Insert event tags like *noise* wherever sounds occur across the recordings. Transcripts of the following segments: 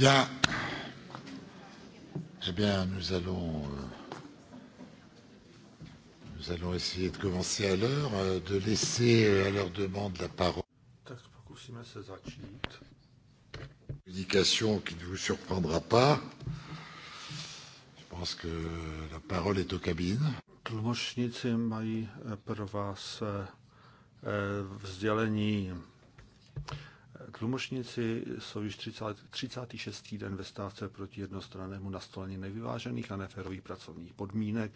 Bien. Eh bien, nous allons, euh, nous allons essayer de commencer à l'heure, euh, de laisser euh, à leur demande la parole. Tak pokusíme se začít. Indication qui ne vous surprendra pas. Je pense que la parole est aux cabines. Tlumočníci mají eh, pro vás eh, eh, vzdělení. Tlumočníci jsou již 30, 36. den ve stávce proti jednostrannému nastolení nevyvážených a neférových pracovních podmínek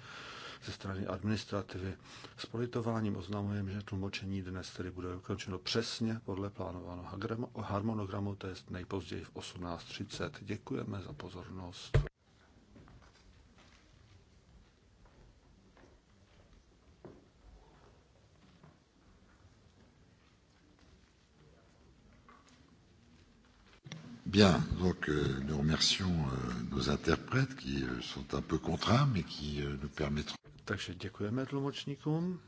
ze strany administrativy. S politováním oznamujeme, že tlumočení dnes tedy bude ukončeno přesně podle plánovaného harmonogramu, to je nejpozději v 18.30. Děkujeme za pozornost. Bien, donc euh, nous remercions euh, nos interprètes qui euh, sont un peu contraints, mais qui euh, nous permettront. Takže děkujeme tlumočníkům,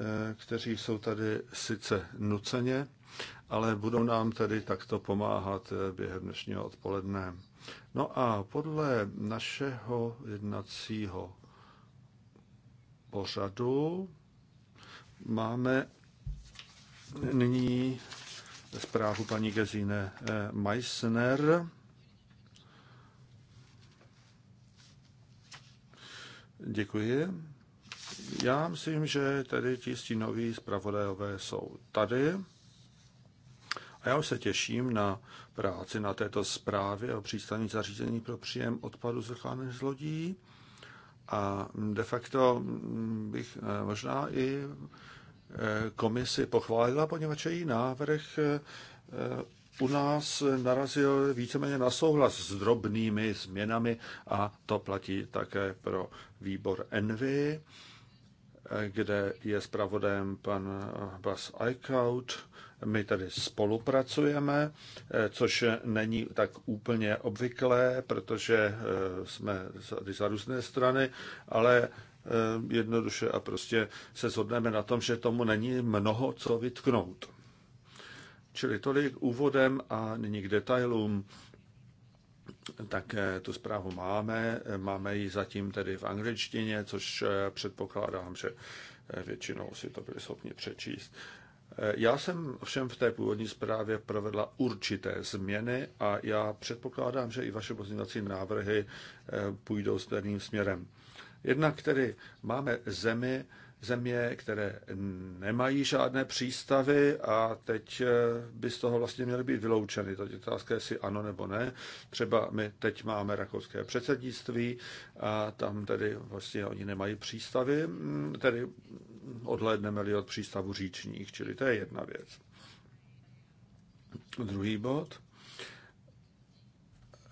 eh, kteří jsou tady sice nuceně, ale budou nám tedy takto pomáhat eh, během dnešního odpoledne. No a podle našeho jednacího pořadu máme nyní zprávu paní Gesine eh, Meissner. Děkuji. Já myslím, že tady ti stínoví zpravodajové jsou tady. A já už se těším na práci na této zprávě o přístavní zařízení pro příjem odpadu z ochrany z lodí. A de facto mm, bych eh, možná i komisi pochválila, poněvadž její návrh eh, u nás narazil víceméně na souhlas s drobnými změnami a to platí také pro výbor Envy, eh, kde je zpravodajem pan Bas Eichaut. My tady spolupracujeme, eh, což není tak úplně obvyklé, protože jsme z za různé strany, ale Eh, jednoduše a prostě se shodneme na tom, že tomu není mnoho co vytknout. Čili tolik úvodem a nyní k detailům. Tak tu zprávu máme, máme ji zatím tedy v angličtině, což eh, předpokládám, že eh, většinou si to byli schopni přečíst. Já jsem všem v té původní zprávě provedla určité změny a já předpokládám, že i vaše pozměňovací návrhy půjdou stejným směrem. Jednak tedy máme zemi, země, které nemají žádné přístavy a teď eh, by z toho vlastně měly být vyloučeny. To je otázka, jestli ano nebo ne. Třeba my teď máme rakouské předsednictví a tam tedy vlastně oni nemají přístavy, hm, tedy odhlédneme-li od přístavu říčních, čili to je jedna věc. Druhý bod.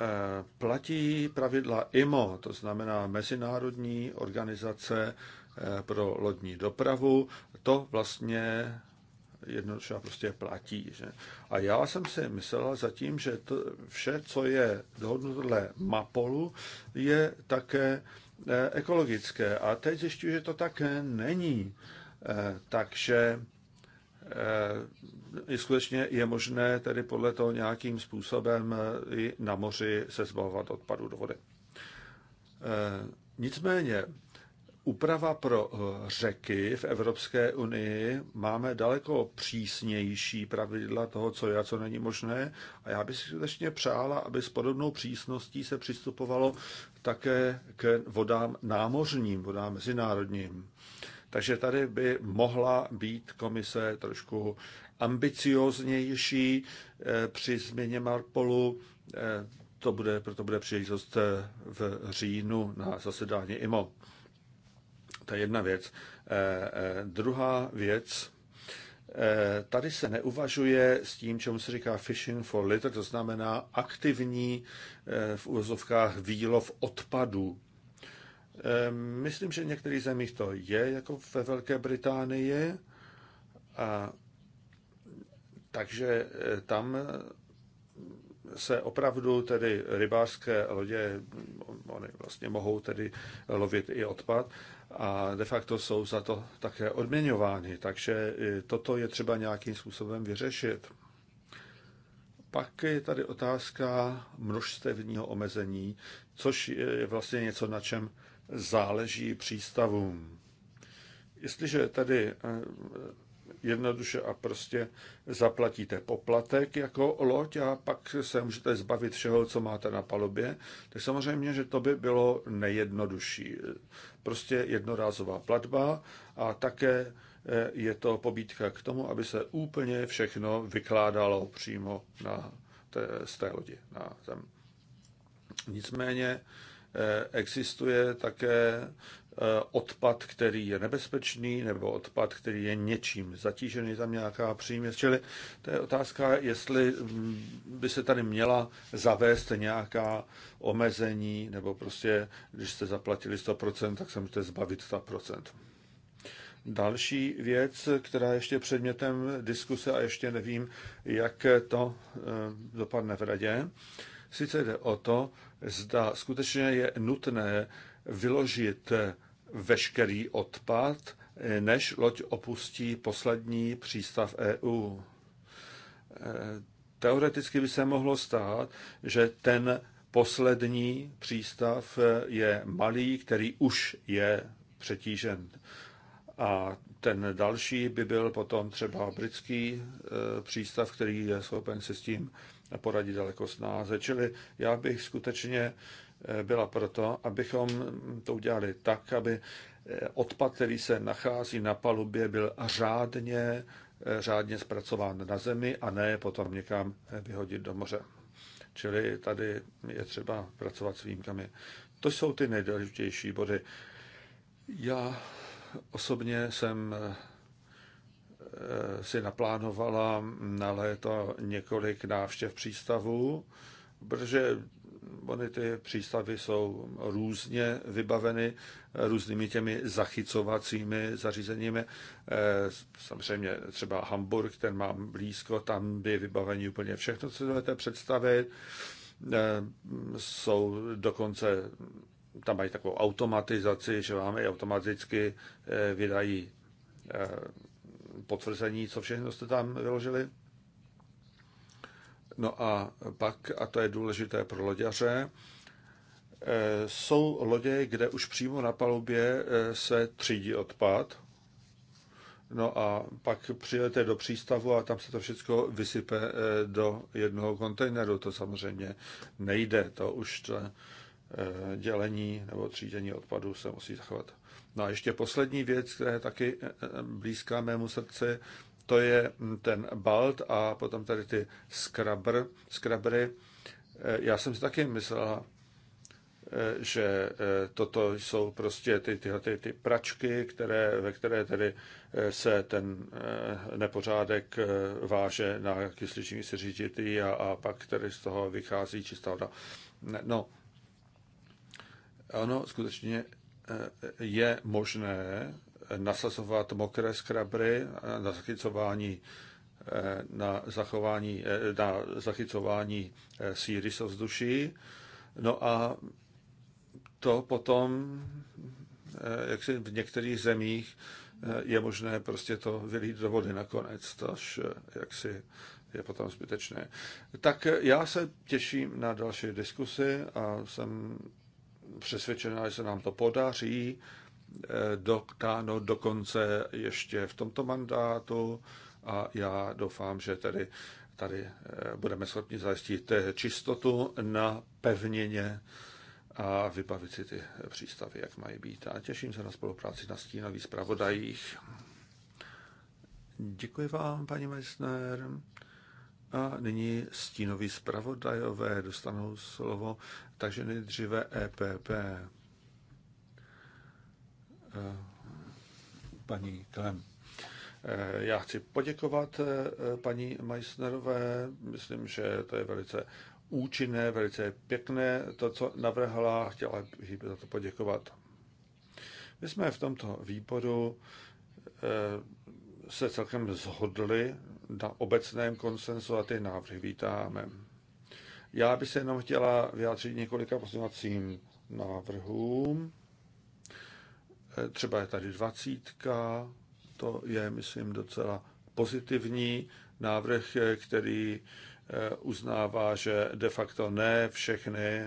Eh, platí pravidla IMO, to znamená Mezinárodní organizace eh, pro lodní dopravu. To vlastně jednoduše prostě platí. Že? A já jsem si myslela zatím, že to vše, co je dohodnuto dle MAPOLu, je také eh, ekologické. A teď zjišťuji, že to tak není. Takže je eh, skutečně je možné tedy podle toho nějakým způsobem eh, i na moři se zbavovat odpadu do vody. Eh, nicméně úprava pro řeky v Evropské unii máme daleko přísnější pravidla toho, co je a co není možné. A já bych si skutečně přála, aby s podobnou přísností se přistupovalo také k vodám námořním, vodám mezinárodním. Takže tady by mohla být komise trošku ambicioznější eh, při změně Marpolu. Eh, to bude, proto bude příležitost eh, v říjnu na zasedání IMO. To je jedna věc. Druhá věc, Tady se neuvažuje s tím, čemu se říká fishing for litter, to znamená aktivní v úvozovkách výlov odpadů. Ehm, myslím, že v některých zemích to je, jako ve Velké Británii, a takže eh, tam se opravdu tedy rybářské lodě, mm, oni vlastně mohou tedy lovit i odpad a de facto jsou za to také odměňováni, takže eh, toto je třeba nějakým způsobem vyřešit. Pak je tady otázka množstevního omezení, což je vlastně něco, na čem záleží přístavům. Jestliže tedy eh, jednoduše a prostě zaplatíte poplatek jako loď a pak se můžete zbavit všeho, co máte na palubě, tak samozřejmě, že to by bylo nejjednodušší. Prostě jednorázová platba a také eh, je to pobítka k tomu, aby se úplně všechno vykládalo přímo na té, z té lodi na zem. Nicméně Eh, existuje také eh, odpad, který je nebezpečný, nebo odpad, který je něčím zatížený, tam nějaká příměs. Čili to je otázka, jestli mm, by se tady měla zavést nějaká omezení, nebo prostě, když jste zaplatili 100%, tak se můžete zbavit 100%. Další věc, která ještě předmětem diskuse a ještě nevím, jak to eh, dopadne v radě, Sice jde o to, zda skutečně je nutné vyložit veškerý odpad, než loď opustí poslední přístav EU. Teoreticky by se mohlo stát, že ten poslední přístav je malý, který už je přetížen. A ten další by byl potom třeba britský e, přístav, který je schopen se s tím poradit daleko snáze. Čili já bych skutečně e, byla proto, abychom to udělali tak, aby e, odpad, který se nachází na palubě, byl řádně, řádně zpracován na zemi a ne potom někam vyhodit do moře. Čili tady je třeba pracovat s výjimkami. To jsou ty nejdůležitější body. Já Osobně jsem eh, eh, si naplánovala na léto několik návštěv přístavů, protože ony ty přístavy jsou různě vybaveny eh, různými těmi zachycovacími zařízeními. Samozřejmě třeba Hamburg, ten mám blízko, tam je vybavení úplně všechno, co si dovedete představit. Jsou dokonce tam mají takovou automatizaci, že vám i automaticky eh, vydají eh, potvrzení, co všechno jste tam vyložili. No a pak, a to je důležité pro loděře, eh, jsou lodě, kde už přímo na palubě se třídí odpad. No a pak přijete do přístavu a tam se to všechno vysype do jednoho kontejneru. To samozřejmě nejde, to už to, Eh, dělení nebo třídění odpadu se musí zachovat. No a ještě poslední věc, která je taky eh, blízká mému srdci, to je ten balt a potom tady ty skrabr, skrabry. Eh, já jsem si taky myslela, že toto jsou prostě ty, tyhle ty, ty pračky, které, ve které tedy se ten nepořádek váže na kysličník seřiditý a, a pak tedy z toho vychází čistá voda. No, Ono skutečně eh, je možné nasazovat mokré skrabry na zachycování eh, na, zachování, eh, na zachycování síry z vzduší. No a to potom, jak si v některých zemích je možné prostě to vylít do vody nakonec, tož jak si je potom zbytečné. Tak já se těším na další diskusy a jsem přesvědčená, že se nám to podaří eh, dotáhnout dokonce ještě v tomto mandátu a já doufám, že tedy tady eh, budeme schopni zajistit eh, čistotu na pevnině a vybavit si ty přístavy, jak mají být. A těším se na spolupráci na stínových zpravodajích. Děkuji vám, paní Meissner. A nyní stínoví zpravodajové dostanou slovo, takže nejdříve EPP. E, paní Klem. E, já chci poděkovat e, paní Meissnerové. Myslím, že to je velice účinné, velice pěkné to, co navrhla. Chtěla bych za to poděkovat. My jsme v tomto výboru se celkem zhodli na obecném konsenzu a ty návrhy vítáme. Já bych se jenom chtěla vyjádřit několika pozměňovacím návrhům. E, třeba je tady dvacítka, to je, myslím, docela pozitivní návrh, e, který e, uznává, že de facto ne všechny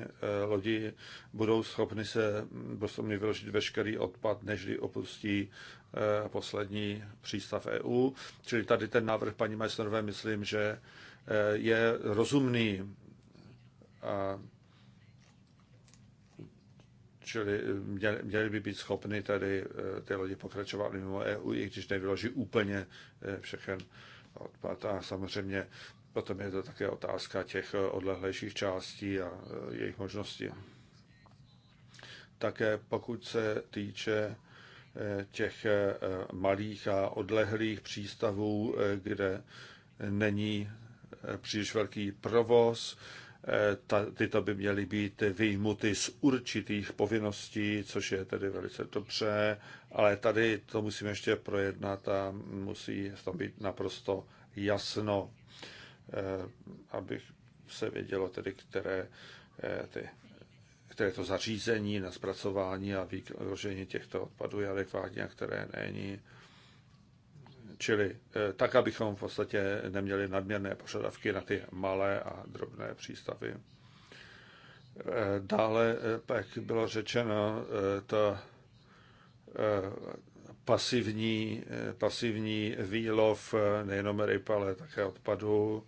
lodi budou schopny se prostě vyložit veškerý odpad, nežli opustí Eh, poslední přístav EU. Čili tady ten návrh paní Meissnerové, myslím, že eh, je rozumný. A čili eh, měli, měli by být schopni tady ty lidi pokračovat mimo EU, i když nevyloží úplně všechen odpad. A samozřejmě potom je to také otázka těch odlehlejších částí a jejich možností. Také pokud se týče těch eh, malých a odlehlých přístavů, eh, kde není eh, příliš velký provoz. tyto by měly být vyjmuty z určitých povinností, což je tedy velice dobře, ale tady to musíme ještě projednat a musí tam být naprosto jasno, aby se vědělo tedy, které ty které to zařízení na zpracování a vyložení těchto odpadů je adekvátní a které není. Čili eh, tak, abychom v podstatě neměli nadměrné požadavky na ty malé a drobné přístavy. Eh, dále, eh, pak bylo řečeno, ta pasivní, pasivní výlov nejenom ryb, ale také odpadů,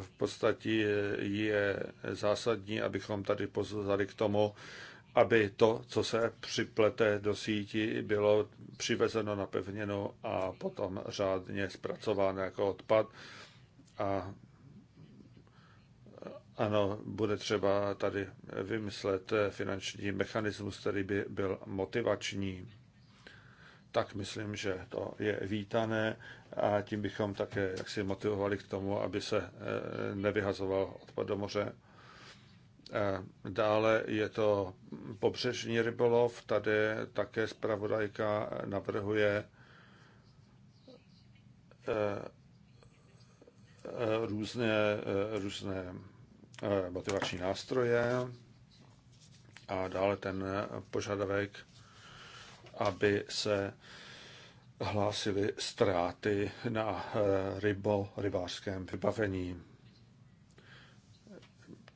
v podstatě je zásadní, abychom tady pozvali k tomu, aby to, co se připlete do síti, bylo přivezeno na a potom řádně zpracováno jako odpad. A ano, bude třeba tady vymyslet finanční mechanismus, který by byl motivační tak myslím, že to je vítané a tím bychom také jaksi motivovali k tomu, aby se eh, nevyhazoval odpad do moře. Eh, dále je to pobřežní rybolov. Tady také zpravodajka navrhuje eh, různé, různé motivační nástroje a dále ten požadavek aby se hlásily ztráty na eh, rybo, rybářském vybavení.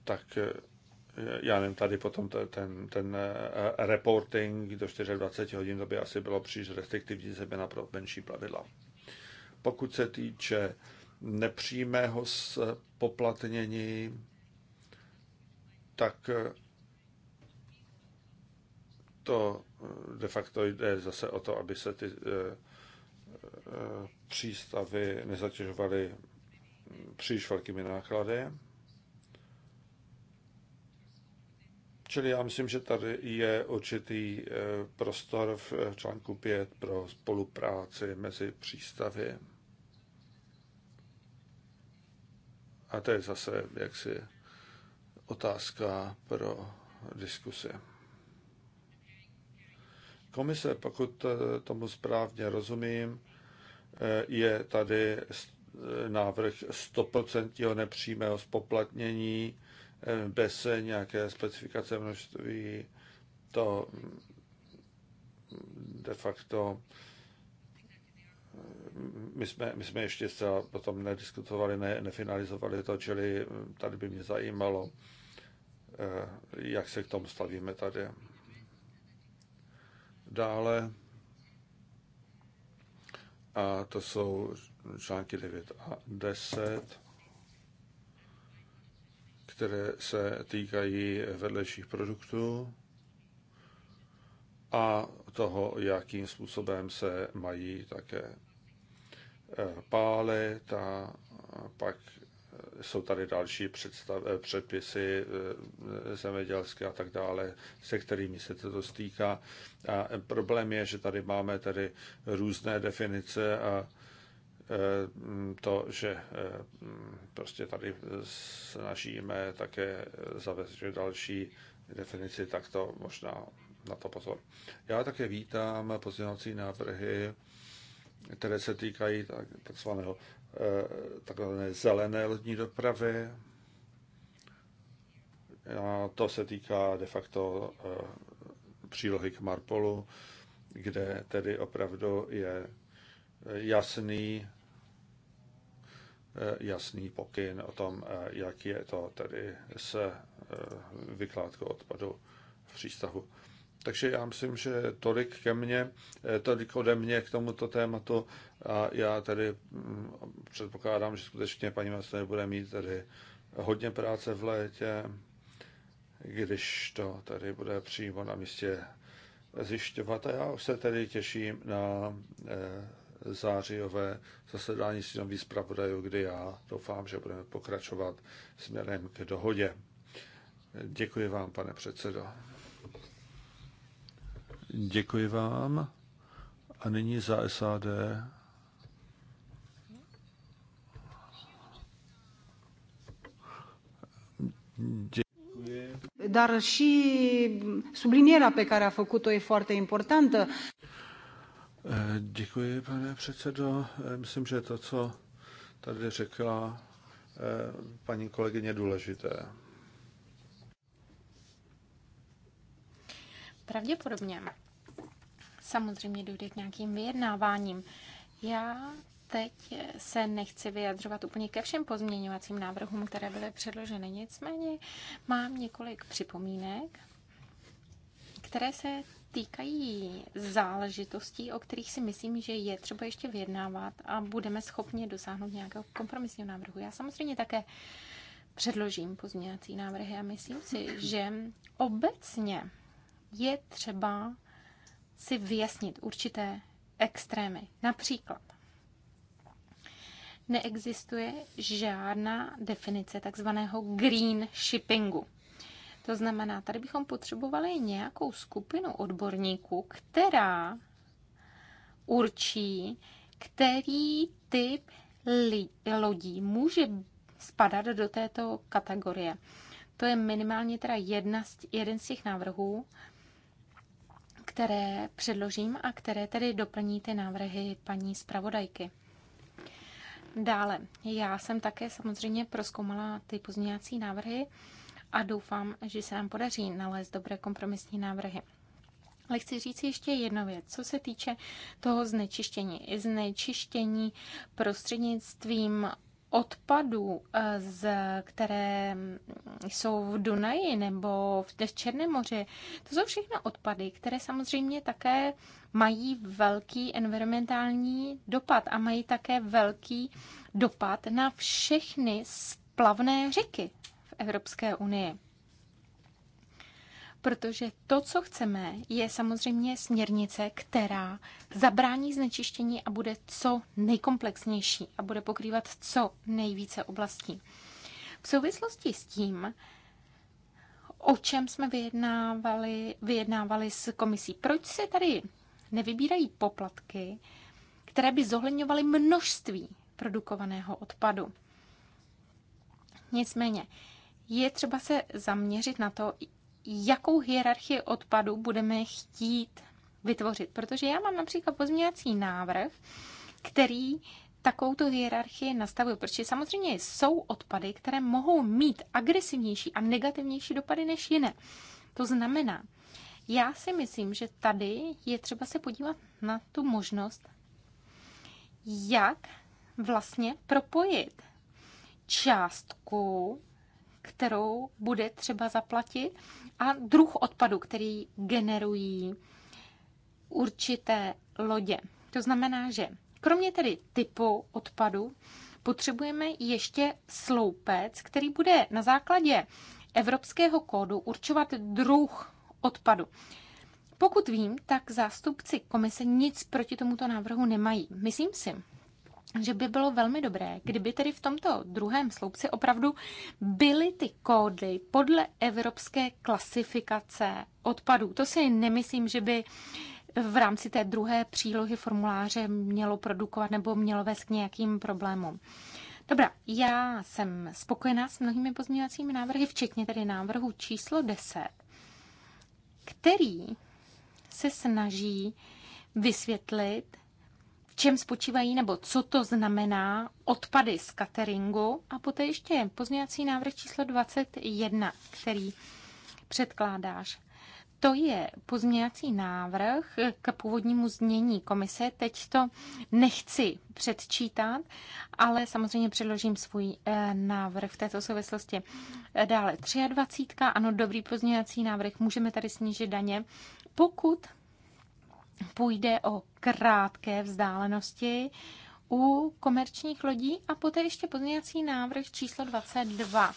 Tak eh, já nevím, tady potom ten, ten eh, reporting do 24 hodin, to by asi bylo příliš restriktivní, zejména pro menší plavidla. Pokud se týče nepřímého poplatnění, tak to eh, de facto jde zase o to, aby se ty eh, eh, přístavy nezatěžovaly příliš velkými náklady. Čili já myslím, že tady je určitý prostor v článku 5 pro spolupráci mezi přístavy. A to je zase jaksi otázka pro diskusi. Komise, pokud tomu správně rozumím, e, je tady návrh 100% nepřímého spoplatnění e, bez nějaké specifikace množství. To mm, de facto mm, my jsme, my jsme ještě zcela potom nediskutovali, ne, nefinalizovali to, čili mm, tady by mě zajímalo, e, jak se k tomu stavíme tady dále. A to jsou články 9 a 10, které se týkají vedlejších produktů a toho, jakým způsobem se mají také eh, pálit a pak jsou tady další představ, eh, předpisy eh, eh, zemědělské a tak dále, se kterými se to stýká. A problém je, že tady máme tady různé definice a to, že prostě tady snažíme také zavést další definici, tak to možná na to pozor. Já také vítám pozměňovací návrhy, které se týkají takzvaného Eh, takzvané zelené lodní dopravy. A to se týká de facto eh, přílohy k Marpolu, kde tedy opravdu je eh, jasný, jasný pokyn o tom, jak je to tedy s vykládkou odpadu v přístavu. Takže já myslím, že tolik ke mně, eh, tolik ode mě k tomuto tématu a já tady mm, předpokládám, že skutečně paní Masné bude mít tady hodně práce v létě, když to tady bude přímo na místě zjišťovat. A já už se tedy těším na eh, zářijové zasedání sněmových zpravodajů, kdy já doufám, že budeme pokračovat směrem k dohodě. Děkuji vám, pane předsedo. Děkuji vám. A nyní za SAD. Děkuji. Dar și sublinierea pe care a făcut-o e foarte importantă. Eh, děkuji, pane předsedo. Eh, myslím, že to, co tady řekla eh, paní kolegyně, důležité. pravděpodobně samozřejmě dojde k nějakým vyjednáváním. Já teď se nechci vyjadřovat úplně ke všem pozměňovacím návrhům, které byly předloženy. Nicméně mám několik připomínek, které se týkají záležitostí, o kterých si myslím, že je třeba ještě vyjednávat a budeme schopni dosáhnout nějakého kompromisního návrhu. Já samozřejmě také předložím pozměňovací návrhy a myslím si, že obecně je třeba si vyjasnit určité extrémy. Například neexistuje žádná definice takzvaného green shippingu. To znamená, tady bychom potřebovali nějakou skupinu odborníků, která určí, který typ lodí může spadat do této kategorie. To je minimálně teda jedna z, jeden z těch návrhů, které předložím a které tedy doplní ty návrhy paní zpravodajky. Dále, já jsem také samozřejmě proskoumala ty pozměňovací návrhy a doufám, že se nám podaří nalézt dobré kompromisní návrhy. Ale chci říct ještě jednu věc, co se týče toho znečištění. Znečištění prostřednictvím odpadů, eh, z, které jsou v Dunaji nebo v Černém moři, to jsou všechno odpady, které samozřejmě také mají velký environmentální dopad a mají také velký dopad na všechny splavné řeky v Evropské unii protože to, co chceme, je samozřejmě směrnice, která zabrání znečištění a bude co nejkomplexnější a bude pokrývat co nejvíce oblastí. V souvislosti s tím, o čem jsme vyjednávali, vyjednávali s komisí, proč se tady nevybírají poplatky, které by zohledňovaly množství produkovaného odpadu. Nicméně je třeba se zaměřit na to, jakou hierarchii odpadu budeme chtít vytvořit. Protože já mám například pozměňovací návrh, který takovouto hierarchii nastavil. Protože samozřejmě jsou odpady, které mohou mít agresivnější a negativnější dopady než jiné. To znamená, já si myslím, že tady je třeba se podívat na tu možnost, jak vlastně propojit částku kterou bude třeba zaplatit, a druh odpadu, který generují určité lodě. To znamená, že kromě tedy typu odpadu potřebujeme ještě sloupec, který bude na základě evropského kódu určovat druh odpadu. Pokud vím, tak zástupci komise nic proti tomuto návrhu nemají. Myslím si, že by bylo velmi dobré, kdyby tedy v tomto druhém sloupci opravdu byly ty kódy podle evropské klasifikace odpadů. To si nemyslím, že by v rámci té druhé přílohy formuláře mělo produkovat nebo mělo vést k nějakým problémům. Dobrá, já jsem spokojená s mnohými pozměňovacími návrhy, včetně tedy návrhu číslo 10, který se snaží vysvětlit čem spočívají nebo co to znamená odpady z cateringu a poté ještě pozměňovací návrh číslo 21, který předkládáš. To je pozměňovací návrh k původnímu znění komise. Teď to nechci předčítat, ale samozřejmě předložím svůj eh, návrh v této souvislosti. Dále 23. Ano, dobrý pozměňovací návrh. Můžeme tady snížit daně, pokud půjde o krátké vzdálenosti u komerčních lodí a poté ještě pozměňovací návrh číslo 22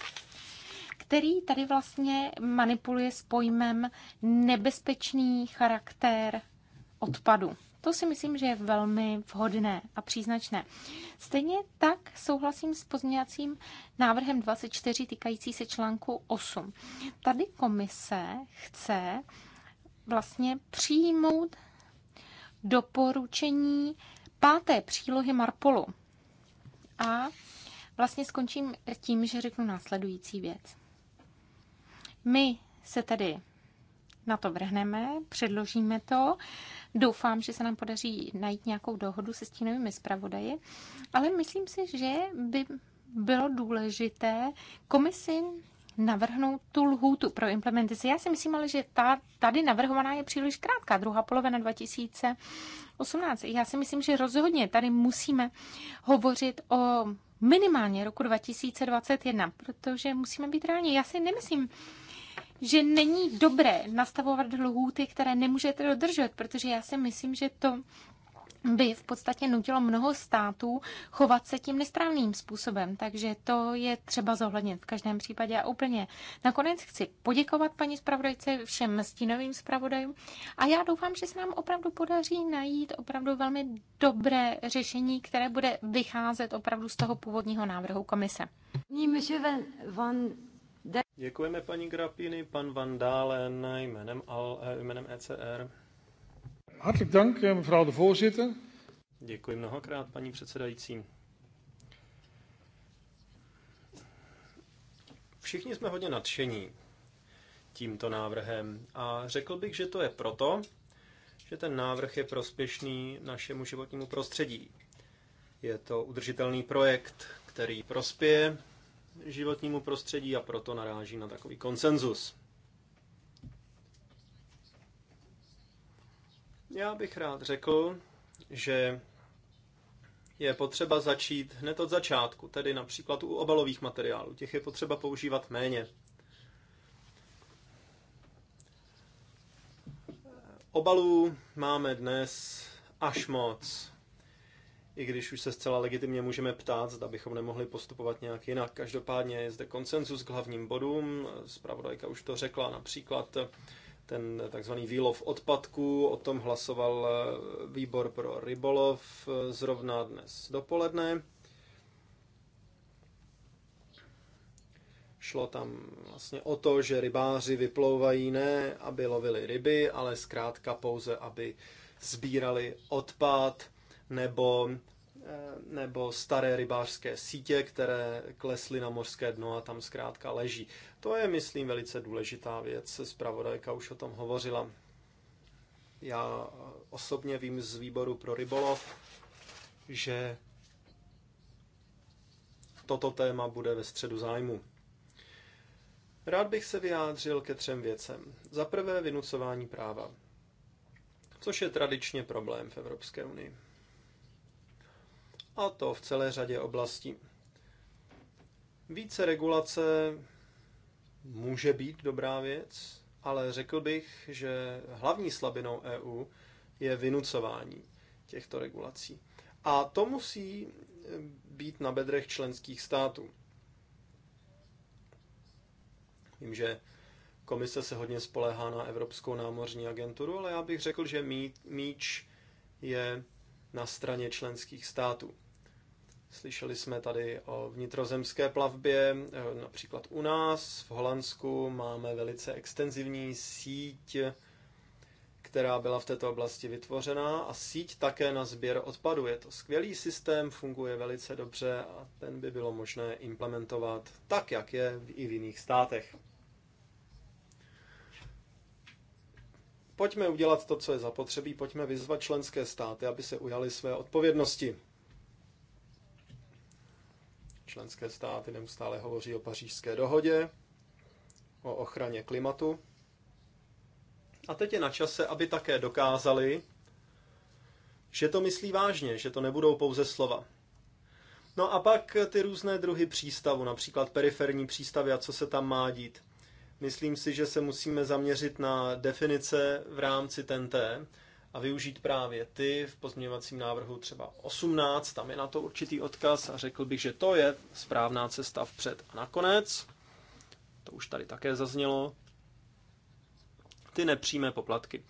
který tady vlastně manipuluje s pojmem nebezpečný charakter odpadu. To si myslím, že je velmi vhodné a příznačné. Stejně tak souhlasím s pozměňovacím návrhem 24 týkající se článku 8. Tady komise chce vlastně přijmout doporučení páté přílohy Marpolu. A vlastně skončím tím, že řeknu následující věc. My se tedy na to vrhneme, předložíme to. Doufám, že se nám podaří najít nějakou dohodu se stínovými zpravodaji, ale myslím si, že by bylo důležité komisi navrhnout tu lhůtu pro implementaci. Já si myslím ale, že ta tady navrhovaná je příliš krátká, druhá polovina 2018. Já si myslím, že rozhodně tady musíme hovořit o minimálně roku 2021, protože musíme být reálně. Já si nemyslím, že není dobré nastavovat lhůty, které nemůžete dodržet, protože já si myslím, že to by v podstatě nutilo mnoho států chovat se tím nestranným způsobem, takže to je třeba zohlednit v každém případě a úplně. Nakonec chci poděkovat paní zpravodajce, všem stínovým zpravodajům a já doufám, že se nám opravdu podaří najít opravdu velmi dobré řešení, které bude vycházet opravdu z toho původního návrhu komise. Děkujeme paní Grapiny, pan Van Dálen jménem, jménem ECR. Hartelijk dank, eh, mevrouw de voorzitter. Děkuji mnohokrát, paní předsedající. Všichni jsme hodně nadšení tímto návrhem a řekl bych, že to je proto, že ten návrh je prospěšný našemu životnímu prostředí. Je to udržitelný projekt, který prospěje životnímu prostředí a proto naráží na takový konsenzus. Já bych rád řekl, že je potřeba začít hned od začátku, tedy například u obalových materiálů. Těch je potřeba používat méně. Obalů máme dnes až moc. I když už se zcela legitimně můžeme ptát, zda bychom nemohli postupovat nějak jinak. Každopádně je zde konsenzus k hlavním bodům. Zpravodajka už to řekla, například ten takzvaný výlov odpadků, o tom hlasoval eh, výbor pro rybolov eh, zrovna dnes dopoledne. Šlo tam vlastně o to, že rybáři vyplouvají ne, aby lovili ryby, ale zkrátka pouze, aby sbírali odpad nebo nebo staré rybářské sítě, které klesly na mořské dno a tam zkrátka leží. To je, myslím, velice důležitá věc. Spravodajka už o tom hovořila. Já osobně vím z výboru pro rybolov, že toto téma bude ve středu zájmu. Rád bych se vyjádřil ke třem věcem. Za prvé vynucování práva, což je tradičně problém v Evropské unii a to v celé řadě oblastí. Více regulace může být dobrá věc, ale řekl bych, že hlavní slabinou EU je vynucování těchto regulací. A to musí být na bedrech členských států. Vím, že komise se hodně spolehá na Evropskou námořní agenturu, ale já bych řekl, že míč je na straně členských států. Slyšeli jsme tady o vnitrozemské plavbě, eh, například u nás v Holandsku máme velice extenzivní síť, která byla v této oblasti vytvořena a síť také na sběr odpadu. Je to skvělý systém, funguje velice dobře a ten by bylo možné implementovat tak, jak je i v jiných státech. Pojďme udělat to, co je zapotřebí, pojďme vyzvat členské státy, aby se ujali své odpovědnosti. Členské státy neustále hovoří o pařížské dohodě, o ochraně klimatu. A teď je na čase, aby také dokázali, že to myslí vážně, že to nebudou pouze slova. No a pak ty různé druhy přístavu, například periferní přístavy a co se tam má dít. Myslím si, že se musíme zaměřit na definice v rámci TNT a využít právě ty v pozměňovacím návrhu třeba 18, tam je na to určitý odkaz a řekl bych, že to je správná cesta vpřed. A nakonec, to už tady také zaznělo, ty nepřímé poplatky.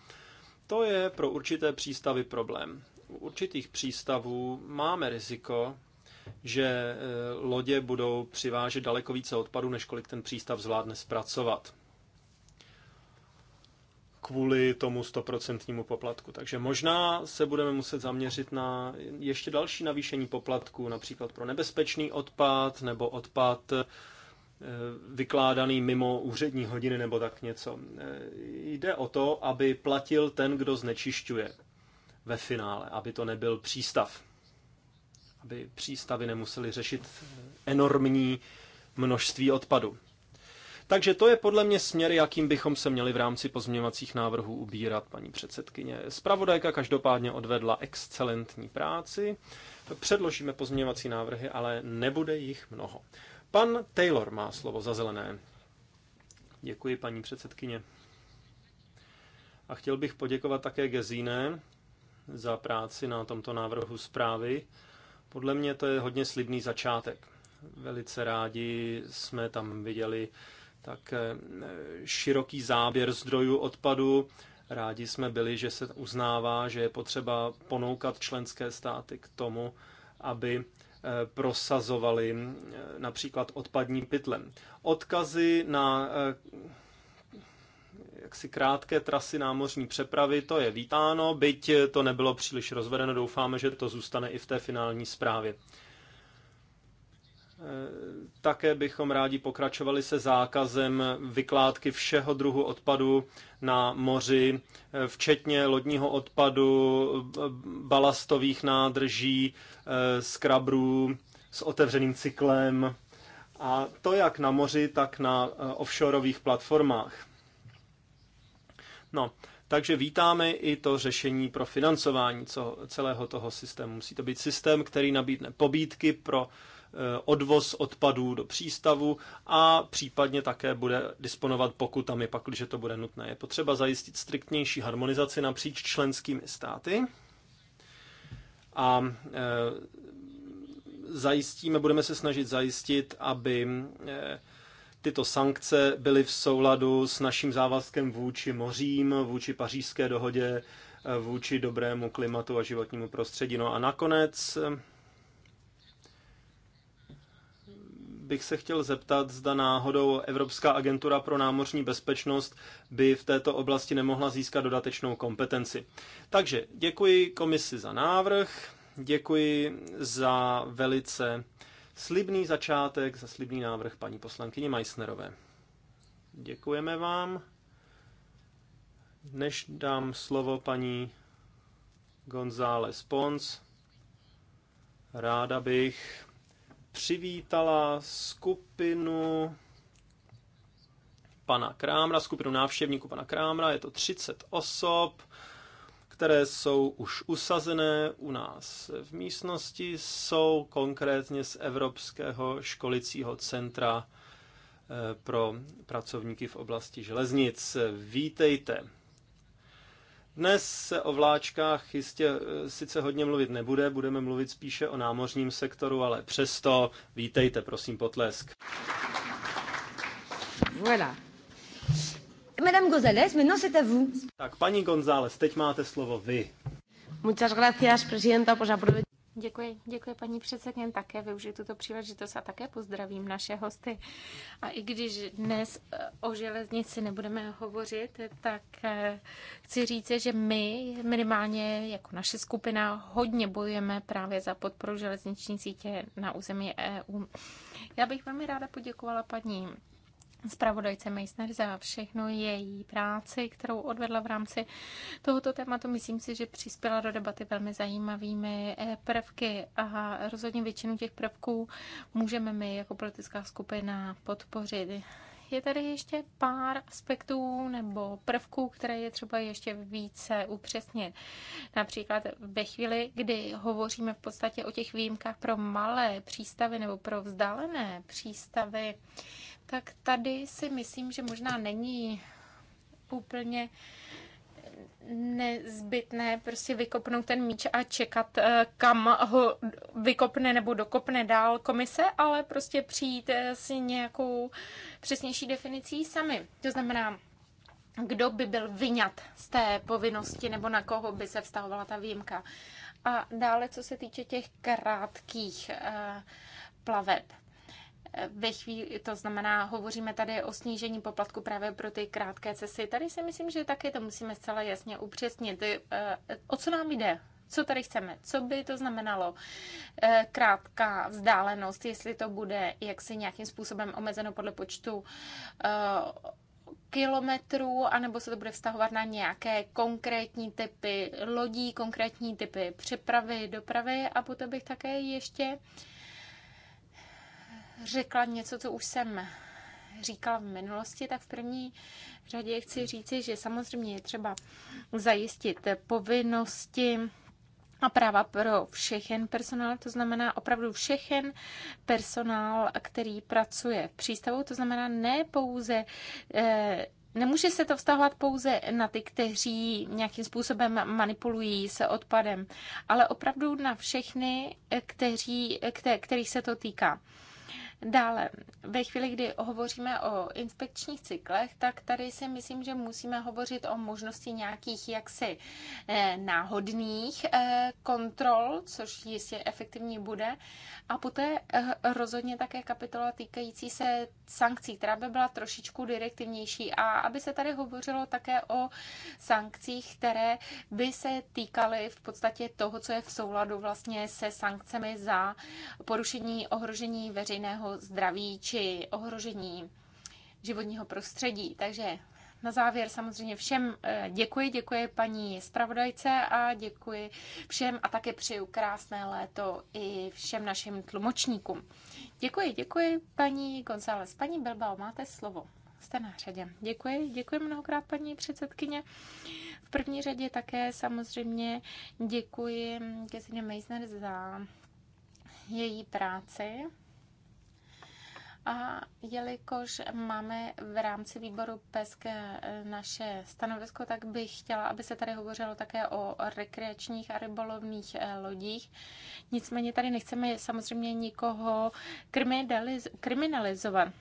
To je pro určité přístavy problém. U určitých přístavů máme riziko, že eh, lodě budou přivážet daleko více odpadu, než kolik ten přístav zvládne zpracovat kvůli tomu stoprocentnímu poplatku. Takže možná se budeme muset zaměřit na ještě další navýšení poplatku, například pro nebezpečný odpad nebo odpad eh, vykládaný mimo úřední hodiny nebo tak něco. Eh, jde o to, aby platil ten, kdo znečišťuje ve finále, aby to nebyl přístav. Aby přístavy nemuseli řešit enormní množství odpadu. Takže to je podle mě směr, jakým bychom se měli v rámci pozměňovacích návrhů ubírat, paní předsedkyně. Spravodajka každopádně odvedla excelentní práci. Předložíme pozměňovací návrhy, ale nebude jich mnoho. Pan Taylor má slovo za zelené. Děkuji, paní předsedkyně. A chtěl bych poděkovat také Gezíne za práci na tomto návrhu zprávy. Podle mě to je hodně slibný začátek. Velice rádi jsme tam viděli tak eh, široký záběr zdrojů odpadu. Rádi jsme byli, že se uznává, že je potřeba ponoukat členské státy k tomu, aby eh, prosazovali eh, například odpadní pytlem. Odkazy na jaksi krátké trasy námořní přepravy, to je vítáno, byť to nebylo příliš rozvedeno, doufáme, že to zůstane i v té finální zprávě. Také bychom rádi pokračovali se zákazem vykládky všeho druhu odpadu na moři, včetně lodního odpadu, balastových nádrží, eh, skrabrů s otevřeným cyklem. A to jak na moři, tak na eh, offshoreových platformách. No, takže vítáme i to řešení pro financování co, celého toho systému. Musí to být systém, který nabídne pobídky pro uh, Eh, odvoz odpadů do přístavu a případně také bude disponovat pokutami, pakliže to bude nutné. Je potřeba zajistit striktnější harmonizaci napříč členskými státy a eh, zajistíme, budeme se snažit zajistit, aby eh, tyto sankce byly v souladu s naším závazkem vůči mořím, vůči pařížské dohodě, vůči dobrému klimatu a životnímu prostředí. No a nakonec bych se chtěl zeptat, zda náhodou Evropská agentura pro námořní bezpečnost by v této oblasti nemohla získat dodatečnou kompetenci. Takže děkuji komisi za návrh, děkuji za velice slibný začátek, za slibný návrh paní poslankyni Meissnerové. Děkujeme vám. Než dám slovo paní González Pons, ráda bych přivítala skupinu pana Krámra, skupinu návštěvníků pana Krámra, je to 30 osob, které jsou už usazené u nás v místnosti, jsou konkrétně z Evropského školicího centra eh, pro pracovníky v oblasti železnic. Vítejte. Dnes se o vláčkách jistě e, sice hodně mluvit nebude, budeme mluvit spíše o námořním sektoru, ale přesto vítejte, prosím, potlesk. Voilà. Madame González, maintenant c'est à vous. Tak, paní González, teď máte slovo vy. Muchas gracias, presidenta, pues aprovecho. Děkuji, děkuji paní předsedně, také využiju tuto příležitost a také pozdravím naše hosty. A i když dnes eh, o železnici nebudeme hovořit, tak eh, chci říct, že my minimálně jako naše skupina hodně bojujeme právě za podporu železniční sítě na území EU. Já bych velmi ráda poděkovala paní zpravodajce Meissner za všechnu její práci, kterou odvedla v rámci tohoto tématu. Myslím si, že přispěla do debaty velmi zajímavými eh, prvky a rozhodně většinu těch prvků můžeme my jako politická skupina podpořit. Je tady ještě pár aspektů nebo prvků, které je třeba ještě více upřesnit. Například ve chvíli, kdy hovoříme v podstatě o těch výjimkách pro malé přístavy nebo pro vzdálené přístavy, tak tady si myslím, že možná není úplně nezbytné prostě vykopnout ten míč a čekat, eh, kam ho vykopne nebo dokopne dál komise, ale prostě přijít eh, s nějakou přesnější definicí sami. To znamená, kdo by byl vyňat z té povinnosti nebo na koho by se vztahovala ta výjimka. A dále, co se týče těch krátkých eh, plaveb ve chvíli, to znamená, hovoříme tady o snížení poplatku právě pro ty krátké cesty. Tady si myslím, že taky to musíme zcela jasně upřesnit. Eh, o co nám jde? co tady chceme, co by to znamenalo eh, krátká vzdálenost, jestli to bude jaksi nějakým způsobem omezeno podle počtu eh, kilometrů, anebo se to bude vztahovat na nějaké konkrétní typy lodí, konkrétní typy přepravy, dopravy a poté bych také ještě uh, řekla něco, co už jsem říkala v minulosti, tak v první řadě chci říci, že samozřejmě je třeba zajistit povinnosti a práva pro všechen personál, to znamená opravdu všechen personál, který pracuje v přístavu, to znamená ne pouze eh, Nemůže se to vztahovat pouze na ty, kteří nějakým způsobem manipulují se odpadem, ale opravdu na všechny, kteří, kterých se to týká. Dále, ve chvíli, kdy hovoříme o inspekčních cyklech, tak tady si myslím, že musíme hovořit o možnosti nějakých jaksi eh, náhodných eh, kontrol, což jistě efektivní bude. A poté eh, rozhodně také kapitola týkající se sankcí, která by byla trošičku direktivnější. A aby se tady hovořilo také o sankcích, které by se týkaly v podstatě toho, co je v souladu vlastně se sankcemi za porušení ohrožení veřejného zdraví či ohrožení životního prostředí. Takže na závěr samozřejmě všem eh, děkuji, děkuji paní zpravodajce a děkuji všem a také přeju krásné léto i všem našim tlumočníkům. Děkuji, děkuji paní González. Paní Bilbao, máte slovo. Jste na řadě. Děkuji, děkuji mnohokrát paní předsedkyně. V první řadě také samozřejmě děkuji Gesine Meisner za její práci a jelikož máme v rámci výboru PESK naše stanovisko, tak bych chtěla, aby se tady hovořilo také o rekreačních a rybolovných eh, lodích. Nicméně tady nechceme samozřejmě nikoho kriminalizovat.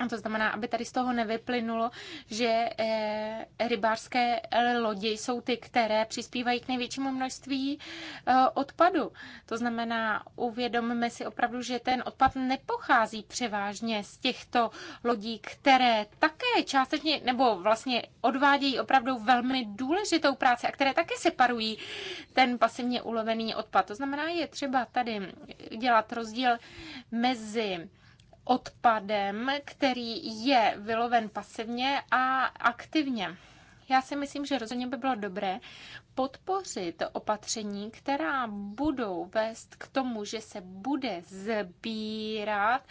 A to znamená, aby tady z toho nevyplynulo, že eh, rybářské lodi jsou ty, které přispívají k největšímu množství eh, odpadu. To znamená, uvědomme si opravdu, že ten odpad nepochází převážně z těchto lodí, které také částečně nebo vlastně odvádějí opravdu velmi důležitou práci a které také separují ten pasivně ulovený odpad. To znamená, je třeba tady dělat rozdíl mezi odpadem, který je vyloven pasivně a aktivně. Já si myslím, že rozhodně by bylo dobré podpořit opatření, která budou vést k tomu, že se bude sbírat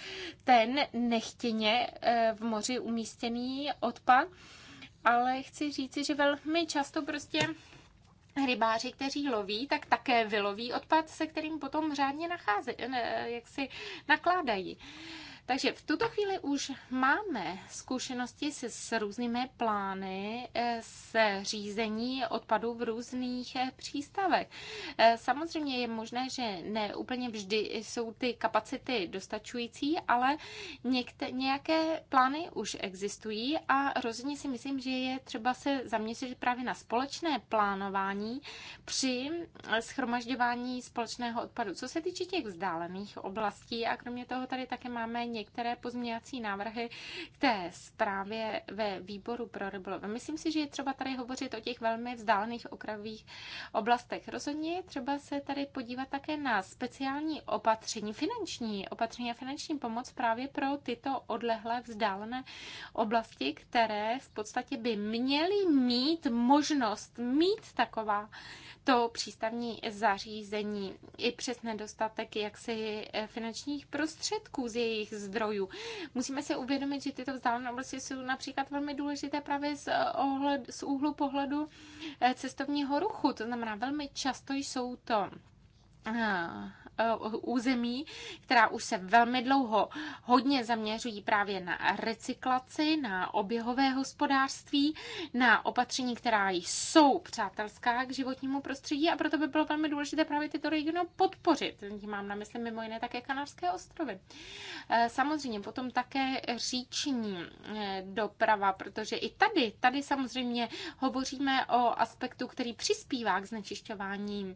ten nechtěně eh, v moři umístěný odpad. Ale chci říci, že velmi často prostě rybáři, kteří loví, tak také vyloví odpad, se kterým potom řádně nacházejí, jak si nakládají. Takže v tuto chvíli už máme zkušenosti se, s různými plány eh, se řízení odpadů v různých eh, přístavech. Eh, samozřejmě je možné, že ne úplně vždy jsou ty kapacity dostačující, ale někte, nějaké plány už existují a rozhodně si myslím, že je třeba se zaměřit právě na společné plánování při schromažďování společného odpadu. Co se týče těch vzdálených oblastí a kromě toho tady také máme někde některé pozměňovací návrhy k té zprávě ve výboru pro rybolov. Myslím si, že je třeba tady hovořit o těch velmi vzdálených okrajových oblastech. Rozhodně je třeba se tady podívat také na speciální opatření, finanční opatření a finanční pomoc právě pro tyto odlehlé vzdálené oblasti, které v podstatě by měly mít možnost mít taková to přístavní zařízení i přes nedostatek jaksi finančních prostředků z jejich zdrojů. Musíme se uvědomit, že tyto vzdálené oblasti jsou například velmi důležité právě z, ohled, z úhlu pohledu eh, cestovního ruchu. To znamená, velmi často jsou to eh, Eh, území, která už se velmi dlouho hodně zaměřují právě na recyklaci, na oběhové hospodářství, na opatření, která jsou přátelská k životnímu prostředí a proto by bylo velmi důležité právě tyto regiony podpořit. mám na mysli mimo jiné také Kanarské ostrovy. Eh, samozřejmě potom také říční eh, doprava, protože i tady, tady samozřejmě hovoříme o aspektu, který přispívá k znečišťování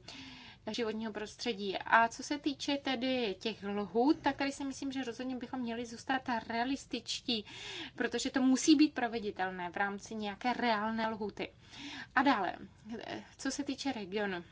životního prostředí. A co se týče tedy těch lhůt, tak tady si myslím, že rozhodně bychom měli zůstat realističtí, protože to musí být proveditelné v rámci nějaké reálné lhuty. A dále, co se týče regionu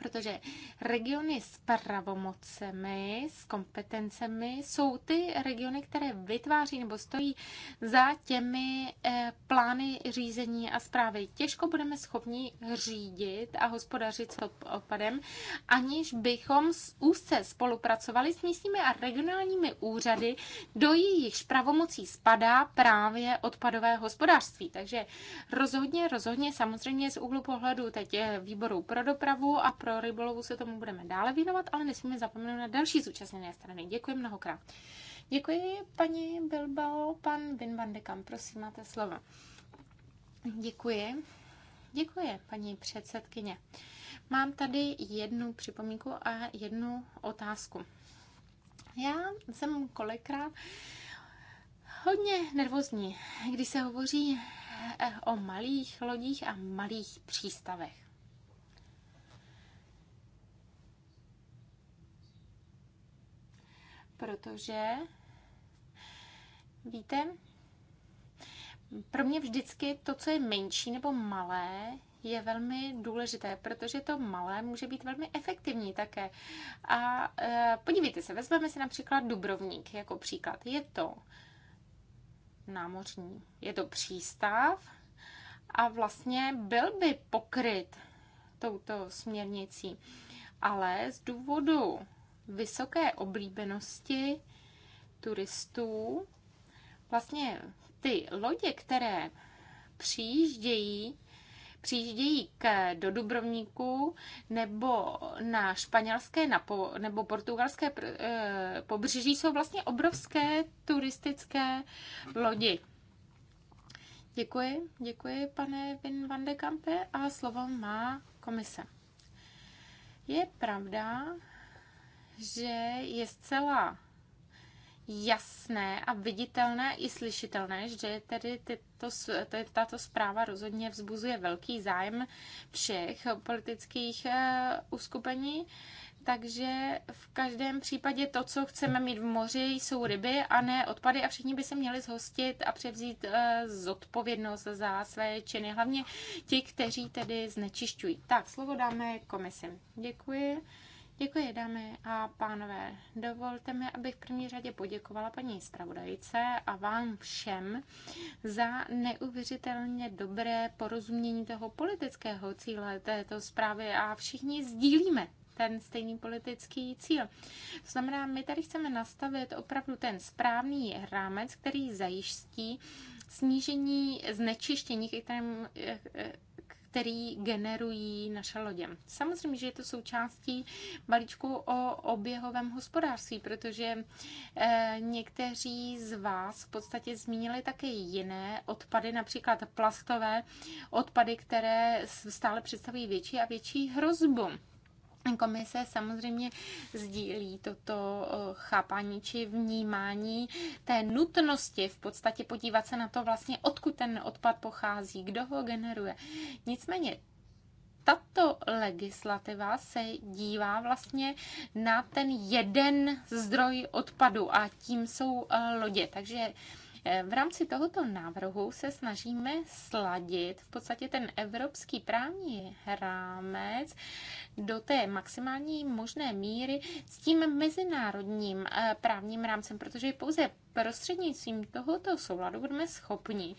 protože regiony s pravomocemi, s kompetencemi jsou ty regiony, které vytváří nebo stojí za těmi eh, plány řízení a zprávy. Těžko budeme schopni řídit a hospodařit s odpadem, aniž bychom s úzce spolupracovali s místními a regionálními úřady, do jejichž pravomocí spadá právě odpadové hospodářství. Takže rozhodně, rozhodně samozřejmě z úhlu pohledu teď eh, výboru pro dopravu a pro pro rybolovu se tomu budeme dále věnovat, ale nesmíme zapomenout na další zúčastněné strany. Děkuji mnohokrát. Děkuji, paní Bilbao, pan Vin van de Kamp, prosím, máte slovo. Děkuji. Děkuji, paní předsedkyně. Mám tady jednu připomínku a jednu otázku. Já jsem kolikrát hodně nervózní, když se hovoří eh, o malých lodích a malých přístavech. protože víte, pro mě vždycky to, co je menší nebo malé, je velmi důležité, protože to malé může být velmi efektivní také. A e, podívejte se, vezmeme si například Dubrovník jako příklad. Je to námořní, je to přístav a vlastně byl by pokryt touto směrnicí. Ale z důvodu vysoké oblíbenosti turistů. Vlastně ty lodě, které přijíždějí, přijíždějí k, do Dubrovníku nebo na španělské napo, nebo portugalské pr, e, pobřeží, jsou vlastně obrovské turistické lodi. Děkuji, děkuji pane Vin van de Kampe a slovo má komise. Je pravda, že je zcela jasné a viditelné i slyšitelné, že tedy tyto, tato zpráva rozhodně vzbuzuje velký zájem všech politických eh, uskupení. Takže v každém případě to, co chceme mít v moři, jsou ryby a ne odpady a všichni by se měli zhostit a převzít eh, zodpovědnost za své činy, hlavně ti, kteří tedy znečišťují. Tak, slovo dáme komisi. Děkuji. Děkuji, dámy a pánové. Dovolte mi, abych v první řadě poděkovala paní zpravodajce a vám všem za neuvěřitelně dobré porozumění toho politického cíle této zprávy a všichni sdílíme ten stejný politický cíl. To znamená, my tady chceme nastavit opravdu ten správný rámec, který zajistí snížení znečištění, kterým který generují naše lodě. Samozřejmě, že je to součástí balíčku o oběhovém hospodářství, protože eh, někteří z vás v podstatě zmínili také jiné odpady, například plastové odpady, které stále představují větší a větší hrozbu. Komise samozřejmě sdílí toto eh, chápání či vnímání té nutnosti v podstatě podívat se na to vlastně, odkud ten odpad pochází, kdo ho generuje. Nicméně tato legislativa se dívá vlastně na ten jeden zdroj odpadu a tím jsou eh, lodě. Takže Eh, v rámci tohoto návrhu se snažíme sladit v podstatě ten evropský právní rámec do té maximální možné míry s tím mezinárodním eh, právním rámcem, protože pouze prostřednictvím tohoto souladu budeme schopni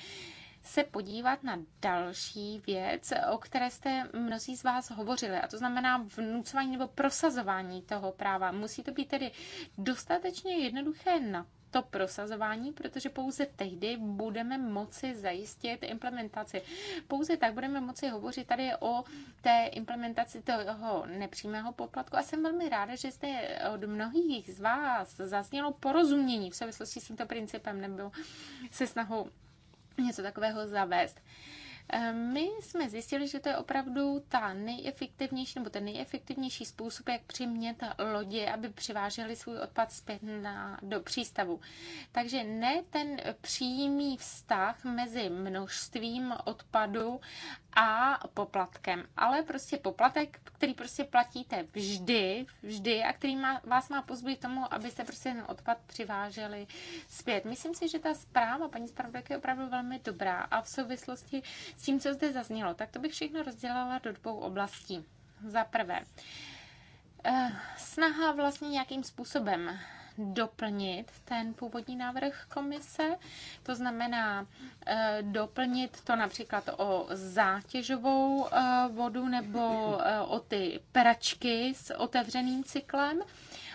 se podívat na další věc, o které jste mnozí z vás hovořili, a to znamená vnucování nebo prosazování toho práva. Musí to být tedy dostatečně jednoduché na to prosazování, protože pouze tehdy budeme moci zajistit implementaci. Pouze tak budeme moci hovořit tady o té implementaci toho nepřímého poplatku a jsem velmi ráda, že jste od mnohých z vás zaznělo porozumění v souvislosti s tímto principem nebo se snahou něco takového zavést. My jsme zjistili, že to je opravdu ta nejefektivnější nebo ten nejefektivnější způsob, jak přimět lodě, aby přivážely svůj odpad zpět na, do přístavu. Takže ne ten přímý vztah mezi množstvím odpadu a poplatkem, ale prostě poplatek, který prostě platíte vždy, vždy a který má, vás má pozbít tomu, abyste prostě ten odpad přiváželi zpět. Myslím si, že ta zpráva paní zpravodajky je opravdu velmi dobrá a v souvislosti s tím, co zde zaznělo, tak to bych všechno rozdělala do dvou oblastí. Za prvé, eh, snaha vlastně nějakým způsobem doplnit ten původní návrh komise, to znamená eh, doplnit to například o zátěžovou eh, vodu nebo o ty pračky s otevřeným cyklem.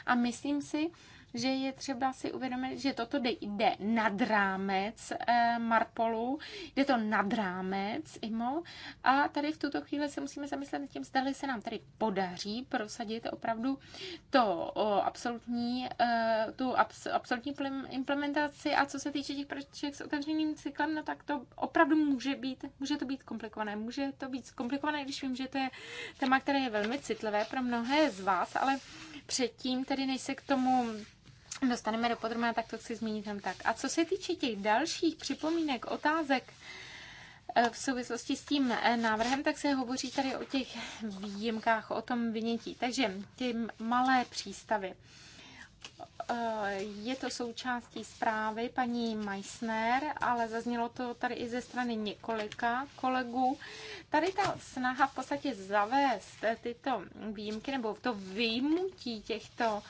A myslím si, že je třeba si uvědomit, že toto jde nad rámec eh, Marpolu, jde to nad rámec IMO a tady v tuto chvíli se musíme zamyslet nad tím, zda se nám tady podaří prosadit opravdu to absolutní, eh, tu absolutní implementaci a co se týče těch praček s otevřeným cyklem, no tak to opravdu může být, může to být komplikované, může to být komplikované, když vím, že to je téma, které je velmi citlivé pro mnohé z vás, ale předtím, tedy než se k tomu dostaneme do podrobna, tak to chci zmínit jen tak. A co se týče těch dalších připomínek, otázek, eh, v souvislosti s tím eh, návrhem, tak se hovoří tady o těch výjimkách, o tom vynětí. Takže ty malé přístavy. Eh, je to součástí zprávy paní Meissner, ale zaznělo to tady i ze strany několika kolegů. Tady ta snaha v podstatě zavést tyto výjimky nebo to vyjmutí těchto uh,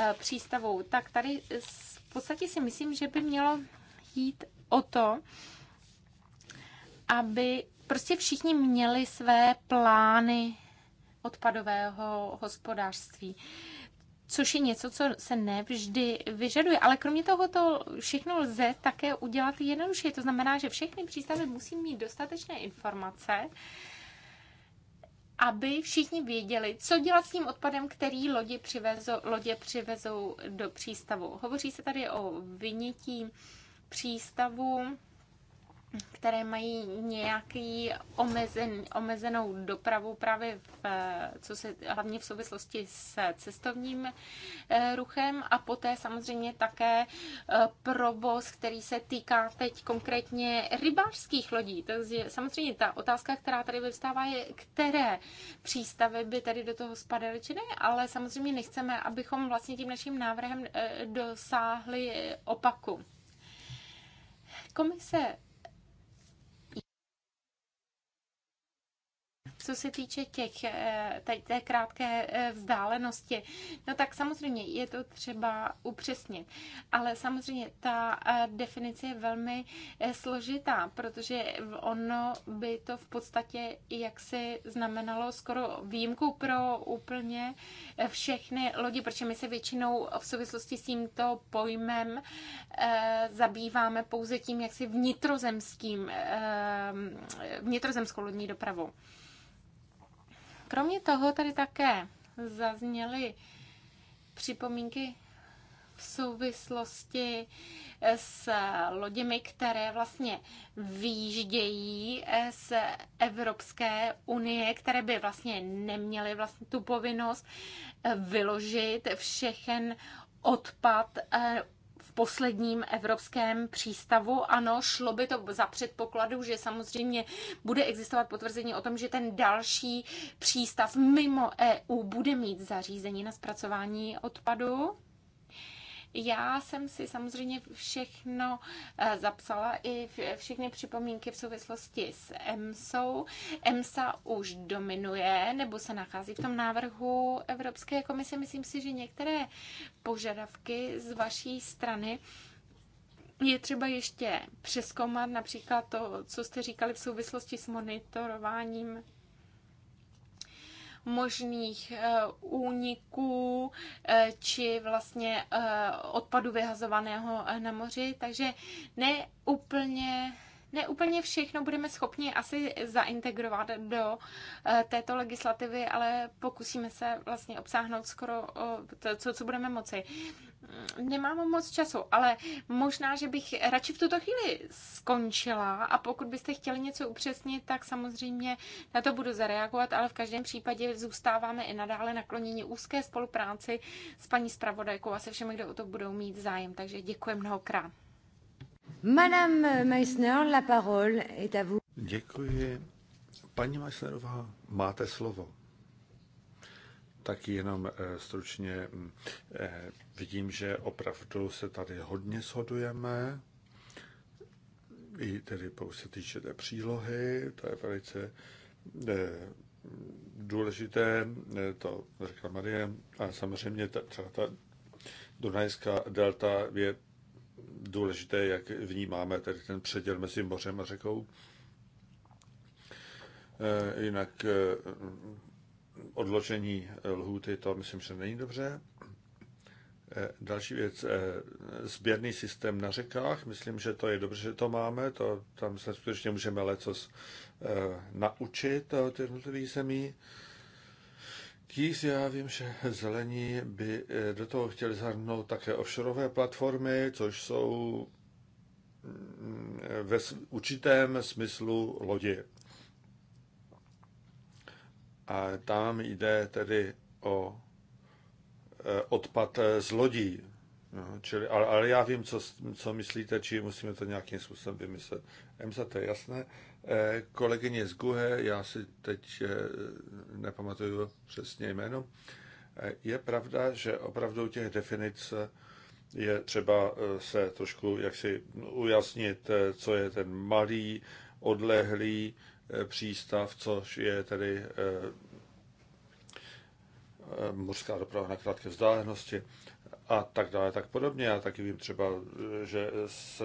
Eh, přístavů, tak tady v podstatě si myslím, že by mělo jít o to, aby prostě všichni měli své plány odpadového hospodářství což je něco, co se nevždy vyžaduje. Ale kromě toho to všechno lze také udělat jednoduše. To znamená, že všechny přístavy musí mít dostatečné informace aby všichni věděli, co dělat s tím odpadem, který lodi přivezou, lodě přivezou do přístavu. Hovoří se tady o vynětí přístavu které mají nějaký omezen, omezenou dopravu právě v, eh, co se, hlavně v souvislosti s cestovním eh, ruchem a poté samozřejmě také eh, provoz, který se týká teď konkrétně rybářských lodí. Takže samozřejmě ta otázka, která tady vyvstává, je, které přístavy by tady do toho spadaly či ne, ale samozřejmě nechceme, abychom vlastně tím naším návrhem dosáhli opaku. Komise co se týče těch, eh, té krátké eh, vzdálenosti, no tak samozřejmě je to třeba upřesnit. Ale samozřejmě ta eh, definice je velmi složitá, protože ono by to v podstatě jaksi znamenalo skoro výjimku pro úplně všechny lodi, protože my se většinou v souvislosti s tímto pojmem zabýváme pouze tím jaksi vnitrozemským, vnitrozemskou lodní dopravou. Kromě toho tady také zazněly připomínky v souvislosti s loděmi, které vlastně výjíždějí z Evropské unie, které by vlastně neměly vlastně tu povinnost vyložit všechen odpad eh, posledním evropském přístavu. Ano, šlo by to za předpokladu, že samozřejmě bude existovat potvrzení o tom, že ten další přístav mimo EU bude mít zařízení na zpracování odpadu. Já jsem si samozřejmě všechno eh, zapsala i všechny připomínky v souvislosti s EMSou. EMSA už dominuje nebo se nachází v tom návrhu Evropské komise. Myslím si, že některé požadavky z vaší strany je třeba ještě přeskoumat například to, co jste říkali v souvislosti s monitorováním možných eh, úniků eh, či vlastně eh, odpadu vyhazovaného na moři. Takže ne úplně úplně všechno budeme schopni asi zaintegrovat do eh, této legislativy, ale pokusíme se vlastně obsáhnout skoro to, co, co budeme moci. Mm, nemám moc času, ale možná, že bych radši v tuto chvíli skončila a pokud byste chtěli něco upřesnit, tak samozřejmě na to budu zareagovat, ale v každém případě zůstáváme i nadále nakloněni úzké spolupráci s paní zpravodajkou a se všemi, kdo o to budou mít zájem. Takže děkuji mnohokrát. Madame Meissner, la parole est à vous. Děkuji. Paní Meissnerová, máte slovo. Tak jenom eh, stručně mm, eh, vidím, že opravdu se tady hodně shodujeme. I tedy pokud se týče té přílohy, to je velice eh, důležité, to řekla Marie, a samozřejmě třeba ta Dunajská delta je důležité, jak vnímáme tedy ten předěl mezi mořem a řekou. Eh, jinak eh, odložení lhůty, to myslím, že není dobře. Eh, další věc, sběrný systém na řekách, myslím, že to je dobře, že to máme, to, tam se skutečně můžeme lecos naučit od jednotlivých zemí chtít. Já vím, že zelení by eh, do toho chtěli zahrnout také offshore platformy, což jsou mm, eh, ve určitém smyslu lodi. A tam jde tedy o eh, odpad z lodí. No, čili, ale, ale já vím, co, co myslíte, či musíme to nějakým způsobem vymyslet. že to je jasné. Eh, kolegyně z Guhe, já si teď eh, nepamatuju přesně jméno, eh, je pravda, že opravdu těch definic je třeba se trošku jaksi ujasnit, co je ten malý, odlehlý přístav, což je tedy mořská doprava na krátké vzdálenosti a tak dále, tak podobně. Já taky vím třeba, že se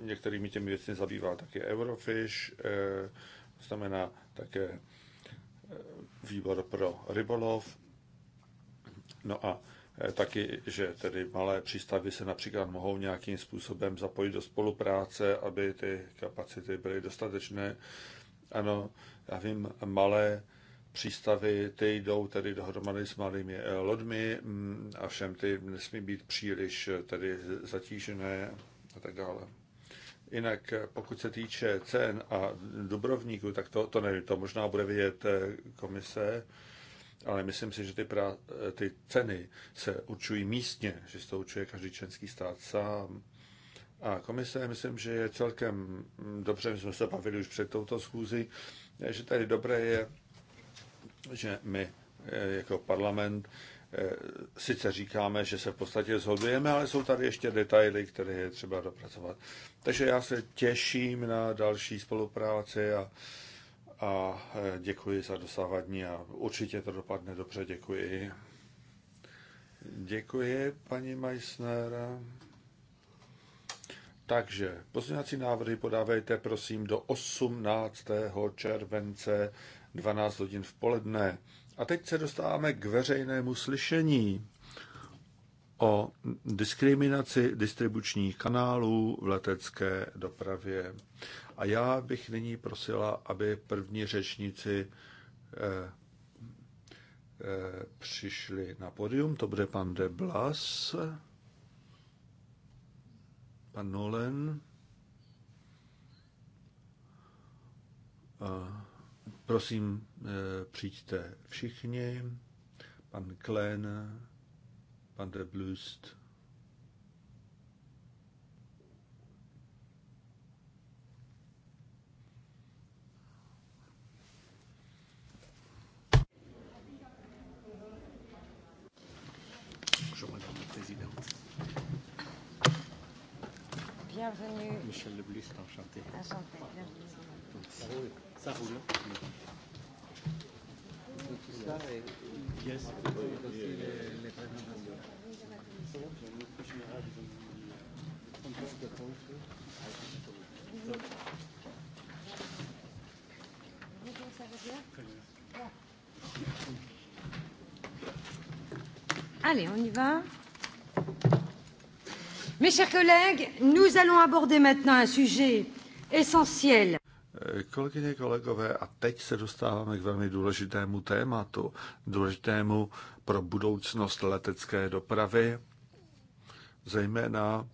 některými těmi věcmi zabývá také Eurofish, eh, to znamená také eh, výbor pro rybolov. No a eh, taky, že tedy malé přístavy se například mohou nějakým způsobem zapojit do spolupráce, aby ty kapacity byly dostatečné. Ano, já vím, malé přístavy, ty jdou tedy dohromady s malými lodmi mm, a všem ty nesmí být příliš tedy zatížené a tak dále. Jinak eh, pokud se týče cen a Dubrovníku, tak to, to nevím, to možná bude vidět eh, komise, ale myslím si, že ty, pra, eh, ty ceny se určují místně, že se to určuje každý členský stát sám. A komise, myslím, že je celkem mm, dobře, my jsme se bavili už před touto schůzi, že tady dobré je, že my jako parlament Eh, sice říkáme, že se v podstatě zhodujeme, ale jsou tady ještě detaily, které je třeba dopracovat. Takže já se těším na další spolupráci a, a eh, děkuji za dosávadní a určitě to dopadne dobře, děkuji. Děkuji, paní Meissner. Takže pozměňovací návrhy podávejte prosím do 18. července 12 hodin v poledne. A teď se dostáváme k veřejnému slyšení o diskriminaci distribučních kanálů v letecké dopravě. A já bych nyní prosila, aby první řečníci eh, eh, přišli na podium. To bude pan De Blas, pan Nolen, a Prosím, eh, přijďte všichni. Pan Klen, pan de Blust. Bienvenue. Michel Leblust, enchanté. Enchanté, bienvenue. Yes. Allez, on y va. Mes chers collègues, nous allons aborder maintenant un sujet essentiel Kolegyně, kolegové, a teď se dostáváme k velmi důležitému tématu, důležitému pro budoucnost letecké dopravy, zejména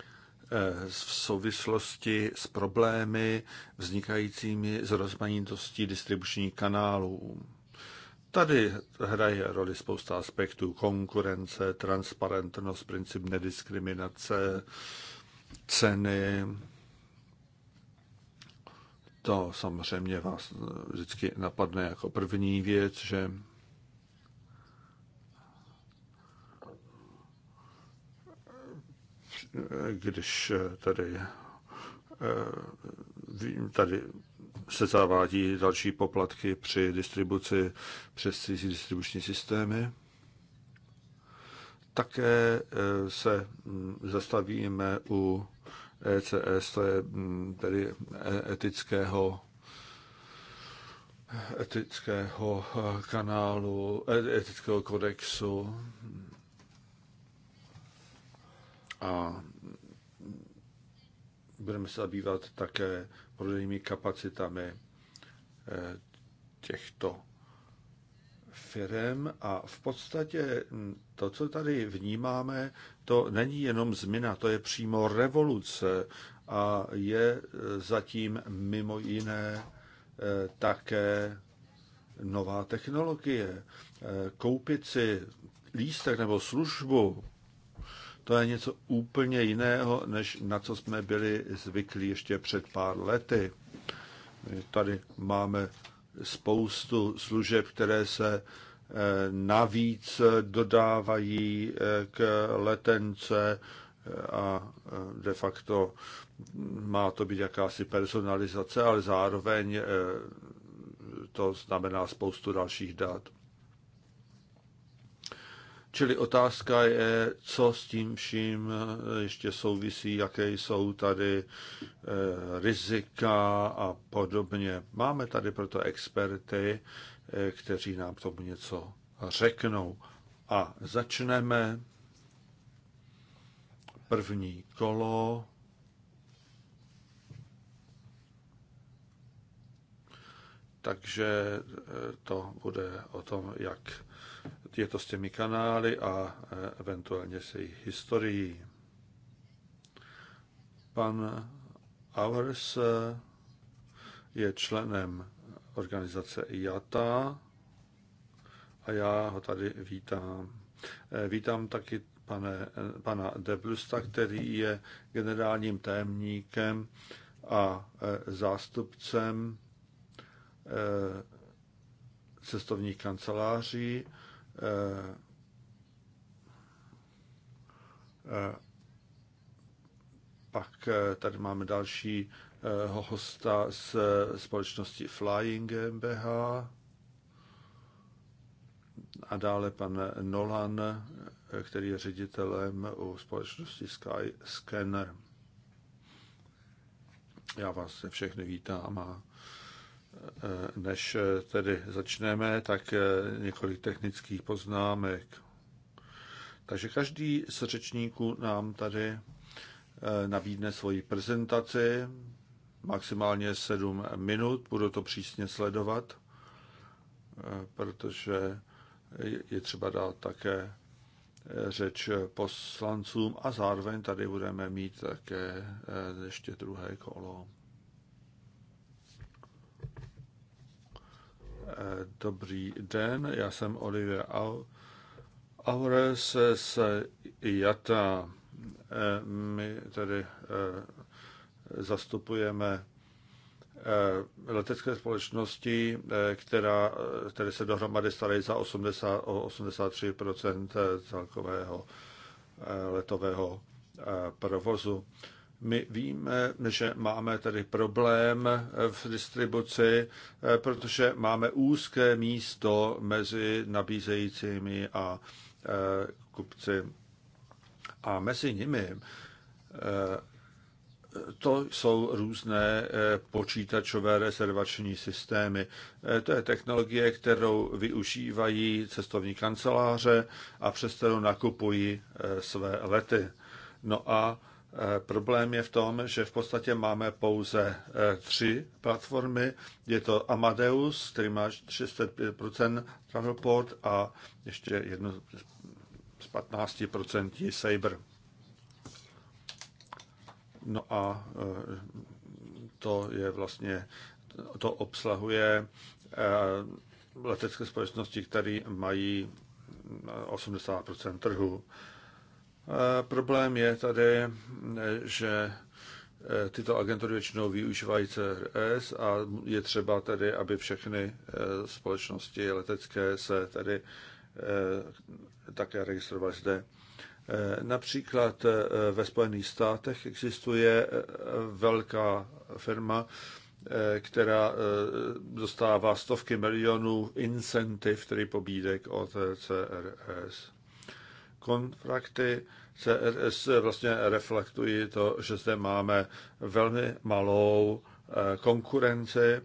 eh, v souvislosti s problémy vznikajícími z rozmanitostí distribučních kanálů. Tady hraje roli spousta aspektů konkurence, transparentnost, princip nediskriminace, ceny, to samozřejmě vás vždycky napadne jako první věc, že když tady, eh, tady se zavádí další poplatky při distribuci přes cizí distribuční systémy. Také eh, se hm, zastavíme u ECS, to je mm, tedy etického etického e, kanálu, e, etického kodexu. A budeme se zabývat také prodejnými kapacitami e, těchto firem a v podstatě to, co tady vnímáme, to není jenom změna, to je přímo revoluce a je zatím mimo jiné eh, také nová technologie. Eh, koupit si lístek nebo službu, to je něco úplně jiného, než na co jsme byli zvyklí ještě před pár lety. My tady máme spoustu služeb, které se eh, navíc eh, dodávají eh, k letence a de facto má to být jakási personalizace, ale zároveň to znamená spoustu dalších dat. Čili otázka je, co s tím vším eh, ještě souvisí, jaké jsou tady eh, rizika a podobně. Máme tady proto experty, eh, kteří nám k tomu něco řeknou. A začneme první kolo. Takže to bude o tom, jak je to s těmi kanály a e, eventuálně se jejich historií. Pan Avers e, je členem organizace IATA a já ho tady vítám. E, vítám taky pane, pana Deblusta, který je generálním témníkem a zástupcem cestovních kanceláří Eh, eh, pak eh, tady máme další hosta z společnosti Flying GmbH a dále pan Nolan, který je ředitelem u společnosti Sky Scanner. Já vás všechny vítám a než eh, tedy začneme, tak eh, několik technických poznámek. Takže každý z řečníků nám tady eh, nabídne svoji prezentaci, maximálně 7 minut, budu to přísně sledovat, protože je třeba dát také řeč poslancům a zároveň tady budeme mít také ještě druhé kolo. Dobrý den, já jsem Olivier Aures z IATA. E, my tedy e, zastupujeme e, letecké společnosti, která, které se dohromady staly za 80, 83 celkového letového provozu. My víme, že máme tady problém v distribuci, protože máme úzké místo mezi nabízejícími a e, kupci. A mezi nimi e, to jsou různé e, počítačové rezervační systémy. To je technologie, kterou využívají cestovní kanceláře a přes kterou nakupují své lety. No a Eh, problém je v tom, že v podstatě máme pouze eh, tři platformy. Je to Amadeus, který má 600% Travelport a ještě jedno z 15% Sabre. No a eh, to je vlastně, to obsahuje letecké společnosti, které mají 80% trhu. Problém je tady, že eh, tyto agentury většinou využívají CRS a je třeba tedy, aby všechny eh, společnosti letecké se tedy eh, také registrovaly zde. Například ve Spojených státech existuje velká firma, která dostává stovky milionů incentiv, tedy pobídek od CRS. Kontrakty CRS vlastně reflektují to, že zde máme velmi malou eh, konkurenci. Eh,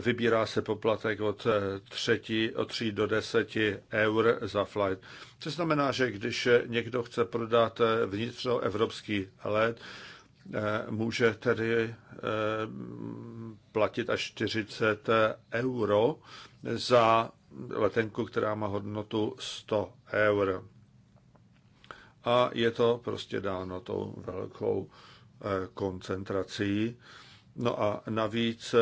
vybírá se poplatek od, eh, třetí, od 3 do 10 eur za flight. To znamená, že když někdo chce prodat vnitřoevropský let, může tedy platit až 40 euro za letenku, která má hodnotu 100 eur a je to prostě dáno tou velkou eh, koncentrací. No a navíc eh,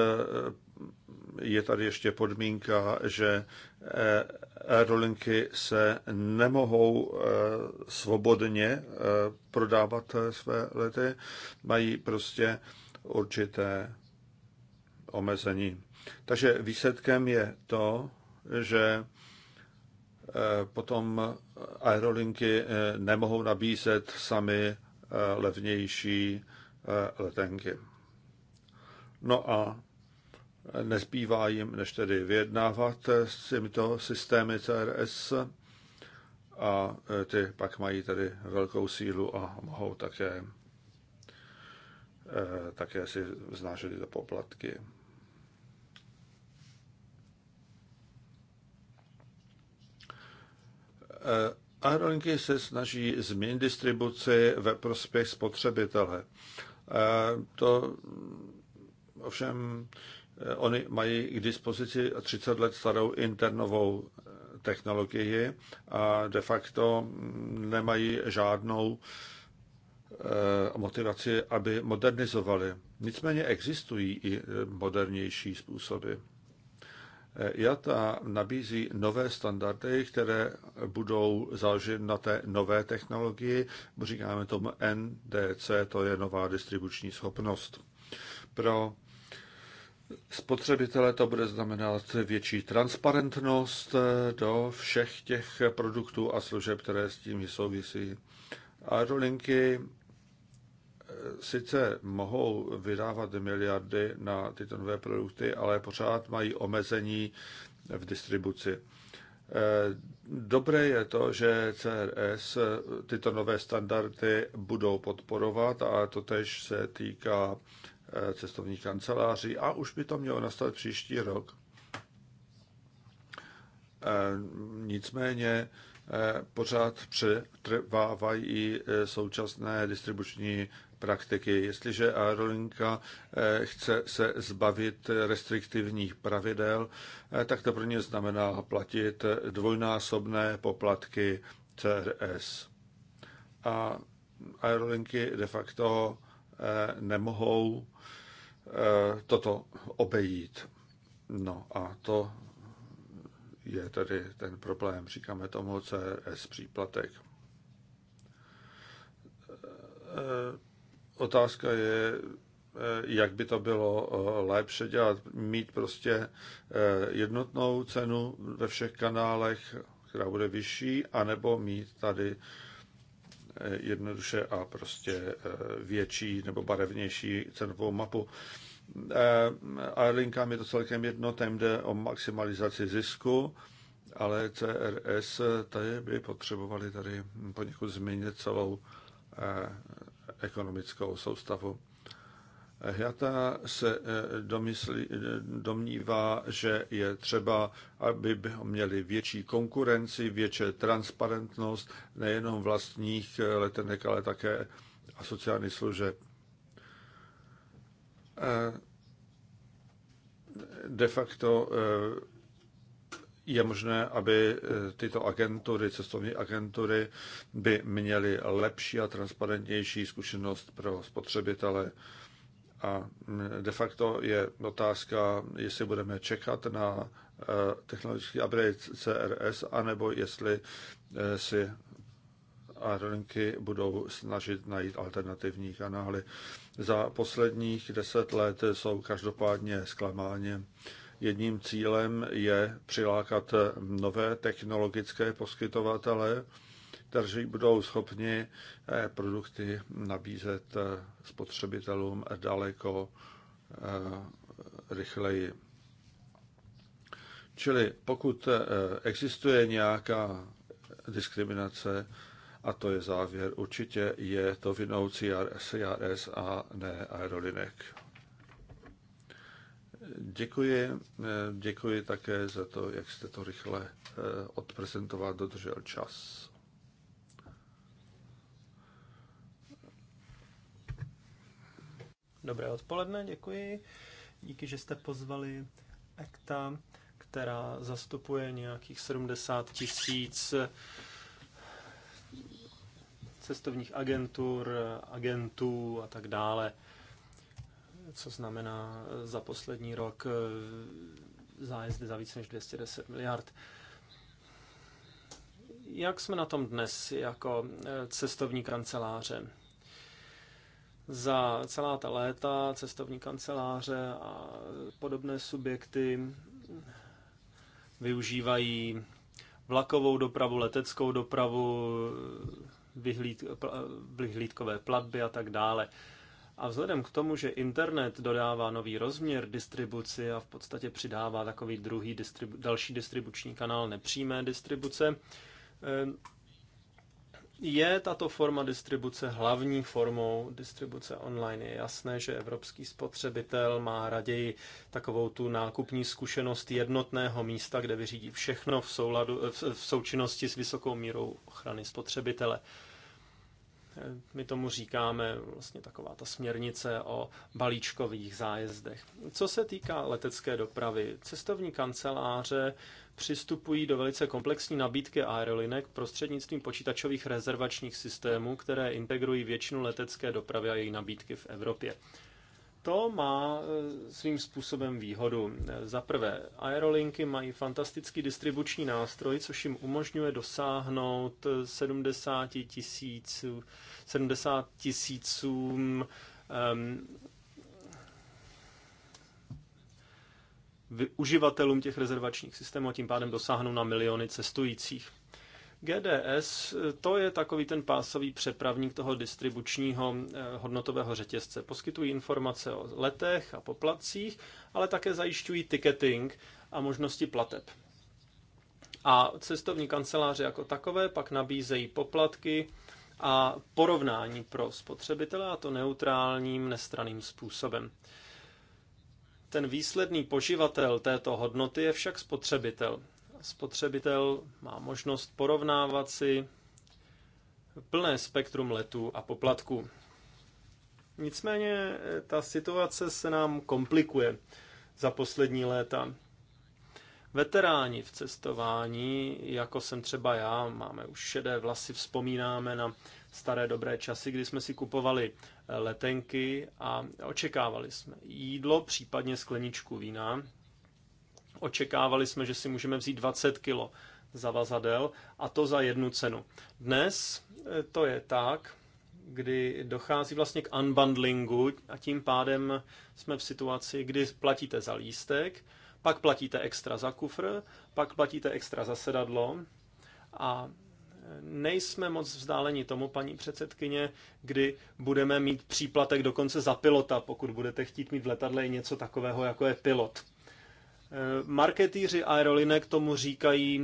je tady ještě podmínka, že eh, aerolinky se nemohou svobodně prodávat své lety, mají prostě určité omezení. Takže výsledkem je to, že potom aerolinky eh, nemohou nabízet sami eh, levnější eh, letenky. No a nezbývá jim, než tedy vyjednávat s těmito systémy CRS a ty pak mají tedy velkou sílu a mohou také, také si vznášet tyto poplatky. Eh, aerolinky se snaží změnit distribuci ve prospěch spotřebitele. Eh, to ovšem eh, oni mají k dispozici 30 let starou internovou technologii a de facto mm, nemají žádnou motivaci, aby modernizovali. Nicméně existují i modernější způsoby. IATA e, e nabízí nové standardy, které budou založeny na té nové technologii. Říkáme tomu NDC, to je nová distribuční schopnost. Pro spotřebitele to bude znamenat větší transparentnost e, do všech těch produktů a služeb, které s tím souvisí. Aerolinky sice mohou vydávat miliardy na tyto nové produkty, ale pořád mají omezení v distribuci. Eh, dobré je to, že CRS tyto nové standardy budou podporovat a to tež se týká eh, cestovních kanceláří a už by to mělo nastat příští rok. Eh, nicméně pořád přetrvávají současné distribuční praktiky. Jestliže aerolinka eh, chce se zbavit restriktivních pravidel, eh, tak to pro ně znamená platit dvojnásobné poplatky CRS. A aerolinky de facto eh, nemohou toto obejít. No a to je tedy ten problém, říkáme tomu CRS příplatek otázka je, eh, jak by to bylo eh, lépe dělat. Mít prostě eh, jednotnou cenu ve všech kanálech, která bude vyšší, anebo mít tady jednoduše a prostě větší nebo barevnější cenovou mapu. Airlinkám je to celkem jedno, tam jde o maximalizaci zisku, ale CRS tady by potřebovali tady poněkud změnit celou ekonomickou soustavu. Hjata se eh, domyslí, eh, domnívá, že je třeba, aby měli větší konkurenci, větší transparentnost nejenom vlastních eh, letenek, ale také a služeb. De facto je možné, aby eh, tyto agentury, cestovní agentury, by měly lepší a transparentnější zkušenost pro spotřebitele. A mm, de facto je otázka, jestli budeme čekat na eh, technologický upgrade CRS, anebo jestli eh, si aerolinky budou snažit najít alternativní kanály. Za posledních deset let jsou každopádně zklamáně Jedním cílem je přilákat nové technologické poskytovatele, kteří budou schopni eh, produkty nabízet eh, spotřebitelům daleko eh, rychleji. Čili pokud existuje nějaká diskriminace, a to je závěr, určitě je to vinou CRS, CRS a ne aerolinek. Děkuji, eh, děkuji také za to, jak jste to rychle eh, odprezentoval, dodržel čas. Dobré odpoledne, děkuji. Díky, že jste pozvali ECTA, která zastupuje nějakých 70 tisíc eh, cestovních agentur, agentů a tak dále co znamená eh, za poslední rok eh, zájezdy za více než 210 miliard. Jak jsme na tom dnes jako eh, cestovní kanceláře? Za celá ta léta cestovní kanceláře a podobné subjekty využívají vlakovou dopravu, leteckou dopravu, vyhlídkové platby a tak dále. A vzhledem k tomu, že internet dodává nový rozměr distribuci a v podstatě přidává takový druhý distribu- další distribuční kanál nepřímé distribuce, eh, je tato forma distribuce hlavní formou distribuce online. Je jasné, že evropský spotřebitel má raději takovou tu nákupní zkušenost jednotného místa, kde vyřídí všechno v, souladu, v součinnosti s vysokou mírou ochrany spotřebitele my tomu říkáme vlastně taková ta směrnice o balíčkových zájezdech. Co se týká letecké dopravy, cestovní kanceláře přistupují do velice komplexní nabídky aerolinek prostřednictvím počítačových rezervačních systémů, které integrují většinu letecké dopravy a její nabídky v Evropě to má e, svým způsobem výhodu. Za prvé, aerolinky mají fantastický distribuční nástroj, což jim umožňuje dosáhnout 70 e, tisíců, 70 tisícům um, uživatelům těch rezervačních systémů a tím pádem dosáhnou na miliony cestujících. GDS to je takový ten pásový přepravník toho distribučního eh, hodnotového řetězce. Poskytují informace o letech a poplacích, ale také zajišťují ticketing a možnosti plateb. A cestovní kanceláře jako takové pak nabízejí poplatky a porovnání pro spotřebitele a to neutrálním, nestraným způsobem. Ten výsledný poživatel této hodnoty je však spotřebitel spotřebitel má možnost porovnávat si plné spektrum letů a poplatků. Nicméně ta situace se nám komplikuje za poslední léta. Veteráni v cestování, jako jsem třeba já, máme už šedé vlasy, vzpomínáme na staré dobré časy, kdy jsme si kupovali letenky a očekávali jsme jídlo, případně skleničku vína, Očekávali jsme, že si můžeme vzít 20 kilo zavazadel a to za jednu cenu. Dnes e, to je tak, kdy dochází vlastně k unbundlingu a tím pádem jsme v situaci, kdy platíte za lístek, pak platíte extra za kufr, pak platíte extra za sedadlo a e, nejsme moc vzdáleni tomu, paní předsedkyně, kdy budeme mít příplatek dokonce za pilota, pokud budete chtít mít v letadle i něco takového, jako je pilot. Eh, marketíři aerolinek tomu říkají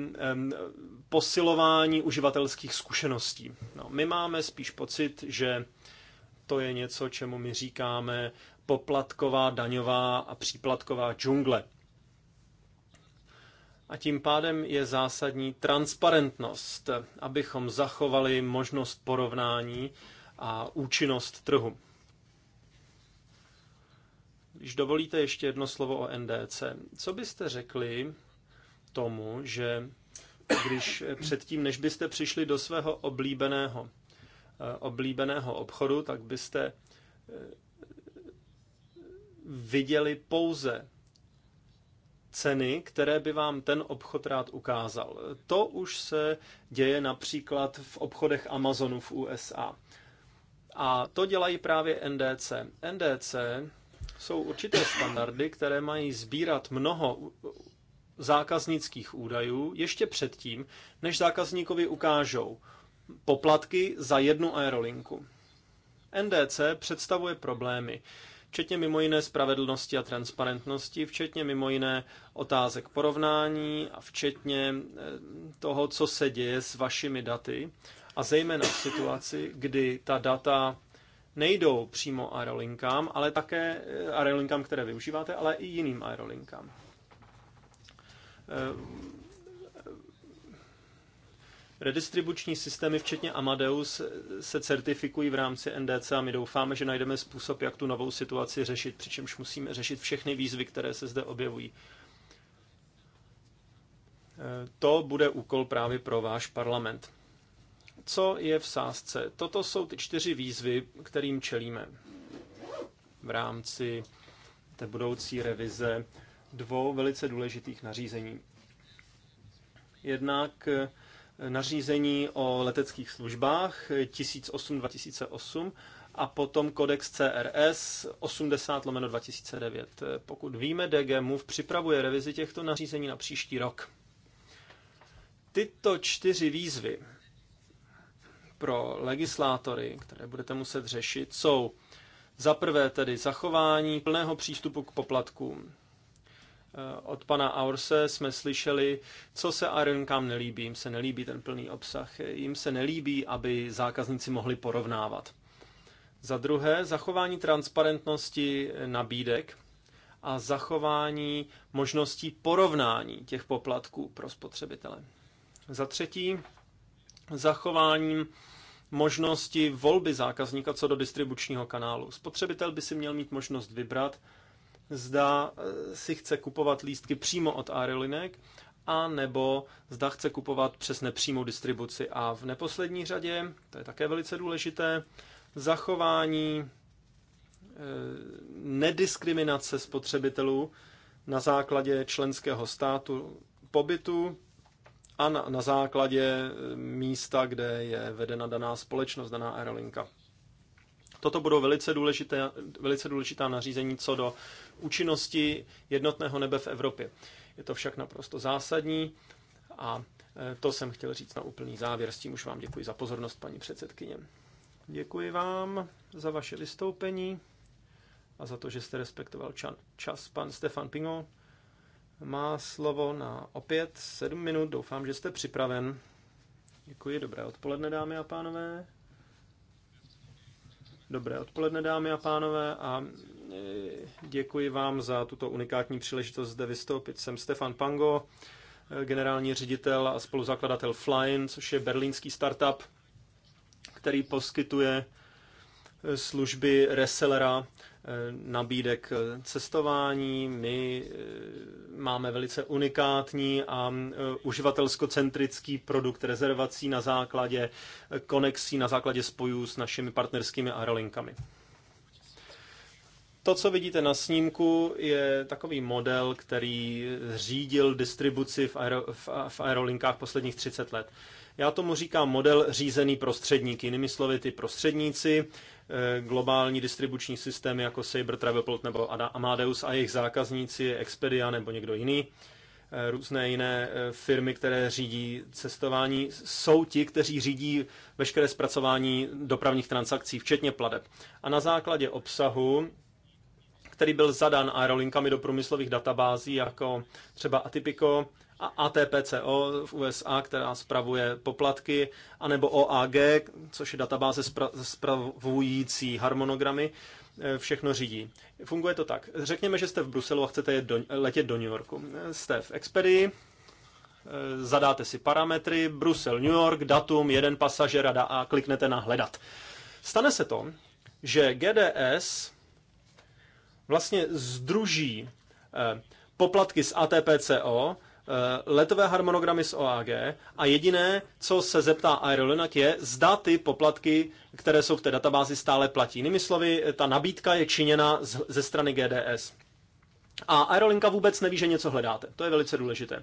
posilování uživatelských zkušeností. No, my máme spíš pocit, že to je něco, čemu my říkáme poplatková, daňová a příplatková džungle. A tím pádem je zásadní transparentnost, abychom zachovali možnost porovnání a účinnost trhu. Když dovolíte ještě jedno slovo o NDC, co byste řekli tomu, že když předtím, než byste přišli do svého oblíbeného, eh, oblíbeného obchodu, tak byste eh, viděli pouze ceny, které by vám ten obchod rád ukázal. To už se děje například v obchodech Amazonu v USA. A to dělají právě NDC. NDC jsou určité standardy, které mají sbírat mnoho zákaznických údajů ještě předtím, než zákazníkovi ukážou poplatky za jednu aerolinku. NDC představuje problémy, včetně mimo jiné spravedlnosti a transparentnosti, včetně mimo jiné otázek porovnání a včetně eh, toho, co se děje s vašimi daty a zejména v situaci, kdy ta data nejdou přímo aerolinkám, ale také eh, aerolinkám, které využíváte, ale i jiným aerolinkám. Eh, redistribuční systémy, včetně Amadeus, se certifikují v rámci NDC a my doufáme, že najdeme způsob, jak tu novou situaci řešit, přičemž musíme řešit všechny výzvy, které se zde objevují. Eh, to bude úkol právě pro váš parlament. Co je v sázce? Toto jsou ty čtyři výzvy, kterým čelíme v rámci té budoucí revize dvou velice důležitých nařízení. Jednak eh, nařízení o leteckých službách 1008-2008 eh, a potom kodex CRS 80 lomeno 2009. Eh, pokud víme, DG MUV připravuje revizi těchto nařízení na příští rok. Tyto čtyři výzvy pro legislátory, které budete muset řešit, jsou za prvé tedy zachování plného přístupu k poplatkům. Eh, od pana Aurse jsme slyšeli, co se Ironkám nelíbí. Jim se nelíbí ten plný obsah. Jim se nelíbí, aby zákazníci mohli porovnávat. Za druhé, zachování transparentnosti nabídek a zachování možností porovnání těch poplatků pro spotřebitele. Za třetí, zachováním možnosti volby zákazníka co do distribučního kanálu. Spotřebitel by si měl mít možnost vybrat, zda eh, si chce kupovat lístky přímo od aerolinek, a nebo zda chce kupovat přes nepřímou distribuci. A v neposlední řadě, to je také velice důležité, zachování eh, nediskriminace spotřebitelů na základě členského státu pobytu a na, na základě eh, místa, kde je vedena daná společnost, daná aerolinka. Toto budou velice, důležité, velice důležitá nařízení co do účinnosti jednotného nebe v Evropě. Je to však naprosto zásadní a eh, to jsem chtěl říct na úplný závěr. S tím už vám děkuji za pozornost, paní předsedkyně. Děkuji vám za vaše vystoupení a za to, že jste respektoval čas. Pan Stefan Pingo má slovo na opět sedm minut. Doufám, že jste připraven. Děkuji, dobré odpoledne, dámy a pánové. Dobré odpoledne, dámy a pánové, a e, děkuji vám za tuto unikátní příležitost zde vystoupit. Jsem Stefan Pango, e, generální ředitel a spoluzakladatel Flyin, což je berlínský startup, který poskytuje e, služby resellera Eh, nabídek cestování. My eh, máme velice unikátní a eh, uživatelskocentrický produkt rezervací na základě konexí, na základě spojů s našimi partnerskými aerolinkami. To, co vidíte na snímku, je takový model, který řídil distribuci v, aero, v, v aerolinkách posledních 30 let. Já tomu říkám model řízený prostředník, jinými slovy ty prostředníci Eh, globální distribuční systémy jako Sabre, Travelpult nebo Amadeus a jejich zákazníci, Expedia nebo někdo jiný, eh, různé jiné eh, firmy, které řídí cestování, jsou ti, kteří řídí veškeré zpracování dopravních transakcí, včetně plateb. A na základě obsahu, který byl zadán aerolinkami do průmyslových databází, jako třeba Atypico, ATPCO v USA, která spravuje poplatky, anebo OAG, což je databáze spravující harmonogramy, eh, všechno řídí. Funguje to tak. Řekněme, že jste v Bruselu a chcete do, letět do New Yorku. Eh, jste v Expedii, eh, zadáte si parametry, Brusel, New York, datum, jeden pasažer a kliknete na hledat. Stane se to, že GDS vlastně združí poplatky z ATPCO Eh, letové harmonogramy z OAG a jediné, co se zeptá Aerolinak je, zda ty poplatky, které jsou v té databázi, stále platí. Jinými slovy, ta nabídka je činěna ze strany GDS. A Aerolinka vůbec neví, že něco hledáte. To je velice důležité.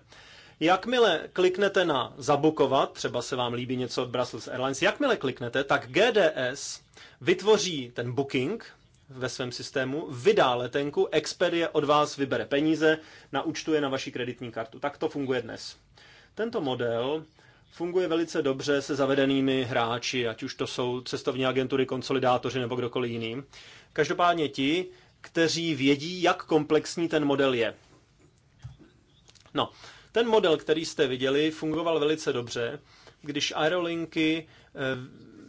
Jakmile kliknete na zabukovat, třeba se vám líbí něco od Brussels Airlines, jakmile kliknete, tak GDS vytvoří ten booking, ve svém systému, vydá letenku, Expedia od vás vybere peníze, naučtuje na vaši kreditní kartu. Tak to funguje dnes. Tento model funguje velice dobře se zavedenými hráči, ať už to jsou cestovní agentury, konsolidátoři nebo kdokoliv jiný. Každopádně ti, kteří vědí, jak komplexní ten model je. No, ten model, který jste viděli, fungoval velice dobře, když aerolinky eh,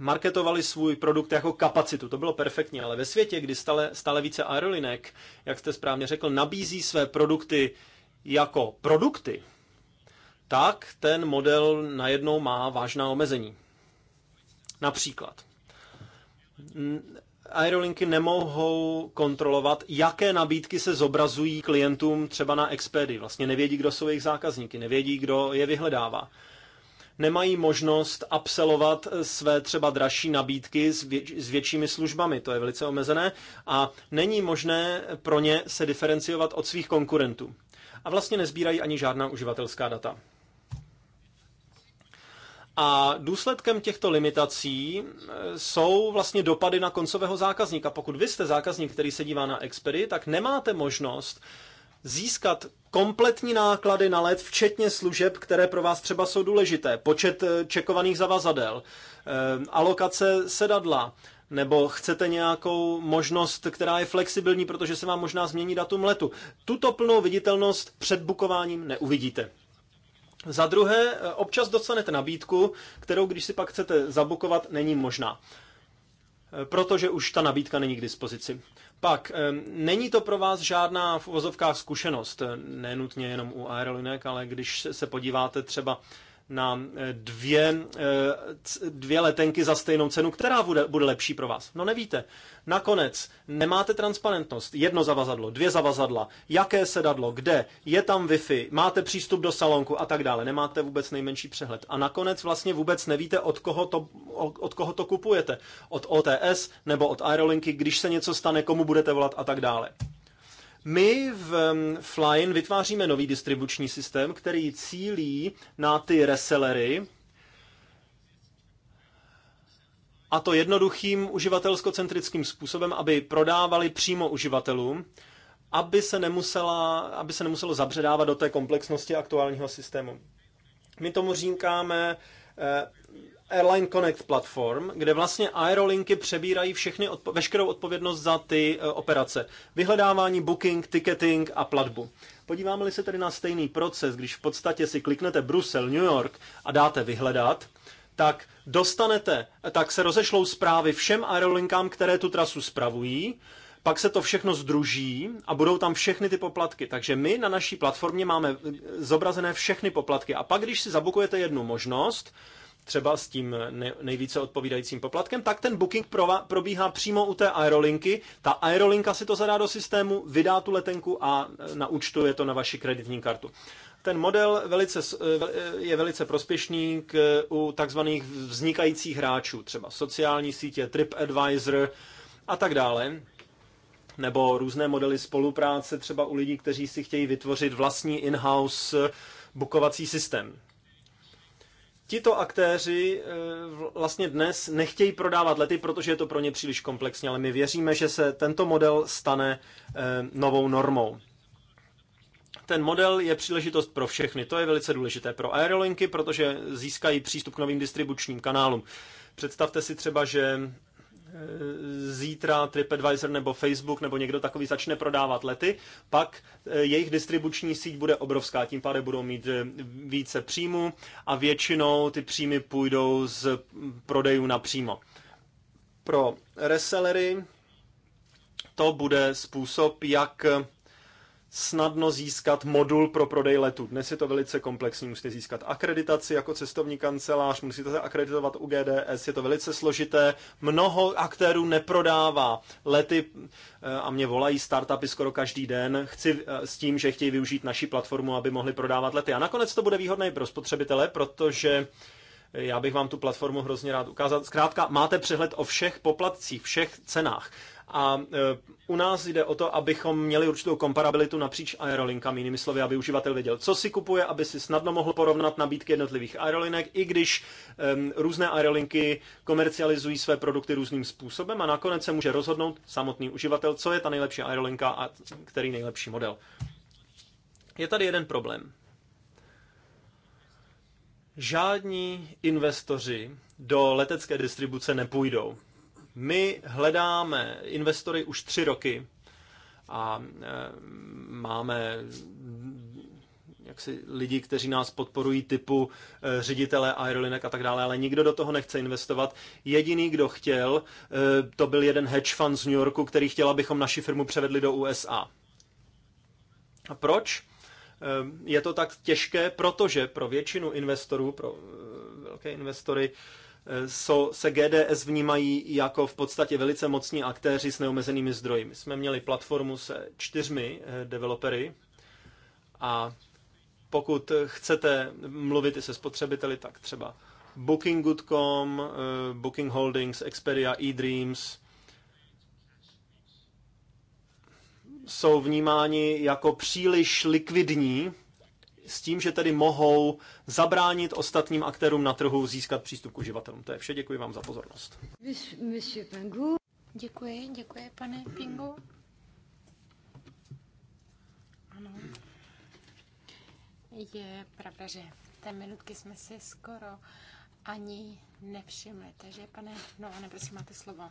marketovali svůj produkt jako kapacitu. To bylo perfektní, ale ve světě, kdy stále, stále více aerolinek, jak jste správně řekl, nabízí své produkty jako produkty, tak ten model najednou má vážná omezení. Například, aerolinky nemohou kontrolovat, jaké nabídky se zobrazují klientům třeba na Expedii. Vlastně nevědí, kdo jsou jejich zákazníky, nevědí, kdo je vyhledává nemají možnost absolvovat své třeba dražší nabídky s, vě- s většími službami, to je velice omezené, a není možné pro ně se diferenciovat od svých konkurentů. A vlastně nezbírají ani žádná uživatelská data. A důsledkem těchto limitací e, jsou vlastně dopady na koncového zákazníka. Pokud vy jste zákazník, který se dívá na Expedy, tak nemáte možnost získat kompletní náklady na let, včetně služeb, které pro vás třeba jsou důležité, počet eh, čekovaných zavazadel, eh, alokace sedadla, nebo chcete nějakou možnost, která je flexibilní, protože se vám možná změní datum letu. Tuto plnou viditelnost před bukováním neuvidíte. Za druhé, eh, občas dostanete nabídku, kterou, když si pak chcete zabukovat, není možná protože už ta nabídka není k dispozici. Pak, není to pro vás žádná v uvozovkách zkušenost, nenutně jenom u aerolinek, ale když se podíváte třeba na eh, dvě, eh, dvě letenky za stejnou cenu, která bude, bude lepší pro vás. No nevíte. Nakonec nemáte transparentnost. Jedno zavazadlo, dvě zavazadla, jaké sedadlo, kde, je tam Wi-Fi, máte přístup do salonku a tak dále. Nemáte vůbec nejmenší přehled. A nakonec vlastně vůbec nevíte, od koho to, od koho to kupujete. Od OTS nebo od Aerolinky, když se něco stane, komu budete volat a tak dále. My v um, Flyin vytváříme nový distribuční systém, který cílí na ty resellery, a to jednoduchým uživatelskocentrickým způsobem, aby prodávali přímo uživatelům, aby se, nemusela, aby se nemuselo zabředávat do té komplexnosti aktuálního systému. My tomu říkáme eh, Airline Connect platform, kde vlastně aerolinky přebírají všechny odpo- veškerou odpovědnost za ty e, operace. Vyhledávání, booking, ticketing a platbu. Podíváme-li se tedy na stejný proces, když v podstatě si kliknete Brusel, New York a dáte vyhledat, tak dostanete, tak se rozešlou zprávy všem aerolinkám, které tu trasu spravují, pak se to všechno združí a budou tam všechny ty poplatky. Takže my na naší platformě máme e, zobrazené všechny poplatky. A pak, když si zabukujete jednu možnost, třeba s tím nejvíce odpovídajícím poplatkem, tak ten booking probíhá přímo u té aerolinky. Ta aerolinka si to zadá do systému, vydá tu letenku a e, je to na vaši kreditní kartu. Ten model velice, e, e, je velice prospěšný k, u takzvaných vznikajících hráčů, třeba sociální sítě, TripAdvisor a tak dále nebo různé modely spolupráce třeba u lidí, kteří si chtějí vytvořit vlastní in-house bukovací systém. Tito aktéři eh, vlastně dnes nechtějí prodávat lety, protože je to pro ně příliš komplexní, ale my věříme, že se tento model stane eh, novou normou. Ten model je příležitost pro všechny. To je velice důležité pro aerolinky, protože získají přístup k novým distribučním kanálům. Představte si třeba, že Eh, zítra TripAdvisor nebo Facebook nebo někdo takový začne prodávat lety, pak eh, jejich distribuční síť bude obrovská, tím pádem budou mít eh, více příjmů a většinou ty příjmy půjdou z prodejů napřímo. Pro resellery to bude způsob, jak snadno získat modul pro prodej letu. Dnes je to velice komplexní, musíte získat akreditaci jako cestovní kancelář, musíte se akreditovat u GDS, je to velice složité. Mnoho aktérů neprodává lety eh, a mě volají startupy skoro každý den chci, eh, s tím, že chtějí využít naši platformu, aby mohli prodávat lety. A nakonec to bude výhodné pro spotřebitele, protože já bych vám tu platformu hrozně rád ukázal. Zkrátka, máte přehled o všech poplatcích, všech cenách. A e, u nás jde o to, abychom měli určitou komparabilitu napříč aerolinkami, jinými slovy, aby uživatel věděl, co si kupuje, aby si snadno mohl porovnat nabídky jednotlivých aerolinek, i když um, různé aerolinky komercializují své produkty různým způsobem a nakonec se může rozhodnout samotný uživatel, co je ta nejlepší aerolinka a který nejlepší model. Je tady jeden problém. Žádní investoři do letecké distribuce nepůjdou my hledáme investory už tři roky a e, máme jaksi lidi, kteří nás podporují typu e, ředitele aerolinek a tak dále, ale nikdo do toho nechce investovat. Jediný, kdo chtěl, e, to byl jeden hedge fund z New Yorku, který chtěl, abychom naši firmu převedli do USA. A proč? Je to tak těžké, protože pro většinu investorů, pro velké investory, so, se GDS vnímají jako v podstatě velice mocní aktéři s neomezenými zdroji. My jsme měli platformu se čtyřmi eh, developery a pokud chcete mluvit i se spotřebiteli, tak třeba Booking.com, eh, Booking Holdings, Expedia, eDreams jsou vnímáni jako příliš likvidní s tím, že tedy mohou zabránit ostatním aktérům na trhu získat přístup k uživatelům. To je vše, děkuji vám za pozornost. Děkuji, děkuji, pane Pingu. Ano. Je pravda, že té minutky jsme si skoro ani nevšimli. Takže, pane, no a neprosím, máte slovo.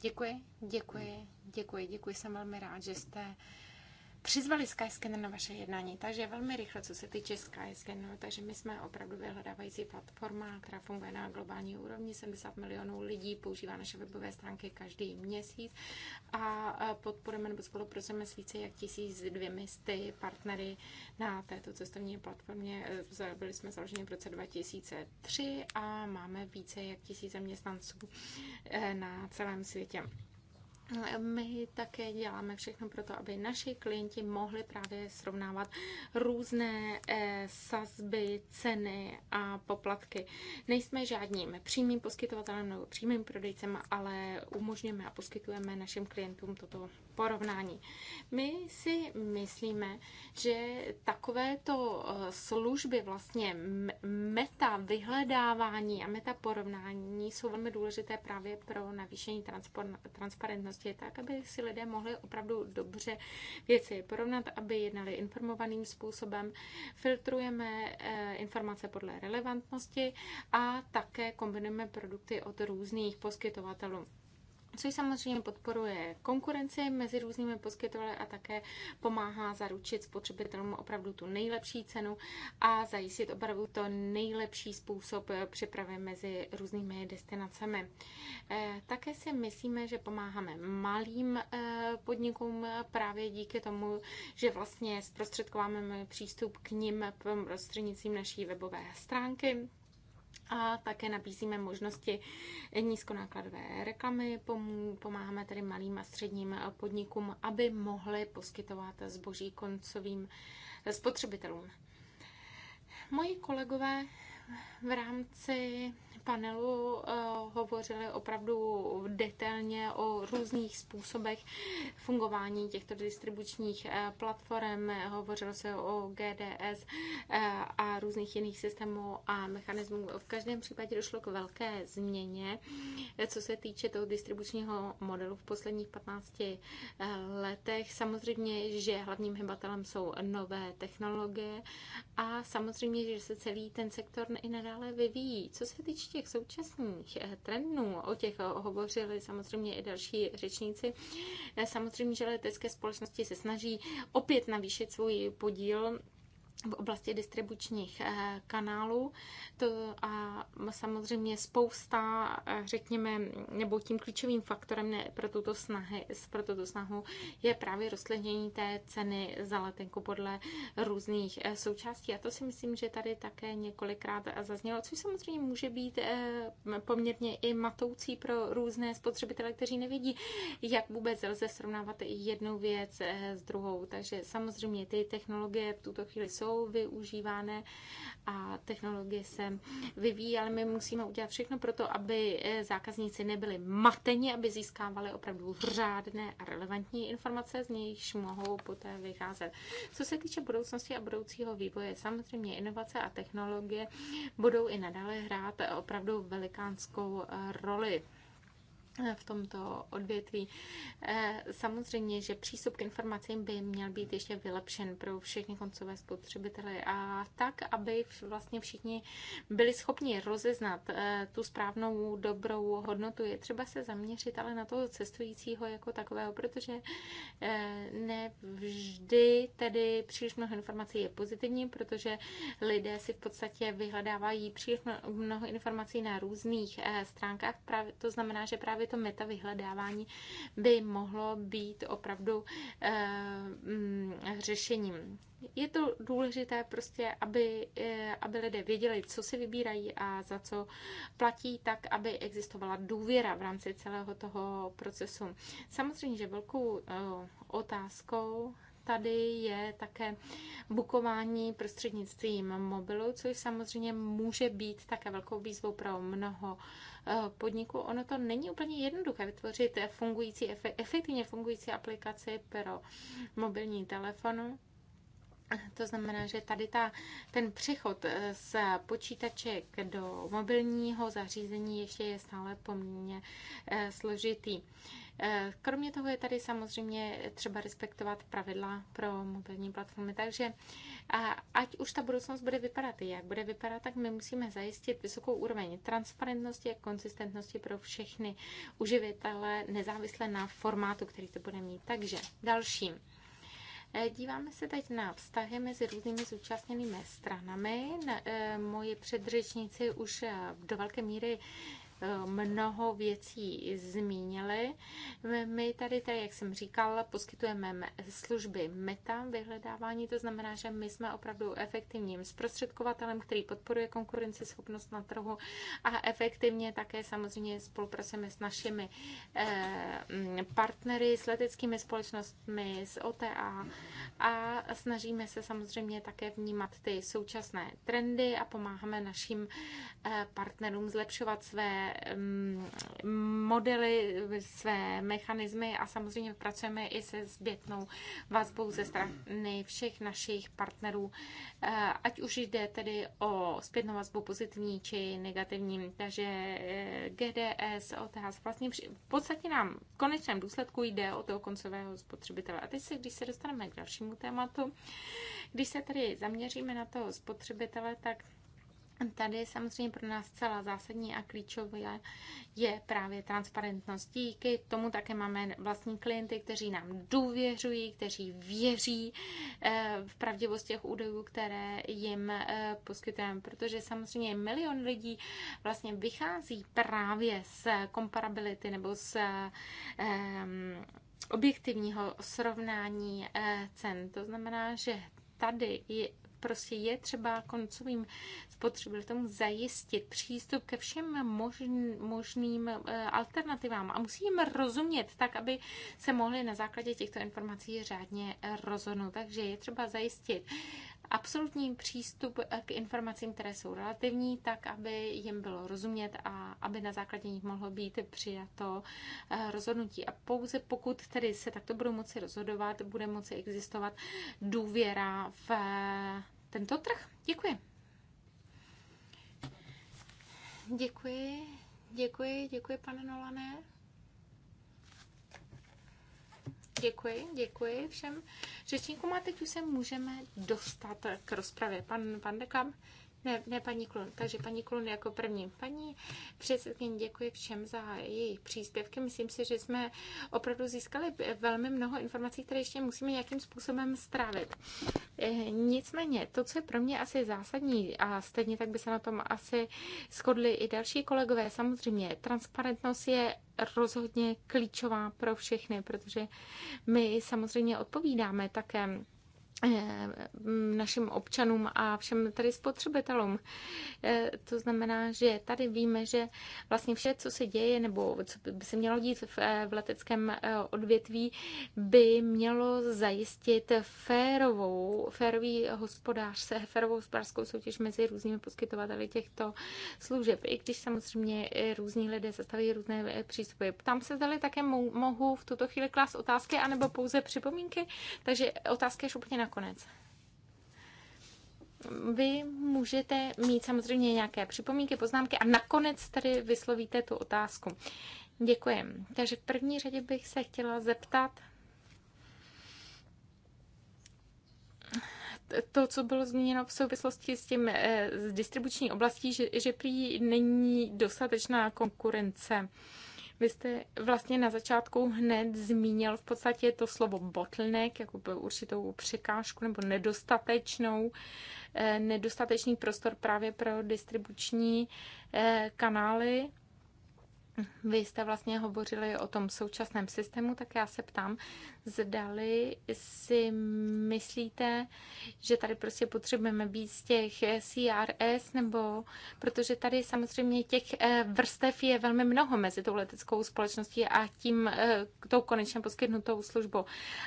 Děkuji, děkuji, děkuji, děkuji. Jsem velmi rád, že jste přizvali Skyscanner na vaše jednání, takže velmi rychle, co se týče Skyscanner, takže my jsme opravdu vyhledávající platforma, která funguje na globální úrovni, 70 milionů lidí používá naše webové stránky každý měsíc a podporujeme nebo spolupracujeme s více jak sty partnery na této cestovní platformě. E, byli jsme založeni v roce 2003 a máme více jak tisíc zaměstnanců e, na celém světě. My také děláme všechno pro to, aby naši klienti mohli právě srovnávat různé eh, sazby, ceny a poplatky. Nejsme žádným přímým poskytovatelem nebo přímým prodejcem, ale umožňujeme a poskytujeme našim klientům toto porovnání. My si myslíme, že takovéto eh, služby, vlastně meta vyhledávání a meta porovnání jsou velmi důležité právě pro navýšení transparentnosti veřejnosti, tak, aby si lidé mohli opravdu dobře věci porovnat, aby jednali informovaným způsobem. Filtrujeme eh, informace podle relevantnosti a také kombinujeme produkty od různých poskytovatelů což samozřejmě podporuje konkurenci mezi různými poskytovateli a také pomáhá zaručit spotřebitelům opravdu tu nejlepší cenu a zajistit opravdu to nejlepší způsob přepravy mezi různými destinacemi. Eh, také si myslíme, že pomáháme malým eh, podnikům právě díky tomu, že vlastně zprostředkováme přístup k ním prostřednictvím naší webové stránky a také nabízíme možnosti nízkonákladové reklamy. Pomáháme tedy malým a středním podnikům, aby mohly poskytovat zboží koncovým spotřebitelům. Moji kolegové v rámci panelu eh, hovořili opravdu detailně o různých způsobech fungování těchto distribučních eh, platform. Hovořilo se o GDS eh, a různých jiných systémů a mechanismů. V každém případě došlo k velké změně, co se týče toho distribučního modelu v posledních 15 letech. Samozřejmě, že hlavním hybatelem jsou nové technologie a samozřejmě, že se celý ten sektor i nadále vyvíjí. Co se týče těch současných eh, trendů, o těch eh, hovořili samozřejmě i další řečníci, eh, samozřejmě, že letecké společnosti se snaží opět navýšit svůj podíl v oblasti distribučních eh, kanálů. To a samozřejmě spousta, eh, řekněme, nebo tím klíčovým faktorem pro, tuto snahy, pro tuto snahu je právě rozhlednění té ceny za letenku podle různých eh, součástí. A to si myslím, že tady také několikrát zaznělo, což samozřejmě může být poměrně i matoucí pro různé spotřebitele, kteří nevědí, jak vůbec lze srovnávat jednu věc s druhou. Takže samozřejmě ty technologie v tuto chvíli jsou jsou využívány a technologie se vyvíjí, ale my musíme udělat všechno pro to, aby eh, zákazníci nebyli mateni, aby získávali opravdu řádné a relevantní informace, z nichž mohou poté vycházet. Co se týče budoucnosti a budoucího vývoje, samozřejmě inovace a technologie budou i nadále hrát opravdu velikánskou eh, roli v tomto odvětví. Eh, samozřejmě, že přístup k informacím by měl být ještě vylepšen pro všechny koncové spotřebitele a tak, aby vlastně všichni byli schopni rozeznat eh, tu správnou dobrou hodnotu. Je třeba se zaměřit ale na toho cestujícího jako takového, protože eh, ne vždy tedy příliš mnoho informací je pozitivní, protože lidé si v podstatě vyhledávají příliš mnoho informací na různých stránkách. To znamená, že právě právě to meta vyhledávání by mohlo být opravdu eh, mm, řešením. Je to důležité prostě, aby, eh, aby lidé věděli, co si vybírají a za co platí, tak aby existovala důvěra v rámci celého toho procesu. Samozřejmě, že velkou eh, otázkou tady je také bukování prostřednictvím mobilu, což samozřejmě může být také velkou výzvou pro mnoho Eh, podniku, ono to není úplně jednoduché vytvořit fungující, efektivně fungující aplikaci pro mobilní telefonu. To znamená, že tady ta, ten přechod eh, z počítaček do mobilního zařízení ještě je stále poměrně eh, složitý. Eh, kromě toho je tady samozřejmě třeba respektovat pravidla pro mobilní platformy. Takže ať už ta budoucnost bude vypadat i jak bude vypadat, tak my musíme zajistit vysokou úroveň transparentnosti a konsistentnosti pro všechny uživitele, nezávisle na formátu, který to bude mít. Takže dalším. Eh, díváme se teď na vztahy mezi různými zúčastněnými stranami. Eh, moji předřečníci už eh, do velké míry mnoho věcí zmínili. My tady, tady, jak jsem říkal, poskytujeme služby meta vyhledávání, to znamená, že my jsme opravdu efektivním zprostředkovatelem, který podporuje konkurenceschopnost na trhu a efektivně také samozřejmě spolupracujeme s našimi eh, mm, partnery, s leteckými společnostmi, s OTA a snažíme se samozřejmě také vnímat ty současné trendy a pomáháme našim eh, partnerům zlepšovat své Mm, modely, své mechanismy a samozřejmě pracujeme i se zpětnou vazbou ze strany všech našich partnerů, eh, ať už jde tedy o zpětnou vazbu pozitivní či negativní. Takže eh, GDS, OTHS, vlastně v podstatě nám v konečném důsledku jde o toho koncového spotřebitele. A teď se, když se dostaneme k dalšímu tématu, když se tady zaměříme na toho spotřebitele, tak Tady samozřejmě pro nás celá zásadní a klíčové je právě transparentnost. Díky tomu také máme vlastní klienty, kteří nám důvěřují, kteří věří eh, v pravdivost těch údajů, které jim eh, poskytujeme, protože samozřejmě milion lidí vlastně vychází právě z komparability nebo z ehm, objektivního srovnání eh, cen. To znamená, že tady je, prostě je třeba koncovým tomu zajistit přístup ke všem možným eh, alternativám a musí jim rozumět tak, aby se mohli na základě těchto informací řádně rozhodnout. Takže je třeba zajistit absolutní přístup eh, k informacím, které jsou relativní, tak, aby jim bylo rozumět a aby na základě nich mohlo být přijato eh, rozhodnutí. A pouze pokud tedy se takto budou moci rozhodovat, bude moci existovat důvěra v tento trh. Děkuji. Děkuji, děkuji, děkuji, pane Nolané. Děkuji, děkuji všem řečníkům a teď už se můžeme dostat k rozpravě. Pan, pan Dekam, ne, ne paní Klun. Takže paní Klun jako první. Paní předsedkyně, děkuji všem za jejich příspěvky. Myslím si, že jsme opravdu získali velmi mnoho informací, které ještě musíme nějakým způsobem strávit. Eh, nicméně, to, co je pro mě asi zásadní, a stejně tak by se na tom asi shodli i další kolegové, samozřejmě, transparentnost je rozhodně klíčová pro všechny, protože my samozřejmě odpovídáme také Eh, našim občanům a všem tady spotřebitelům. Eh, to znamená, že tady víme, že vlastně vše, co se děje nebo co by se mělo dít v eh, leteckém odvětví, by mělo zajistit férovou, férový hospodář, férovou hospodářskou soutěž mezi různými poskytovateli těchto služeb, i když samozřejmě různí lidé zastaví různé přístupy. Ptám se, zdali také mohu v tuto chvíli klást otázky anebo pouze připomínky, takže otázky je úplně na nakonec. Vy můžete mít samozřejmě nějaké připomínky, poznámky a nakonec tady vyslovíte tu otázku. Děkuji. Takže v první řadě bych se chtěla zeptat to, co bylo zmíněno v souvislosti s tím eh, s distribuční oblastí, že, že prý není dostatečná konkurence vy jste vlastně na začátku hned zmínil v podstatě to slovo bottleneck, jako byl určitou překážku nebo nedostatečnou, eh, nedostatečný prostor právě pro distribuční eh, kanály. Vy jste vlastně hovořili o tom současném systému, tak já se ptám, zdali si myslíte, že tady prostě potřebujeme být z těch eh, CRS, nebo protože tady samozřejmě těch eh, vrstev je velmi mnoho mezi tou leteckou společností a tím eh, tou konečně poskytnutou službou.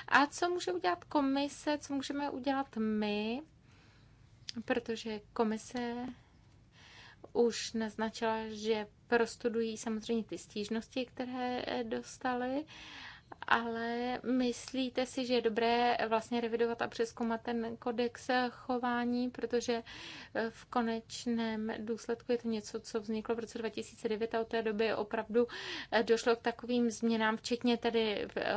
A co může udělat komise, co můžeme udělat my, protože komise už naznačila, že prostudují samozřejmě ty stížnosti, které eh, dostali ale myslíte si, že je dobré vlastně revidovat a přeskoumat ten kodex chování, protože eh, v konečném důsledku je to něco, co vzniklo v roce 2009 a od té doby opravdu eh, došlo k takovým změnám, včetně tedy v eh,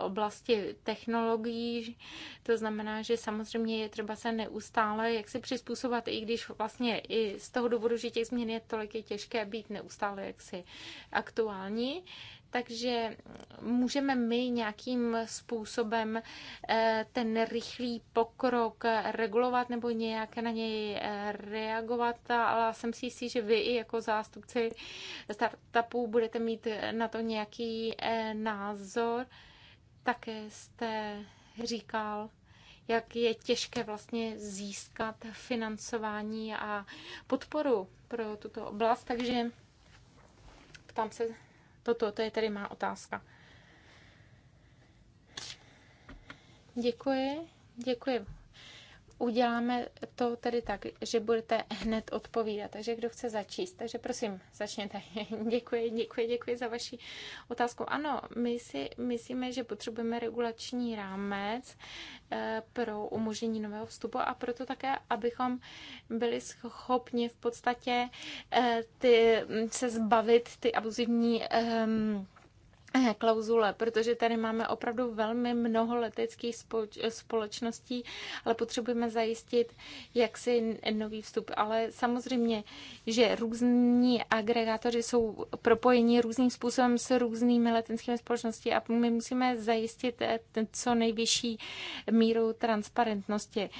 oblasti technologií. To znamená, že samozřejmě je třeba se neustále jak si přizpůsobovat, i když vlastně i z toho důvodu, že těch změn je tolik, je těžké být neustále jaksi aktuální. Takže můžeme my nějakým způsobem eh, ten rychlý pokrok regulovat nebo nějak na něj eh, reagovat, ale jsem si jistý, že vy i jako zástupci startupů budete mít na to nějaký eh, názor. Také jste říkal, jak je těžké vlastně získat financování a podporu pro tuto oblast, takže ptám se Toto to je tedy má otázka. Děkuji, děkuji uděláme to tedy tak, že budete hned odpovídat. Takže kdo chce začíst? Takže prosím, začněte. *laughs* děkuji, děkuji, děkuji za vaši otázku. Ano, my si myslíme, že potřebujeme regulační rámec eh, pro umožnění nového vstupu a proto také, abychom byli schopni v podstatě eh, ty, mm, se zbavit ty abuzivní um, Eh, klauzule, protože tady máme opravdu velmi mnoho leteckých společností, ale potřebujeme zajistit jaksi nový vstup. Ale samozřejmě, že různí agregátoři jsou propojeni různým způsobem s různými leteckými společnostmi a my musíme zajistit eh, co nejvyšší míru transparentnosti.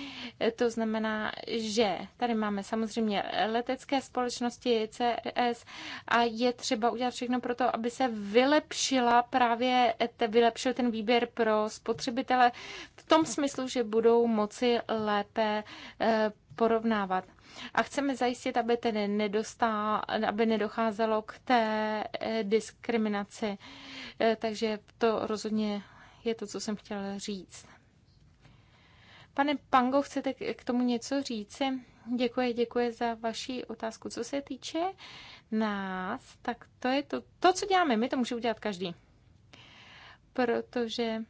Eh, to znamená, že tady máme samozřejmě letecké společnosti, CRS a je třeba udělat všechno pro to, aby se vylepšilo vylepšila právě vylepšil ten výběr pro spotřebitele v tom smyslu, že budou moci lépe eh, porovnávat. A chceme zajistit, aby tedy nedostá, aby nedocházelo k té eh, diskriminaci. Eh, takže to rozhodně je to, co jsem chtěla říct. Pane Pango, chcete k tomu něco říci? Děkuji, děkuji za vaši otázku. Co se týče nás, tak to je to, to, co děláme my, to může udělat každý. Protože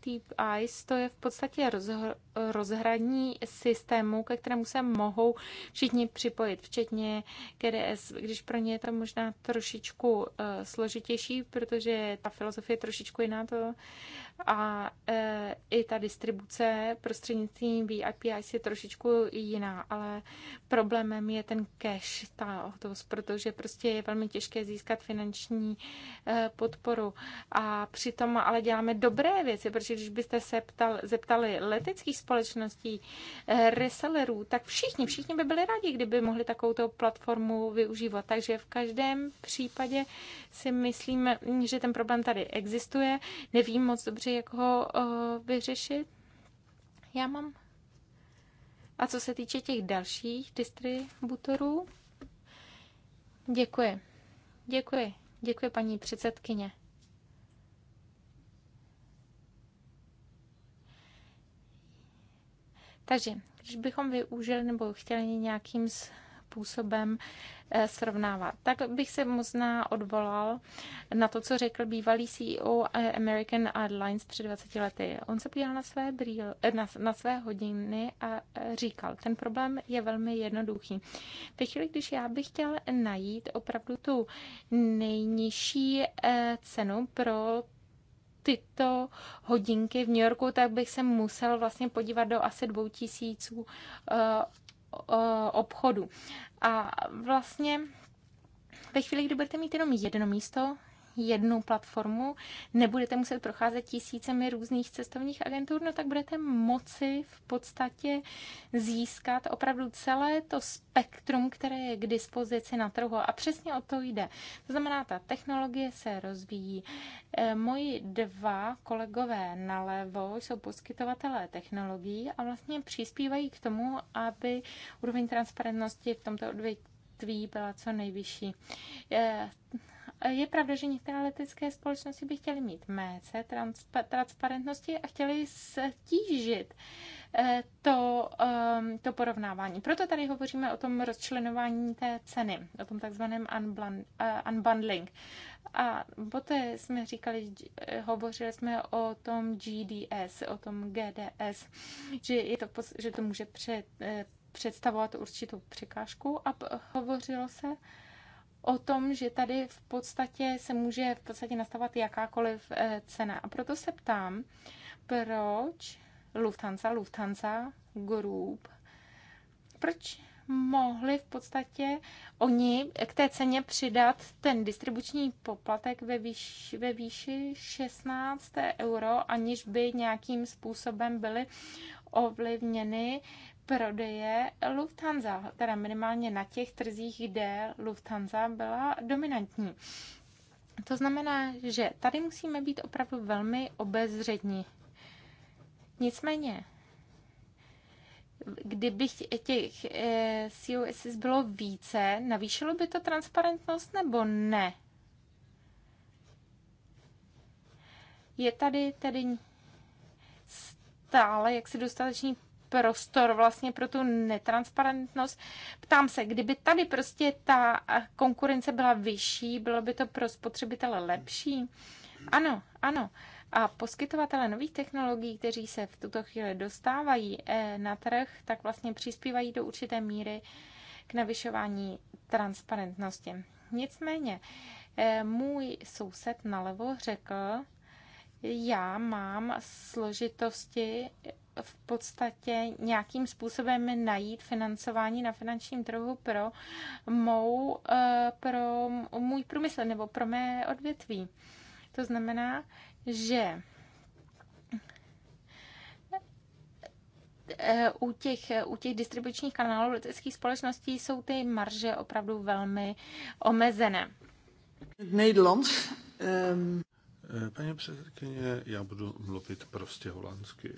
ty eyes to je v podstatě rozhr- rozhraní systému, ke kterému se mohou všichni připojit, včetně GDS, když pro ně je to možná trošičku uh, složitější, protože ta filozofie je trošičku jiná, to a e, i ta distribuce prostřednictvím VIP je trošičku jiná, ale problémem je ten cash, ta hotovost, protože prostě je velmi těžké získat finanční e, podporu. A přitom ale děláme dobré věci, protože když byste se ptal, zeptali leteckých společností, e, resellerů, tak všichni, všichni by byli rádi, kdyby mohli takovou platformu využívat. Takže v každém případě si myslím, že ten problém tady existuje. Nevím moc dobře, dobře, jak ho eh, vyřešit. Já mám. A co se týče těch dalších distributorů, děkuji. Děkuji. Děkuji, paní předsedkyně. Takže, když bychom využili nebo chtěli nějakým z způsobem eh, srovnávat. Tak bych se možná odvolal na to, co řekl bývalý CEO eh, American Airlines před 20 lety. On se podíval na své, brýl, eh, na, na své hodiny a říkal, ten problém je velmi jednoduchý. Ve chvíli, když já bych chtěl najít opravdu tu nejnižší cenu pro tyto hodinky v New Yorku, tak bych se musel vlastně podívat do asi dvou tisíců Eh, obchodu. A vlastně ve chvíli, kdy budete mít jenom jedno místo, jednu platformu, nebudete muset procházet tisícemi různých cestovních agentur, no tak budete moci v podstatě získat opravdu celé to spektrum, které je k dispozici na trhu. A přesně o to jde. To znamená, ta technologie se rozvíjí. E, moji dva kolegové nalevo jsou poskytovatelé technologií a vlastně přispívají k tomu, aby úroveň transparentnosti v tomto odvětví byla co nejvyšší. E, je pravda, že některé letecké společnosti by chtěly mít méce transparentnosti a chtěly stížit eh, to, ehm, to porovnávání. Proto tady hovoříme o tom rozčlenování té ceny, o tom takzvaném eh, unbundling. A poté jsme říkali, eh, hovořili jsme o tom GDS, o tom GDS, že, je to, že to může před, představovat určitou překážku a hovořilo se o tom, že tady v podstatě se může v podstatě nastavovat jakákoliv eh, cena. A proto se ptám, proč Lufthansa, Lufthansa Group, proč mohli v podstatě oni k té ceně přidat ten distribuční poplatek ve výši, ve výši 16 euro, aniž by nějakým způsobem byly ovlivněny prodeje Lufthansa, teda minimálně na těch trzích, kde Lufthansa byla dominantní. To znamená, že tady musíme být opravdu velmi obezřední. Nicméně, kdyby těch eh, COSS bylo více, navýšilo by to transparentnost nebo ne? Je tady tedy stále jaksi dostatečný prostor vlastně pro tu netransparentnost. Ptám se, kdyby tady prostě ta konkurence byla vyšší, bylo by to pro spotřebitele lepší? Ano, ano. A poskytovatele nových technologií, kteří se v tuto chvíli dostávají eh, na trh, tak vlastně přispívají do určité míry k navyšování transparentnosti. Nicméně, eh, můj soused nalevo řekl, já mám složitosti v podstatě nějakým způsobem najít financování na finančním trhu pro, mou, eh, pro můj průmysl nebo pro mé odvětví. To znamená, že eh, u těch, u těch distribučních kanálů leteckých společností jsou ty marže opravdu velmi omezené. Nederland. Um... Paní předsedkyně, já budu mluvit prostě holandsky.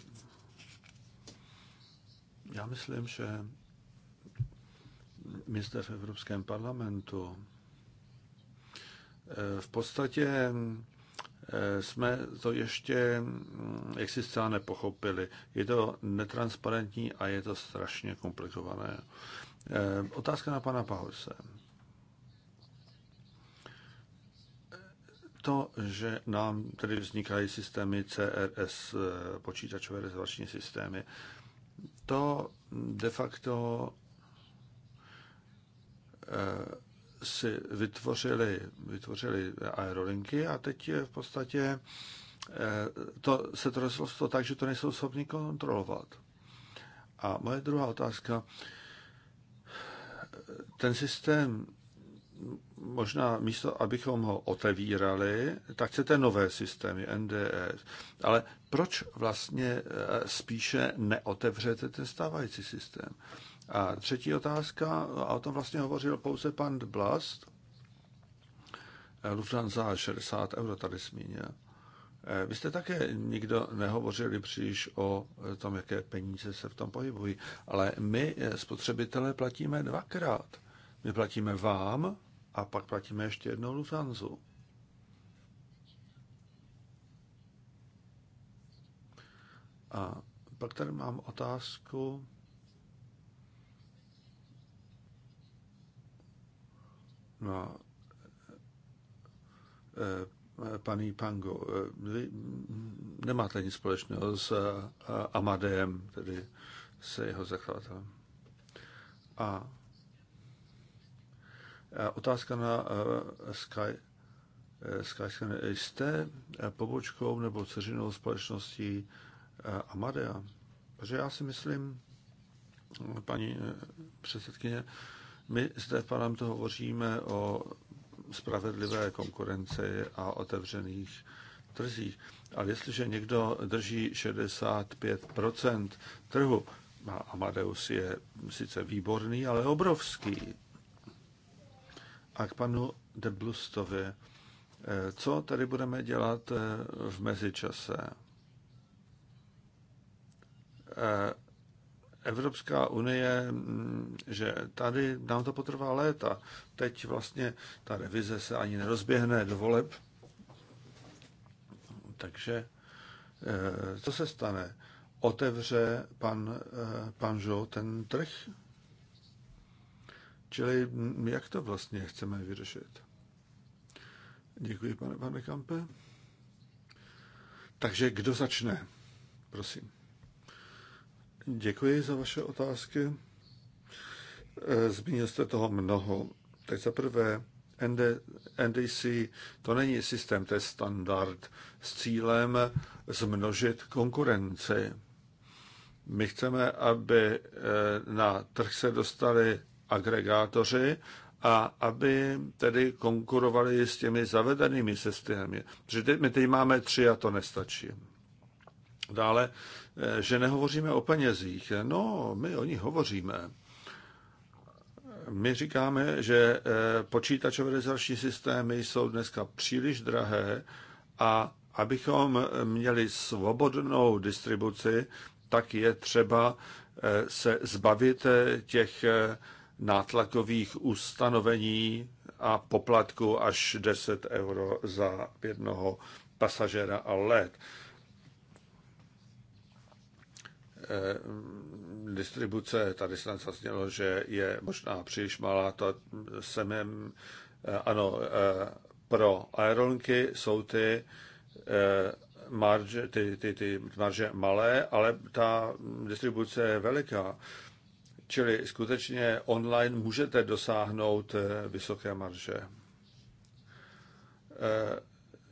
Já myslím, že my zde v Evropském parlamentu eh, v podstatě eh, jsme to ještě mm, si zcela nepochopili. Je to netransparentní a je to strašně komplikované. Eh, otázka na pana Pahose. To, že nám tedy vznikají systémy CRS, počítačové rezervační systémy, to de facto eh, si vytvořili, vytvořili aerolinky a teď je v podstatě eh, to, se to rozrostlo tak, že to nejsou schopni kontrolovat. A moje druhá otázka. Ten systém možná místo, abychom ho otevírali, tak chcete nové systémy NDS. Ale proč vlastně eh, spíše neotevřete ten stávající systém? A třetí otázka, a o tom vlastně hovořil pouze pan Blast, eh, Lufthansa 60 euro tady zmínil. Eh, vy jste také nikdo nehovořili příliš o tom, jaké peníze se v tom pohybují, ale my, spotřebitelé, platíme dvakrát. My platíme vám a pak platíme ještě jednou Lufthansu. A pak tady mám otázku, no, eh, eh, paní Pango, eh, vy nemáte nic společného s Amadem, tedy se jeho zakladatelem. A Eh, otázka na eh, Sky. Eh, Sky. Jste pobočkou nebo ceřinou společností Amadea? Protože já si myslím, paní předsedkyně, my zde v parlamentu hovoříme o spravedlivé konkurenci a otevřených trzích. Ale jestliže někdo drží 65 trhu, a Amadeus je sice výborný, ale obrovský, a k panu Deblustovi. Eh, co tady budeme dělat eh, v mezičase? Eh, Evropská unie, mm, že tady nám to potrvá léta. Teď vlastně ta revize se ani nerozběhne do voleb. Takže co se stane? Otevře pan, pan Žo ten trh? Čili jak to vlastně chceme vyřešit? Děkuji, pane, pane Kampe. Takže kdo začne? Prosím. Děkuji za vaše otázky. E, zmínil jste toho mnoho. Tak za prvé, ND, NDC to není systém, to je standard s cílem zmnožit konkurenci. My chceme, aby e, na trh se dostali agregátoři a aby tedy konkurovali s těmi zavedenými systémy. Protože my teď máme tři a to nestačí. Dále, eh, že nehovoříme o penězích. No, my o nich hovoříme. My říkáme, že eh, počítačové rezervační systémy jsou dneska příliš drahé a abychom měli svobodnou distribuci, tak je třeba eh, se zbavit těch nátlakových ustanovení a poplatku až 10 euro za jednoho pasažera a let. Eh, distribuce, tady se zaznělo, že je možná příliš malá, to semem, eh, ano, eh, pro aerolinky jsou ty marže, ty, ty, ty marže malé, ale ta distribuce je veliká. Čili skutečně online můžete dosáhnout eh, vysoké marže. Eh,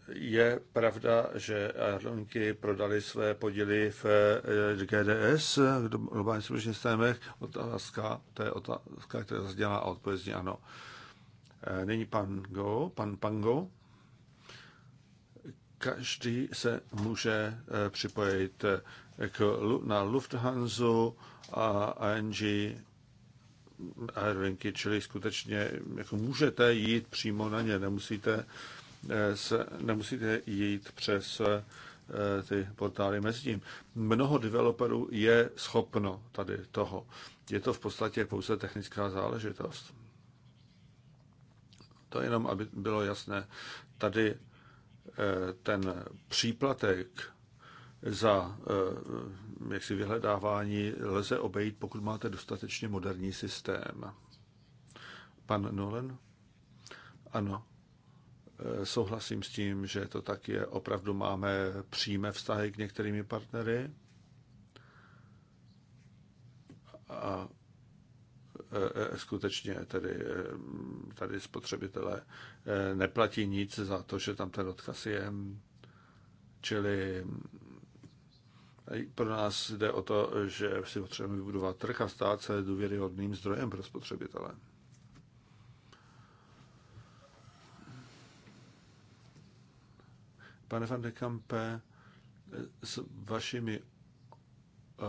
je pravda, že aeronky prodali své podíly v eh, GDS, v globálních společných systémech. Otázka, to je otázka, která se dělá a odpovězně ano. Nyní pan Go, pan Pango. Každý se může připojit jako na Lufthansa a ANG aerovinky, čili skutečně jako můžete jít přímo na ně, nemusíte, eh, se, nemusíte jít přes eh, ty portály mezi tím. Mnoho developerů je schopno tady toho. Je to v podstatě pouze technická záležitost. To jenom, aby bylo jasné. Tady eh, ten příplatek za eh, jaksi vyhledávání lze obejít, pokud máte dostatečně moderní systém. Pan Nolan? Ano. Eh, souhlasím s tím, že to tak je. Opravdu máme přímé vztahy k některými partnery. A eh, skutečně tedy tady spotřebitelé neplatí nic za to, že tam ten odkaz je. Čili pro nás jde o to, že si potřebujeme vybudovat trh a stát se důvěryhodným zdrojem pro spotřebitele. Pane van de Kampe, s vašimi eh,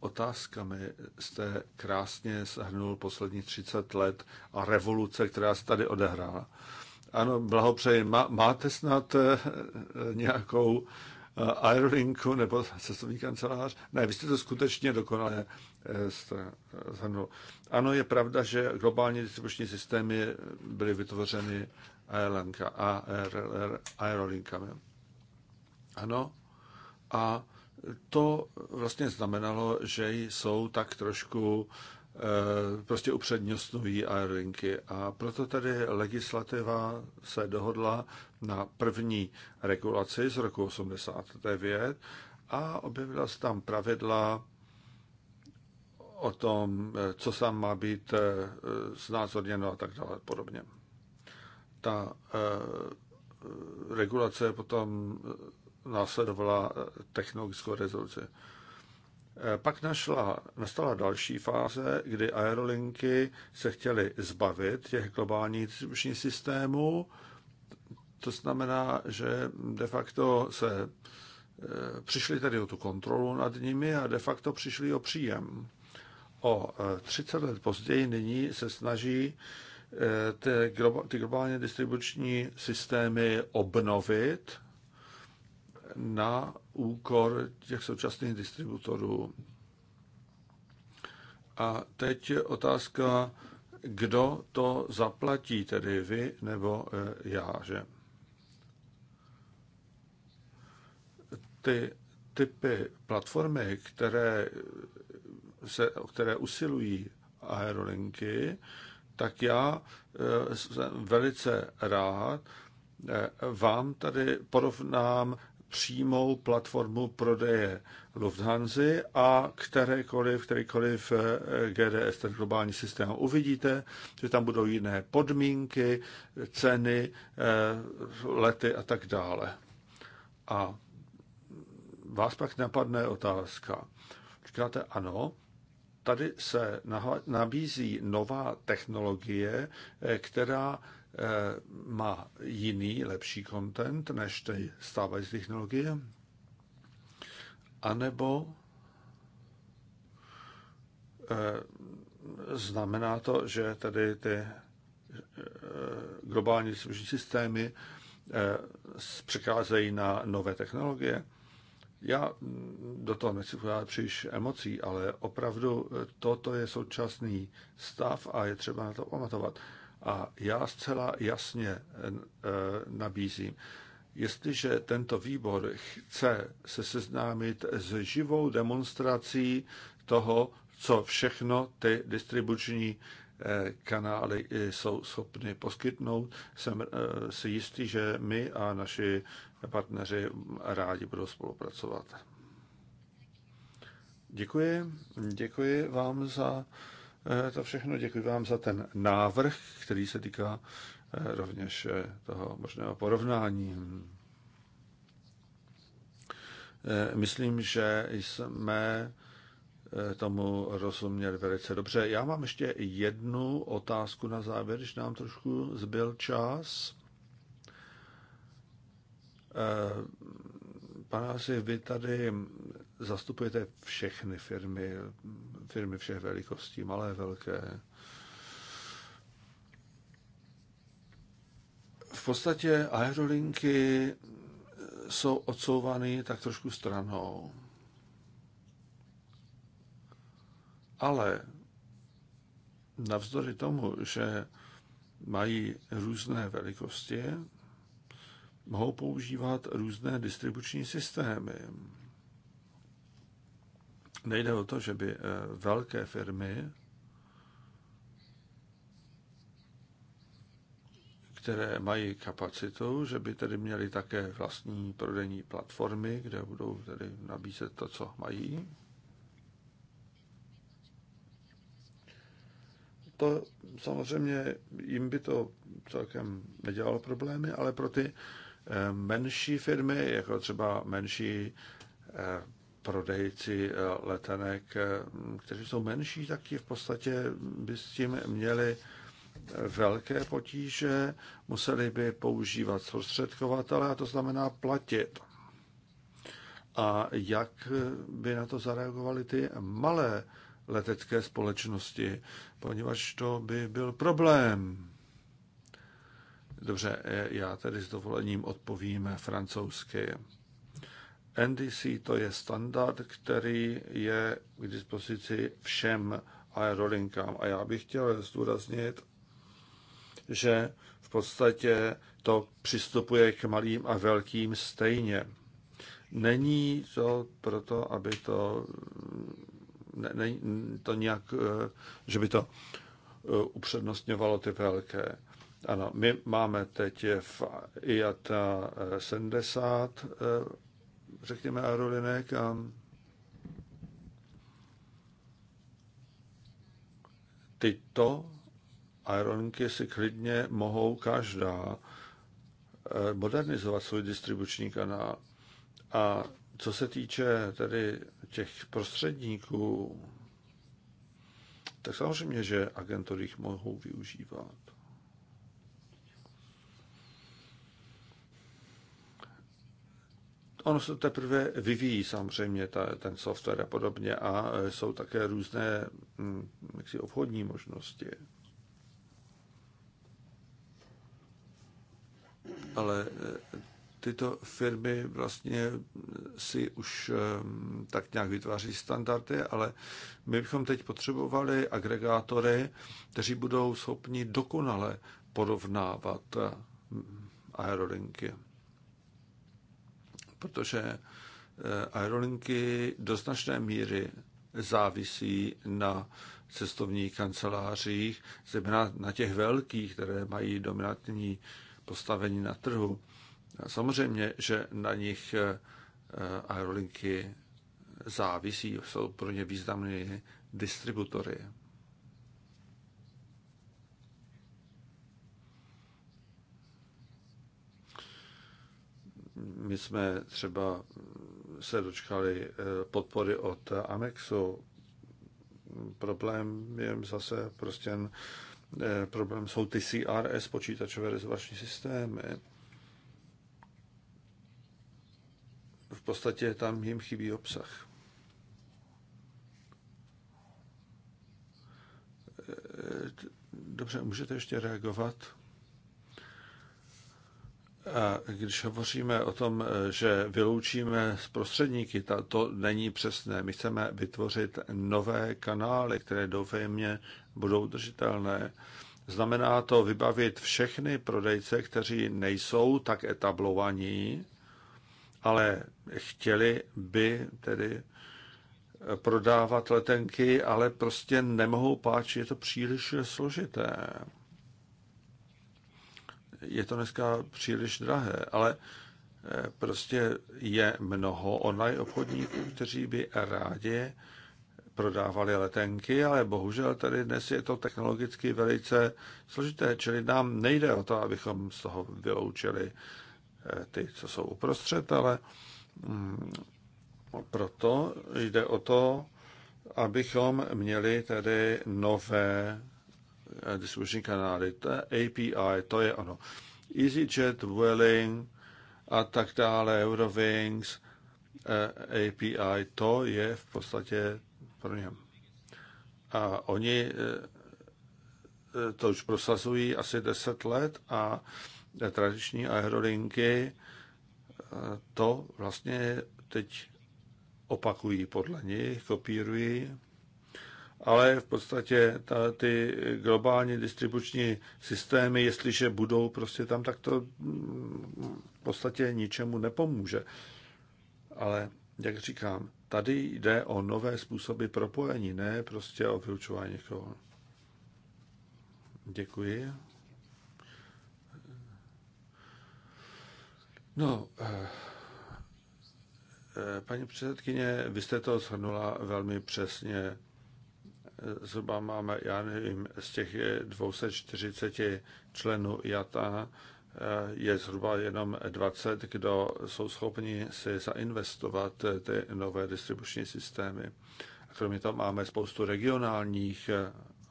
otázkami jste krásně shrnul poslední 30 let a revoluce, která se tady odehrála. Ano, blahopřeji. Máte snad eh, nějakou Eh, aerolinku nebo cestovní kancelář. Ne, vy jste to skutečně dokonale zhrnul. Eh, eh, ano, je pravda, že globální distribuční systémy byly vytvořeny Aerolinka, a Aerolinkami. Ano. A to vlastně znamenalo, že jsou tak trošku prostě upřednostňují aerolinky. A proto tady legislativa se dohodla na první regulaci z roku 89 a objevila se tam pravidla o tom, co tam má být eh, znázorněno a tak dále podobně. Ta eh, regulace potom eh, následovala technologickou rezoluci. Pak našla, nastala další fáze, kdy aerolinky se chtěly zbavit těch globálních distribučních systémů to znamená, že de facto se e, přišli tedy o tu kontrolu nad nimi a de facto přišli o příjem. O 30 e, let později nyní se snaží e, ty globálně distribuční systémy obnovit na úkor těch současných distributorů. A teď je otázka, kdo to zaplatí, tedy vy nebo já, že? ty typy platformy, které, se, které usilují aerolinky, tak já eh, jsem velice rád eh, vám tady porovnám přímou platformu prodeje Lufthansa a kterékoliv, kterýkoliv eh, GDS, ten globální systém. Uvidíte, že tam budou jiné podmínky, ceny, lety a tak dále. A vás pak napadne otázka. Říkáte ano, tady se nabízí nová technologie, eh, která eh, má jiný, lepší content než ty stávající technologie, anebo eh, znamená to, že tedy ty globální služební systémy překázejí na nové technologie. Já do toho nechci podávat příliš emocí, ale opravdu toto je současný stav a je třeba na to pamatovat. A já zcela jasně eh, nabízím, jestliže tento výbor chce se seznámit s živou demonstrací toho, co všechno ty distribuční eh, kanály eh, jsou schopny poskytnout. Jsem si jistý, že my a naši partneři rádi budou spolupracovat. Děkuji, děkuji vám za eh, to všechno, děkuji vám za ten návrh, který se týká eh, rovněž eh, toho možného porovnání. Myslím, že jsme tomu rozuměli velice dobře. Já mám ještě jednu otázku na závěr, když nám trošku zbyl čas. Eh, Panáři, vy tady zastupujete všechny firmy, firmy všech velikostí, malé, velké. V podstatě aerolinky jsou odsouvány tak trošku stranou. Ale navzdory tomu, že mají různé velikosti, mohou používat různé distribuční systémy. Nejde o to, že by eh, velké firmy, které mají kapacitu, že by tedy měly také vlastní prodejní platformy, kde budou tedy nabízet to, co mají. To samozřejmě jim by to celkem nedělalo problémy, ale pro ty Eh, menší firmy, jako třeba menší eh, prodejci eh, letenek, kteří jsou menší, tak ti v podstatě by s tím měli velké potíže, museli by používat zprostředkovatele a to znamená platit. A jak by na to zareagovaly ty malé letecké společnosti, poněvadž to by byl problém. Dobře, e, já tedy s dovolením odpovím francouzsky. NDC to je standard, který je k dispozici všem aerolinkám. A já bych chtěl zdůraznit, že v podstatě to přistupuje k malým a velkým stejně. Není to proto, aby to, ne, ne, to nějak, e, že by to e, upřednostňovalo ty velké. Ano, my máme teď v IATA 70, eh, řekněme, aerolinek a tyto aerolinky si klidně mohou každá eh, modernizovat svůj distribuční kanál. A co se týče tedy těch prostředníků, tak samozřejmě, že agentury jich mohou využívat. Ono se teprve vyvíjí samozřejmě ta, ten software a podobně a e, jsou také různé mm, jaksi, obchodní možnosti. Ale e, tyto firmy vlastně si už e, tak nějak vytváří standardy, ale my bychom teď potřebovali agregátory, kteří budou schopni dokonale porovnávat aerolinky protože eh, aerolinky do značné míry závisí na cestovních kancelářích, zejména na těch velkých, které mají dominantní postavení na trhu. Samozřejmě, že na nich eh, eh, aerolinky závisí, jsou pro ně významné distributory. my jsme třeba se dočkali eh, podpory od Amexu. Problém je zase prostě eh, problém jsou ty CRS, počítačové rezervační systémy. V podstatě tam jim chybí obsah. Eh, dobře, můžete ještě reagovat? A když hovoříme o tom, že vyloučíme prostředníky, to není přesné. My chceme vytvořit nové kanály, které doufejmě budou držitelné. Znamená to vybavit všechny prodejce, kteří nejsou tak etablovaní, ale chtěli by tedy prodávat letenky, ale prostě nemohou páčit. je to příliš složité je to dneska příliš drahé, ale eh, prostě je mnoho online obchodníků, kteří by rádi prodávali letenky, ale bohužel tady dnes je to technologicky velice složité, čili nám nejde o to, abychom z toho vyloučili eh, ty, co jsou uprostřed, ale mm, proto jde o to, abychom měli tedy nové Eh, distribuční kanály, to je API, to je ono. EasyJet, Welling a tak dále, Eurowings, eh, API, to je v podstatě pro ně. A oni eh, to už prosazují asi 10 let a tradiční aerolinky to vlastně teď opakují podle nich, kopírují ale v podstatě ta, ty globální distribuční systémy, jestliže budou prostě tam, tak to mm, v podstatě ničemu nepomůže. Ale jak říkám, tady jde o nové způsoby propojení, ne prostě o vyučování někoho. Děkuji. No, eh, eh, paní předsedkyně, vy jste to shrnula velmi přesně zhruba máme, já nevím, z těch 240 členů JATA je zhruba jenom 20, kdo jsou schopni si zainvestovat ty nové distribuční systémy. A kromě toho máme spoustu regionálních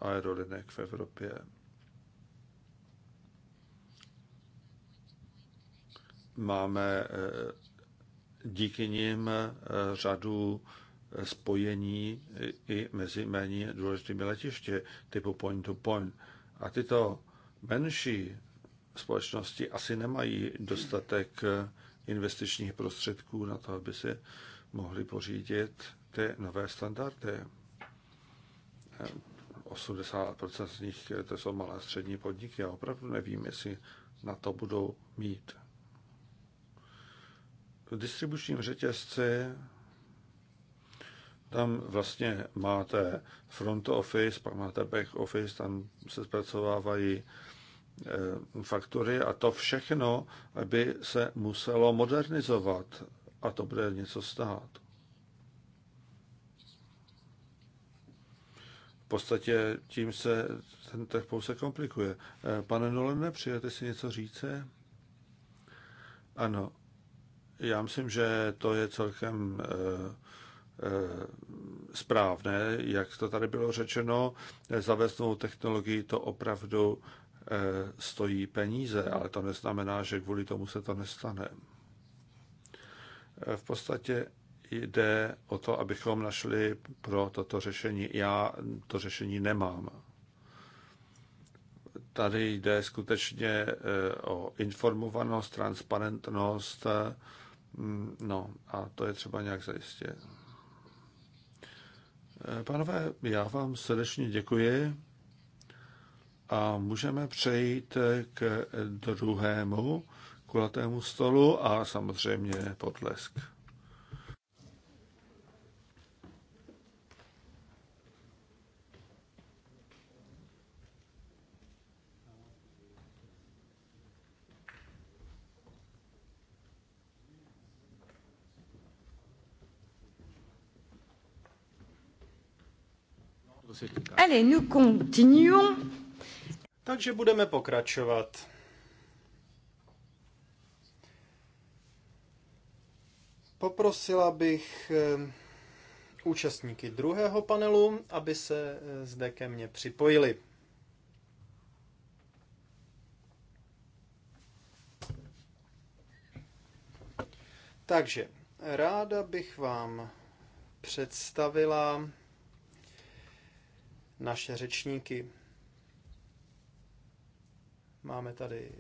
aerolinek v Evropě. Máme eh, díky nim eh, řadu spojení i mezi méně důležitými letiště typu point-to-point. A tyto menší společnosti asi nemají dostatek investičních prostředků na to, aby si mohli pořídit ty nové standardy. 80% z nich to jsou malé a střední podniky. Já opravdu nevím, jestli na to budou mít. V distribučním řetězci tam vlastně máte front office, pak máte back office, tam se zpracovávají eh, faktory a to všechno by se muselo modernizovat a to bude něco stát. V podstatě tím se ten trh pouze komplikuje. Eh, pane Nolene, přijete si něco říce? Ano, já myslím, že to je celkem eh, Eh, správné, jak to tady bylo řečeno, zavést novou technologii to opravdu eh, stojí peníze, ale to neznamená, že kvůli tomu se to nestane. Eh, v podstatě jde o to, abychom našli pro toto řešení. Já to řešení nemám. Tady jde skutečně o informovanost, transparentnost, no a to je třeba nějak zajistit. Eh, pánové, já vám srdečně děkuji a můžeme přejít eh, k druhému kulatému stolu a samozřejmě potlesk. Allez, nous continuons. Takže budeme pokračovat. Poprosila bych eh, účastníky druhého panelu, aby se eh, zde ke mně připojili. Takže ráda bych vám představila naše řečníky. Máme tady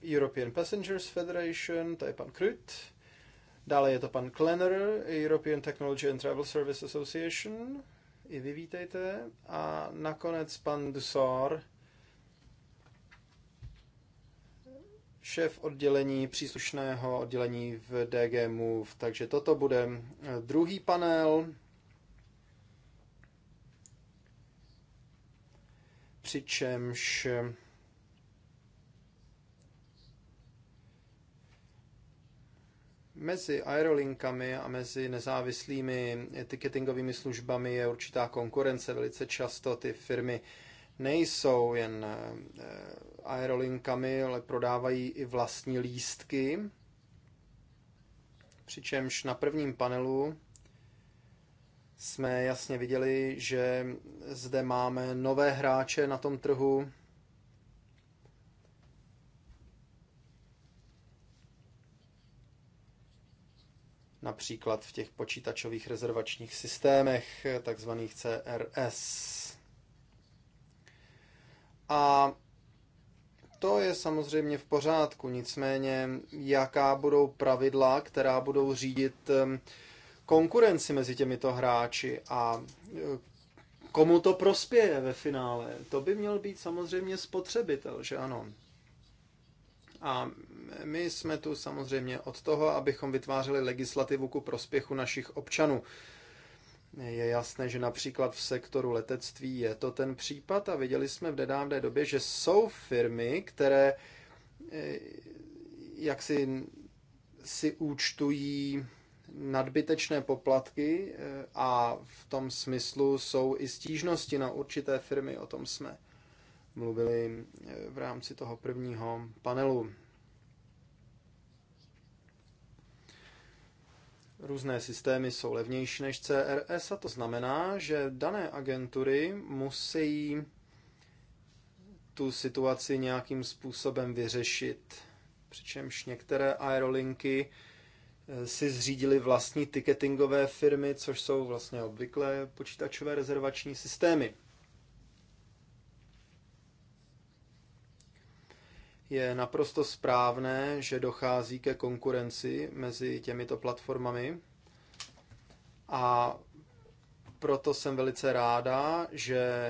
European Passengers Federation, to je pan Krut. Dále je to pan Klenner, European Technology and Travel Service Association, i vy vítejte. A nakonec pan Dusor, šéf oddělení příslušného oddělení v DG Move. Takže toto bude eh, druhý panel. Přičemž eh, mezi aerolinkami a mezi nezávislými ticketingovými službami je určitá konkurence. Velice často ty firmy nejsou jen eh, aerolinkami, ale prodávají i vlastní lístky. Přičemž na prvním panelu jsme jasně viděli, že zde máme nové hráče na tom trhu. Například v těch počítačových rezervačních systémech, takzvaných CRS. A to je samozřejmě v pořádku, nicméně jaká budou pravidla, která budou řídit ehm, konkurenci mezi těmito hráči a eh, komu to prospěje ve finále. To by měl být samozřejmě spotřebitel, že ano. A my jsme tu samozřejmě od toho, abychom vytvářeli legislativu ku prospěchu našich občanů. Je jasné, že například v sektoru letectví je to ten případ a viděli jsme v nedávné době, že jsou firmy, které eh, jak si, si účtují nadbytečné poplatky eh, a v tom smyslu jsou i stížnosti na určité firmy, o tom jsme mluvili eh, v rámci toho prvního panelu. Různé systémy jsou levnější než CRS a to znamená, že dané agentury musí tu situaci nějakým způsobem vyřešit. Přičemž některé aerolinky eh, si zřídili vlastní ticketingové firmy, což jsou vlastně obvyklé počítačové rezervační systémy. Je naprosto správné, že dochází ke konkurenci mezi těmito platformami a proto jsem velice ráda, že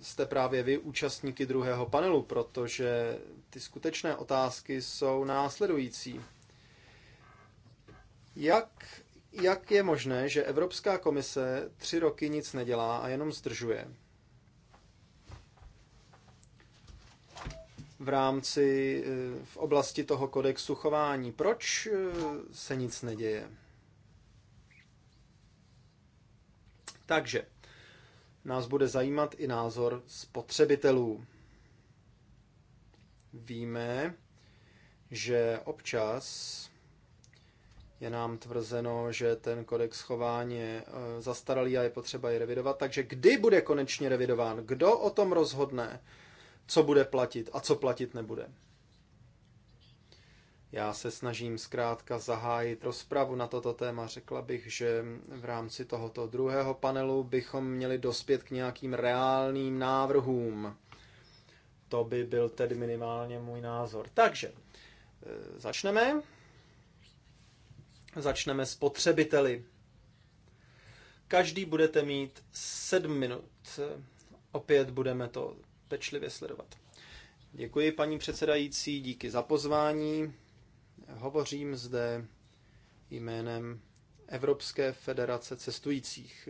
jste právě vy účastníky druhého panelu, protože ty skutečné otázky jsou následující. Jak, jak je možné, že Evropská komise tři roky nic nedělá a jenom zdržuje? v rámci, eh, v oblasti toho kodexu chování. Proč eh, se nic neděje? Takže nás bude zajímat i názor spotřebitelů. Víme, že občas je nám tvrzeno, že ten kodex chování je eh, zastaralý a je potřeba ji revidovat. Takže kdy bude konečně revidován? Kdo o tom rozhodne? co bude platit a co platit nebude. Já se snažím zkrátka zahájit rozpravu na toto téma. Řekla bych, že v rámci tohoto druhého panelu bychom měli dospět k nějakým reálným návrhům. To by byl tedy minimálně můj názor. Takže e, začneme. Začneme s potřebiteli. Každý budete mít sedm minut. Opět budeme to pečlivě sledovat. Děkuji, paní předsedající, díky za pozvání. Hovořím zde jménem Evropské federace cestujících.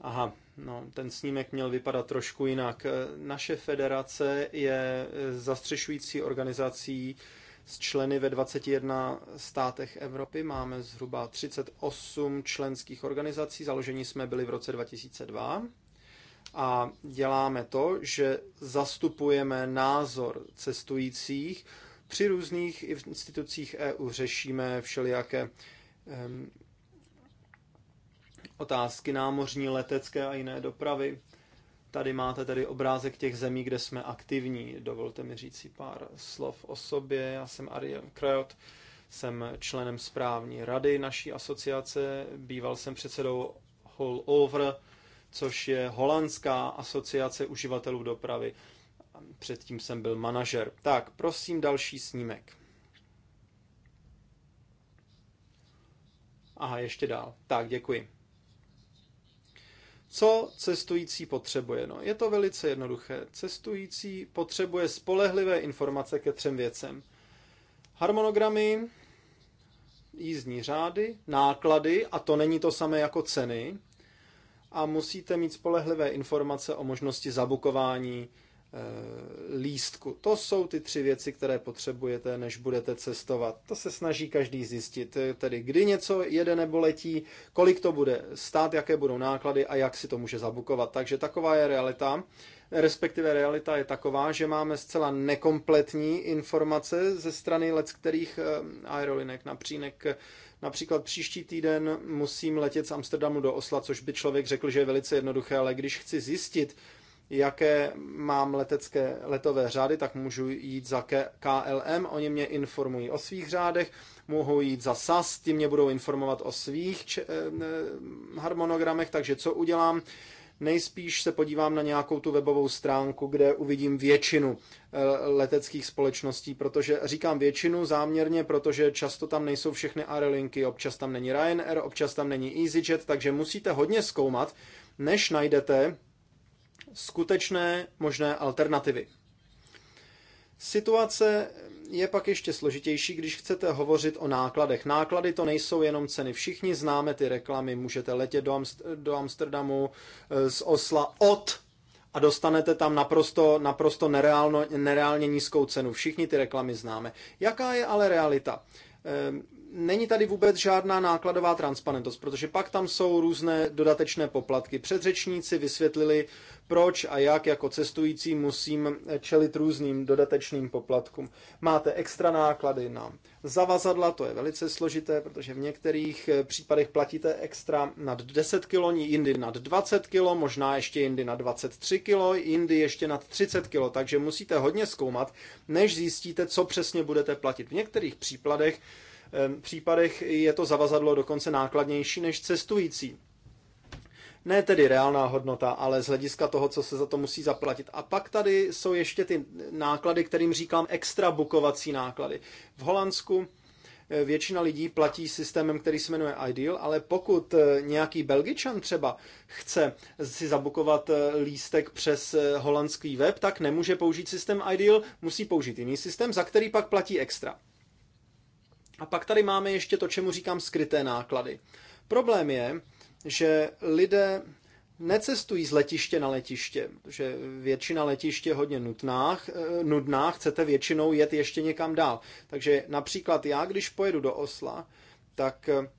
Aha, no, ten snímek měl vypadat trošku jinak. Naše federace je zastřešující organizací s členy ve 21 státech Evropy. Máme zhruba 38 členských organizací. Založení jsme byli v roce 2002 a děláme to, že zastupujeme názor cestujících. Při různých institucích EU řešíme všelijaké um, otázky námořní, letecké a jiné dopravy. Tady máte tedy obrázek těch zemí, kde jsme aktivní. Dovolte mi říct si pár slov o sobě. Já jsem Ariel Krajot, jsem členem správní rady naší asociace, býval jsem předsedou hall Over, což je Holandská asociace uživatelů dopravy. Předtím jsem byl manažer. Tak, prosím další snímek. Aha, ještě dál. Tak, děkuji. Co cestující potřebuje? No, je to velice jednoduché. Cestující potřebuje spolehlivé informace ke třem věcem. Harmonogramy, jízdní řády, náklady, a to není to samé jako ceny, a musíte mít spolehlivé informace o možnosti zabukování eh, lístku. To jsou ty tři věci, které potřebujete, než budete cestovat. To se snaží každý zjistit, eh, tedy kdy něco jede nebo letí, kolik to bude stát, jaké budou náklady a jak si to může zabukovat. Takže taková je realita. Respektive realita je taková, že máme zcela nekompletní informace ze strany let, kterých eh, aerolinek, napřínek Například příští týden musím letět z Amsterdamu do Osla, což by člověk řekl, že je velice jednoduché, ale když chci zjistit, jaké mám letecké letové řády, tak můžu jít za KLM, oni mě informují o svých řádech, mohu jít za SAS, ti mě budou informovat o svých eh, harmonogramech, takže co udělám? Nejspíš se podívám na nějakou tu webovou stránku, kde uvidím většinu eh, leteckých společností, protože říkám většinu záměrně, protože často tam nejsou všechny aerolinky, občas tam není Ryanair, občas tam není EasyJet, takže musíte hodně zkoumat, než najdete skutečné možné alternativy. Situace je pak ještě složitější, když chcete hovořit o nákladech. Náklady to nejsou jenom ceny. Všichni známe ty reklamy. Můžete letět do, Amst- do Amsterdamu eh, z Osla od a dostanete tam naprosto, naprosto nereálno, nereálně nízkou cenu. Všichni ty reklamy známe. Jaká je ale realita? Ehm, není tady vůbec žádná nákladová transparentnost, protože pak tam jsou různé dodatečné poplatky. Předřečníci vysvětlili, proč a jak jako cestující musím čelit různým dodatečným poplatkům. Máte extra náklady na zavazadla, to je velice složité, protože v některých eh, případech platíte extra nad 10 kg, jindy nad 20 kg, možná ještě jindy na 23 kg, jindy ještě nad 30 kg, takže musíte hodně zkoumat, než zjistíte, co přesně budete platit. V některých případech Ehm, případech je to zavazadlo dokonce nákladnější než cestující. Ne tedy reálná hodnota, ale z hlediska toho, co se za to musí zaplatit. A pak tady jsou ještě ty náklady, kterým říkám extra bukovací náklady. V Holandsku eh, většina lidí platí systémem, který se jmenuje Ideal, ale pokud eh, nějaký Belgičan třeba chce si zabukovat eh, lístek přes holandský web, tak nemůže použít systém Ideal, musí použít jiný systém, za který pak platí extra. A pak tady máme ještě to, čemu říkám skryté náklady. Problém je, že lidé necestují z letiště na letiště, protože většina letiště je hodně nutná, eh, nudná, chcete většinou jet ještě někam dál. Takže například já, když pojedu do Osla, tak eh,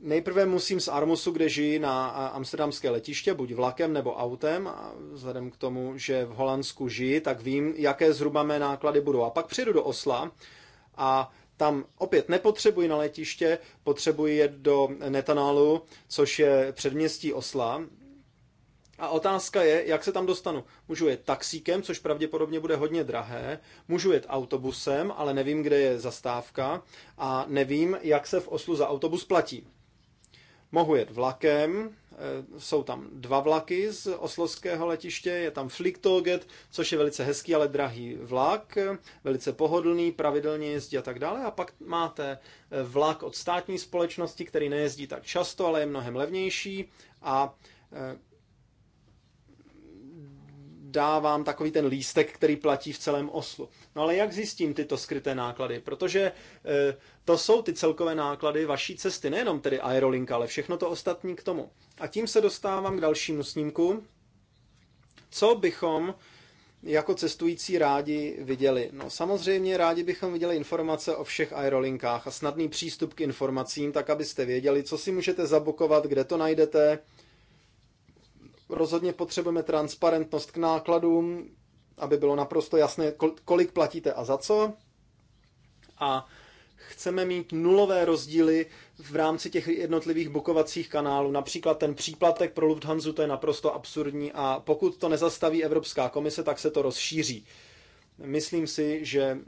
nejprve musím z Armusu, kde žijí, na amsterdamské letiště, buď vlakem nebo autem, a vzhledem k tomu, že v Holandsku žijí, tak vím, jaké zhruba mé náklady budou. A pak přijedu do Osla a tam opět nepotřebuji na letiště, potřebuji jet do Netanálu, což je předměstí Osla. A otázka je, jak se tam dostanu. Můžu jet taxíkem, což pravděpodobně bude hodně drahé, můžu jet autobusem, ale nevím, kde je zastávka a nevím, jak se v Oslu za autobus platí. Mohu jet vlakem, Eh, jsou tam dva vlaky z oslovského letiště, je tam Flicktoget, což je velice hezký, ale drahý vlak, velice pohodlný, pravidelně jezdí a tak dále. A pak máte eh, vlak od státní společnosti, který nejezdí tak často, ale je mnohem levnější a eh, dávám takový ten lístek, který platí v celém oslu. No ale jak zjistím tyto skryté náklady? Protože e, to jsou ty celkové náklady vaší cesty, nejenom tedy aerolinka, ale všechno to ostatní k tomu. A tím se dostávám k dalšímu snímku. Co bychom jako cestující rádi viděli? No samozřejmě rádi bychom viděli informace o všech aerolinkách a snadný přístup k informacím, tak abyste věděli, co si můžete zabokovat, kde to najdete, Rozhodně potřebujeme transparentnost k nákladům, aby bylo naprosto jasné, kolik platíte a za co. A chceme mít nulové rozdíly v rámci těch jednotlivých bukovacích kanálů. Například ten příplatek pro Lufthansa, to je naprosto absurdní a pokud to nezastaví Evropská komise, tak se to rozšíří. Myslím si, že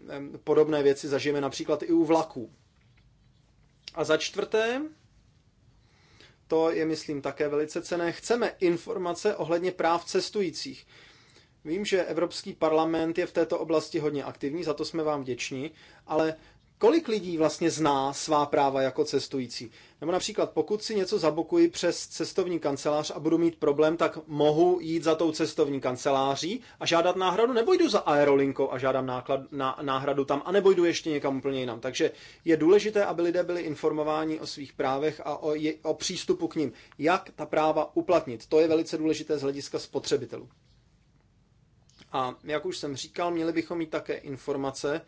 podobné věci zažijeme například i u vlaků. A za čtvrté, to je, myslím, také velice cené. Chceme informace ohledně práv cestujících. Vím, že Evropský parlament je v této oblasti hodně aktivní, za to jsme vám vděční, ale kolik lidí vlastně zná svá práva jako cestující. Nebo například, pokud si něco zabokuji přes cestovní kancelář a budu mít problém, tak mohu jít za tou cestovní kanceláří a žádat náhradu, nebo jdu za aerolinkou a žádám náklad, na, náhradu tam, a nebo jdu ještě někam úplně jinam. Takže je důležité, aby lidé byli informováni o svých právech a o, je, o přístupu k ním. Jak ta práva uplatnit? To je velice důležité z hlediska spotřebitelů. A jak už jsem říkal, měli bychom mít také informace,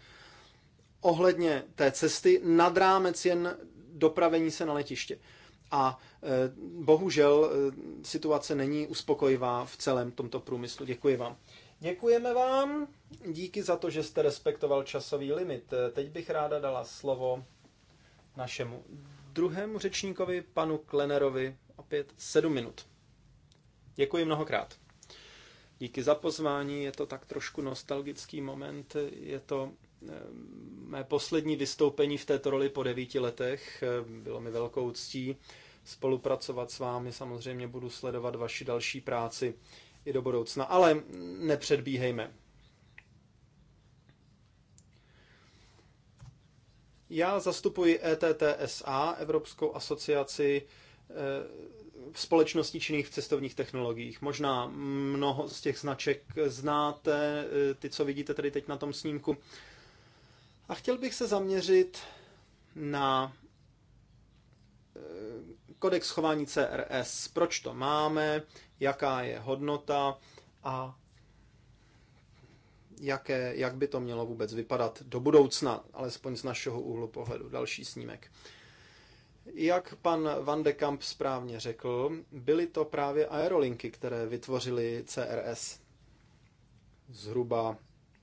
ohledně té cesty nad rámec jen dopravení se na letiště. A e, bohužel e, situace není uspokojivá v celém tomto průmyslu. Děkuji vám. Děkujeme vám. Díky za to, že jste respektoval časový limit. E, teď bych ráda dala slovo našemu druhému řečníkovi, panu Klenerovi, opět sedm minut. Děkuji mnohokrát. Díky za pozvání, je to tak trošku nostalgický moment, je to Ehm, mé poslední vystoupení v této roli po devíti letech. Ehm, bylo mi velkou ctí spolupracovat s vámi. Samozřejmě budu sledovat vaši další práci i do budoucna, ale nepředbíhejme. Já zastupuji ETTSA, Evropskou asociaci ehm, společností činných v cestovních technologiích. Možná mnoho z těch značek znáte, eh, ty, co vidíte tady teď na tom snímku a chtěl bych se zaměřit na eh, kodex chování CRS. Proč to máme, jaká je hodnota a jaké, jak by to mělo vůbec vypadat do budoucna, alespoň z našeho úhlu pohledu. Další snímek. Jak pan Van de Kamp správně řekl, byly to právě aerolinky, které vytvořily CRS zhruba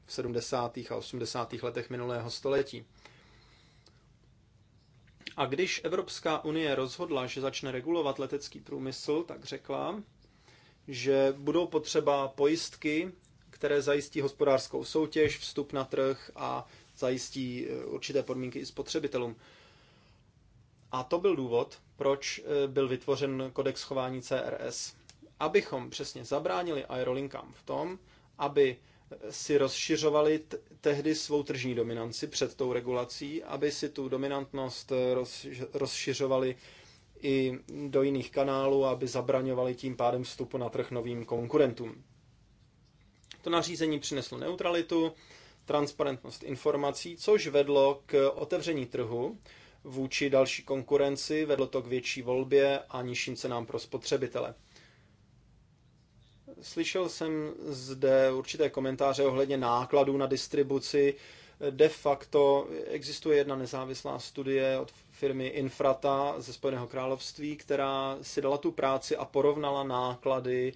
v 70. a 80. letech minulého století. A když Evropská unie rozhodla, že začne regulovat letecký průmysl, tak řekla, že budou potřeba pojistky, které zajistí hospodářskou soutěž, vstup na trh a zajistí eh, určité podmínky i spotřebitelům. A to byl důvod, proč eh, byl vytvořen kodex chování CRS. Abychom přesně zabránili aerolinkám v tom, aby si rozšiřovali tehdy svou tržní dominanci před tou regulací, aby si tu dominantnost eh, roz- rozšiřovali i do jiných kanálů, aby zabraňovali tím pádem vstupu na trh novým konkurentům. To nařízení přineslo neutralitu, transparentnost informací, což vedlo k otevření trhu vůči další konkurenci, vedlo to k větší volbě a nižším cenám pro spotřebitele. Slyšel jsem zde určité komentáře ohledně nákladů na distribuci. De facto existuje jedna nezávislá studie od firmy Infrata ze Spojeného království, která si dala tu práci a porovnala náklady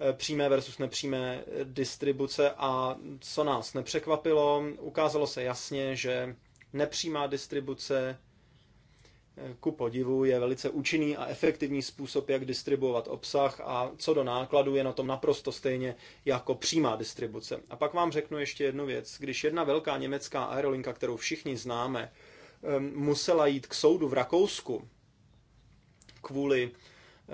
eh, přímé versus nepřímé distribuce a co nás nepřekvapilo, ukázalo se jasně, že nepřímá distribuce ku podivu je velice účinný a efektivní způsob, jak distribuovat obsah a co do nákladu je na tom naprosto stejně jako přímá distribuce. A pak vám řeknu ještě jednu věc. Když jedna velká německá aerolinka, kterou všichni známe, musela jít k soudu v Rakousku kvůli eh,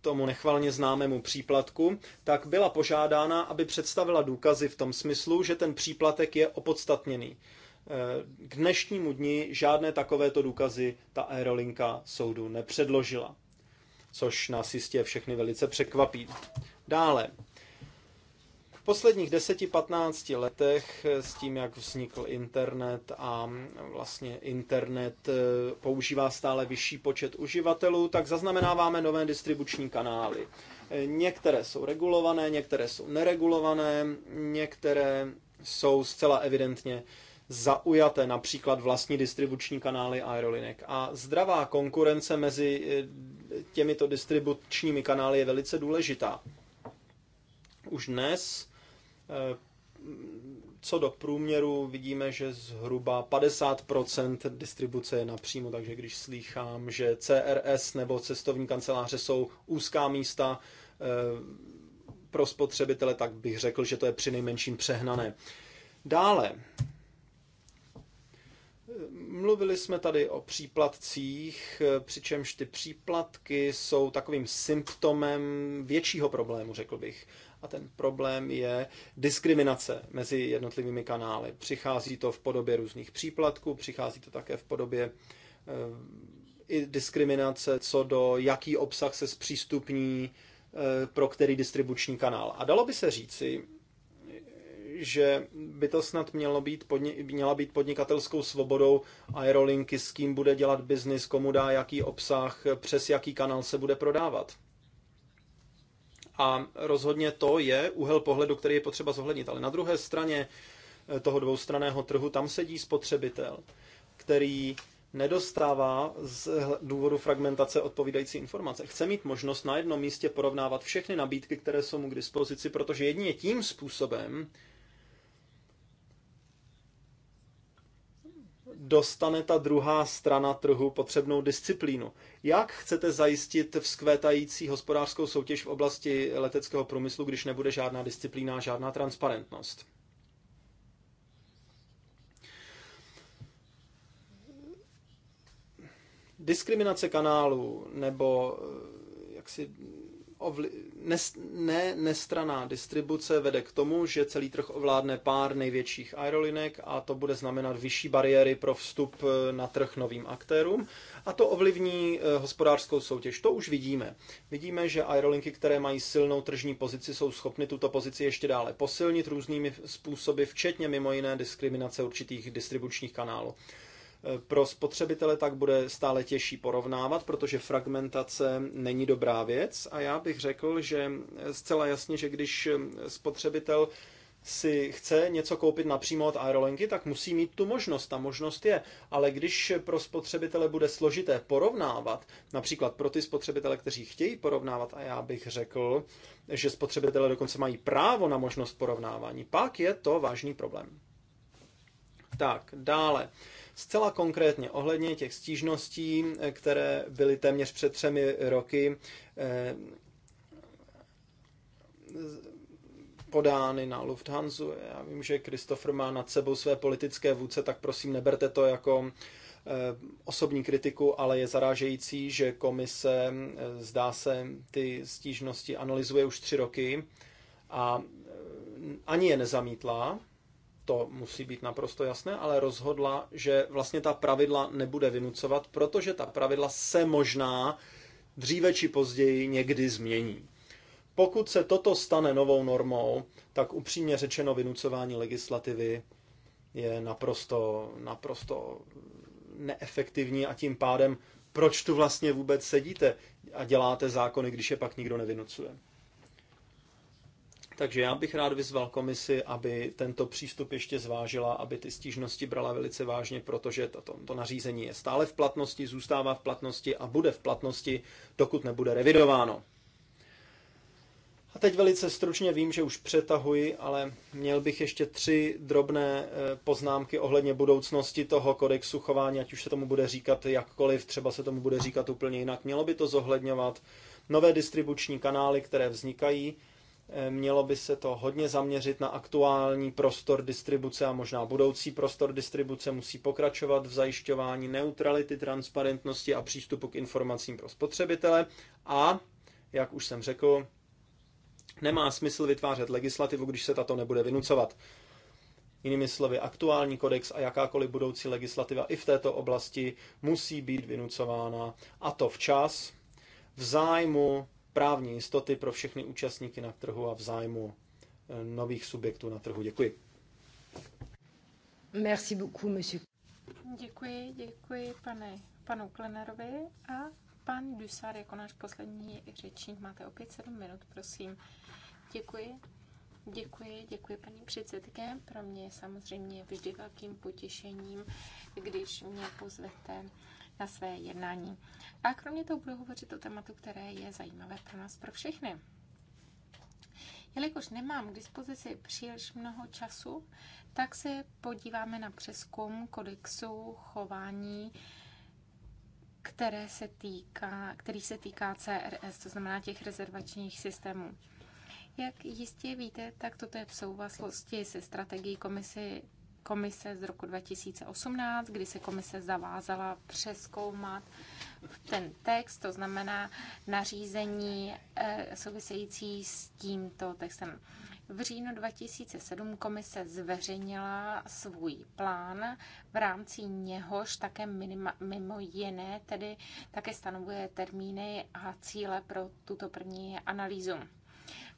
tomu nechvalně známému příplatku, tak byla požádána, aby představila důkazy v tom smyslu, že ten příplatek je opodstatněný. Eh, k dnešnímu dni žádné takovéto důkazy ta aerolinka soudu nepředložila, což nás jistě všechny velice překvapí. Dále, v posledních 10-15 letech eh, s tím, jak vznikl internet a mm, vlastně internet eh, používá stále vyšší počet uživatelů, tak zaznamenáváme nové distribuční kanály. Některé jsou regulované, některé jsou neregulované, některé jsou zcela evidentně zaujaté, například vlastní distribuční kanály aerolinek. A zdravá konkurence mezi eh, těmito distribučními kanály je velice důležitá. Už dnes eh, co do průměru vidíme, že zhruba 50% distribuce je napřímo, takže když slýchám, že CRS nebo cestovní kanceláře jsou úzká místa eh, pro spotřebitele, tak bych řekl, že to je přinejmenším přehnané. Dále, Mluvili jsme tady o příplatcích, eh, přičemž ty příplatky jsou takovým symptomem většího problému, řekl bych. A ten problém je diskriminace mezi jednotlivými kanály. Přichází to v podobě různých příplatků, přichází to také v podobě eh, i diskriminace co do jaký obsah se zpřístupní eh, pro který distribuční kanál. A dalo by se říci, že by to snad mělo být podni- měla být podnikatelskou svobodou aerolinky, s kým bude dělat biznis, komu dá jaký obsah, přes jaký kanál se bude prodávat. A rozhodně to je úhel pohledu, který je potřeba zohlednit. Ale na druhé straně eh, toho dvoustraného trhu tam sedí spotřebitel, který nedostává z důvodu fragmentace odpovídající informace. Chce mít možnost na jednom místě porovnávat všechny nabídky, které jsou mu k dispozici, protože jedině tím způsobem dostane ta druhá strana trhu potřebnou disciplínu. Jak chcete zajistit vzkvétající hospodářskou soutěž v oblasti leteckého průmyslu, když nebude žádná disciplína, žádná transparentnost? Diskriminace kanálu nebo eh, jaksi ovli- nes- ne nestraná distribuce vede k tomu, že celý trh ovládne pár největších aerolinek a to bude znamenat vyšší bariéry pro vstup eh, na trh novým aktérům a to ovlivní eh, hospodářskou soutěž. To už vidíme. Vidíme, že aerolinky, které mají silnou tržní pozici, jsou schopny tuto pozici ještě dále posilnit různými způsoby, včetně mimo jiné diskriminace určitých distribučních kanálů. Pro spotřebitele tak bude stále těžší porovnávat, protože fragmentace není dobrá věc a já bych řekl, že zcela jasně, že když spotřebitel si chce něco koupit napřímo od aerolinky, tak musí mít tu možnost. Ta možnost je. Ale když pro spotřebitele bude složité porovnávat, například pro ty spotřebitele, kteří chtějí porovnávat, a já bych řekl, že spotřebitele dokonce mají právo na možnost porovnávání, pak je to vážný problém. Tak, dále. Zcela konkrétně ohledně těch stížností, eh, které byly téměř před třemi roky eh, podány na Lufthansa. Já vím, že Christopher má nad sebou své politické vůdce, tak prosím neberte to jako eh, osobní kritiku, ale je zarážející, že komise, zdá se, ty stížnosti analyzuje už tři roky a ani je nezamítla, to musí být naprosto jasné, ale rozhodla, že vlastně ta pravidla nebude vynucovat, protože ta pravidla se možná dříve či později někdy změní. Pokud se toto stane novou normou, tak upřímně řečeno vynucování legislativy je naprosto, naprosto neefektivní a tím pádem proč tu vlastně vůbec sedíte a děláte zákony, když je pak nikdo nevynucuje? Takže já bych rád vyzval komisi, aby tento přístup ještě zvážila, aby ty stížnosti brala velice vážně, protože to, to nařízení je stále v platnosti, zůstává v platnosti a bude v platnosti, dokud nebude revidováno. A teď velice stručně vím, že už přetahuji, ale měl bych ještě tři drobné eh, poznámky ohledně budoucnosti toho kodexu chování, ať už se tomu bude říkat jakkoliv, třeba se tomu bude říkat úplně jinak. Mělo by to zohledňovat nové distribuční kanály, které vznikají, Mělo by se to hodně zaměřit na aktuální prostor distribuce a možná budoucí prostor distribuce musí pokračovat v zajišťování neutrality, transparentnosti a přístupu k informacím pro spotřebitele. A, jak už jsem řekl, nemá smysl vytvářet legislativu, když se tato nebude vynucovat. Jinými slovy, aktuální kodex a jakákoliv budoucí legislativa i v této oblasti musí být vynucována, a to včas, v zájmu právní jistoty pro všechny účastníky na trhu a v zájmu eh, nových subjektů na trhu. Děkuji. Merci beaucoup, monsieur. Děkuji, děkuji pane, panu Klenerovi a pan Dusar jako náš poslední řečník. Máte opět sedm minut, prosím. Děkuji. Děkuji, děkuji paní předsedkyně. Pro mě je samozřejmě vždy velkým potěšením, když mě pozvete na své jednání. A kromě toho budu hovořit o tématu, které je zajímavé pro nás, pro všechny. Jelikož nemám k dispozici příliš mnoho času, tak se podíváme na přeskum kodexu chování, které se týká, který se týká CRS, to znamená těch rezervačních systémů. Jak jistě víte, tak toto je v souvislosti se strategií komisi komise z roku 2018, kdy se komise zavázala přeskoumat ten text, to znamená nařízení eh, související s tímto textem. V říjnu 2007 komise zveřejnila svůj plán, v rámci něhož také minima, mimo jiné tedy také stanovuje termíny a cíle pro tuto první analýzu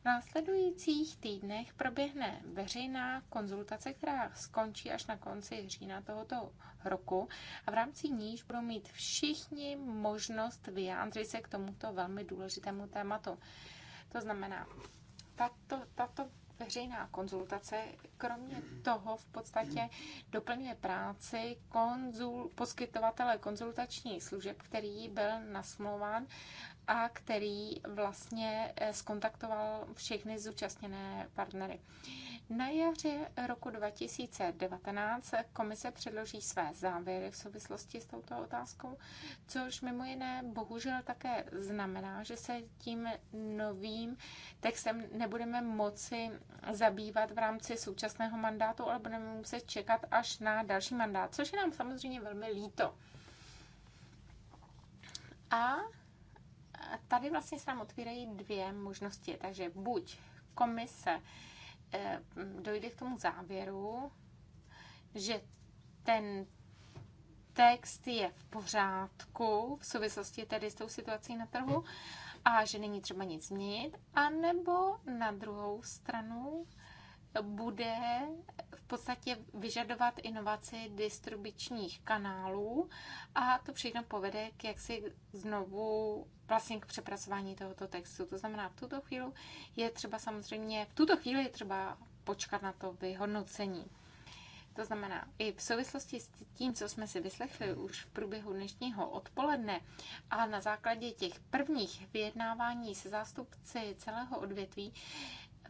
následujících týdnech proběhne veřejná konzultace, která skončí až na konci října tohoto roku a v rámci níž budou mít všichni možnost vyjádřit se k tomuto velmi důležitému tématu. To znamená, tato, tato veřejná konzultace kromě toho v podstatě doplňuje práci konzul, poskytovatele konzultačních služeb, který byl nasmlouván a který vlastně eh, skontaktoval všechny zúčastněné partnery. Na jaře roku 2019 komise předloží své závěry v souvislosti s touto otázkou, což mimo jiné bohužel také znamená, že se tím novým textem nebudeme moci zabývat v rámci současného mandátu, ale budeme muset čekat až na další mandát, což je nám samozřejmě velmi líto. A tady vlastně se nám otvírají dvě možnosti. Takže buď komise eh, dojde k tomu závěru, že ten text je v pořádku v souvislosti tedy s tou situací na trhu a že není třeba nic změnit, anebo na druhou stranu bude podstatě vyžadovat inovaci distribučních kanálů a to přitom povede k jaksi znovu vlastně k přepracování tohoto textu. To znamená, v tuto chvíli je třeba samozřejmě, v tuto chvíli je třeba počkat na to vyhodnocení. To znamená, i v souvislosti s tím, co jsme si vyslechli už v průběhu dnešního odpoledne a na základě těch prvních vyjednávání se zástupci celého odvětví,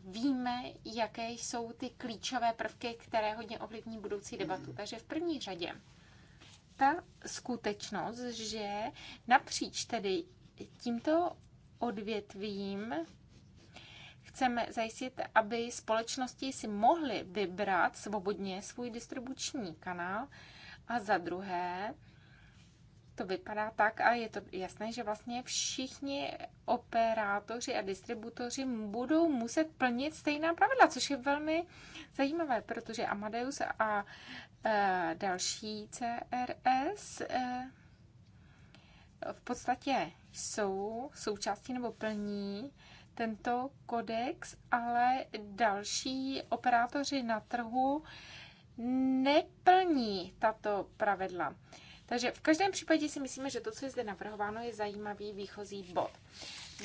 víme, jaké jsou ty klíčové prvky, které hodně ovlivní budoucí debatu. Takže v první řadě ta skutečnost, že napříč tedy tímto odvětvím chceme zajistit, aby společnosti si mohly vybrat svobodně svůj distribuční kanál a za druhé, to vypadá tak a je to jasné, že vlastně všichni operátoři a distributoři budou muset plnit stejná pravidla, což je velmi zajímavé, protože Amadeus a e, další CRS e, v podstatě jsou součástí nebo plní tento kodex, ale další operátoři na trhu neplní tato pravidla. Takže v každém případě si myslíme, že to, co je zde navrhováno, je zajímavý výchozí bod.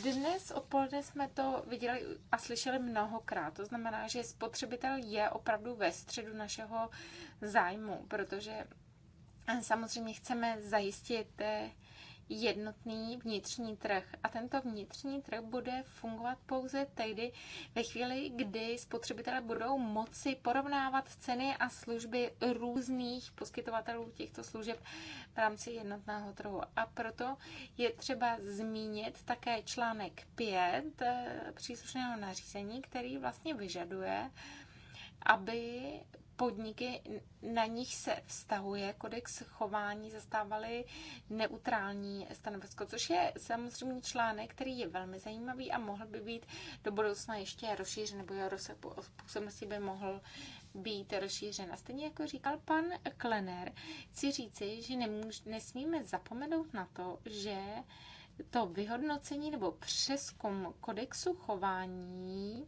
Dnes odpoledne jsme to viděli a slyšeli mnohokrát. To znamená, že spotřebitel je opravdu ve středu našeho zájmu, protože samozřejmě chceme zajistit jednotný vnitřní trh. A tento vnitřní trh bude fungovat pouze tehdy, ve chvíli, kdy spotřebitelé budou moci porovnávat ceny a služby různých poskytovatelů těchto služeb v rámci jednotného trhu. A proto je třeba zmínit také článek 5 eh, příslušného nařízení, který vlastně vyžaduje, aby podniky, na nich se vztahuje kodex chování, zastávaly neutrální stanovisko, což je samozřejmě článek, který je velmi zajímavý a mohl by být do budoucna ještě rozšířen, nebo jeho rozsah působnosti by mohl být rozšířen. A stejně jako říkal pan Klener, chci říci, že nemůž, nesmíme zapomenout na to, že to vyhodnocení nebo přeskum kodexu chování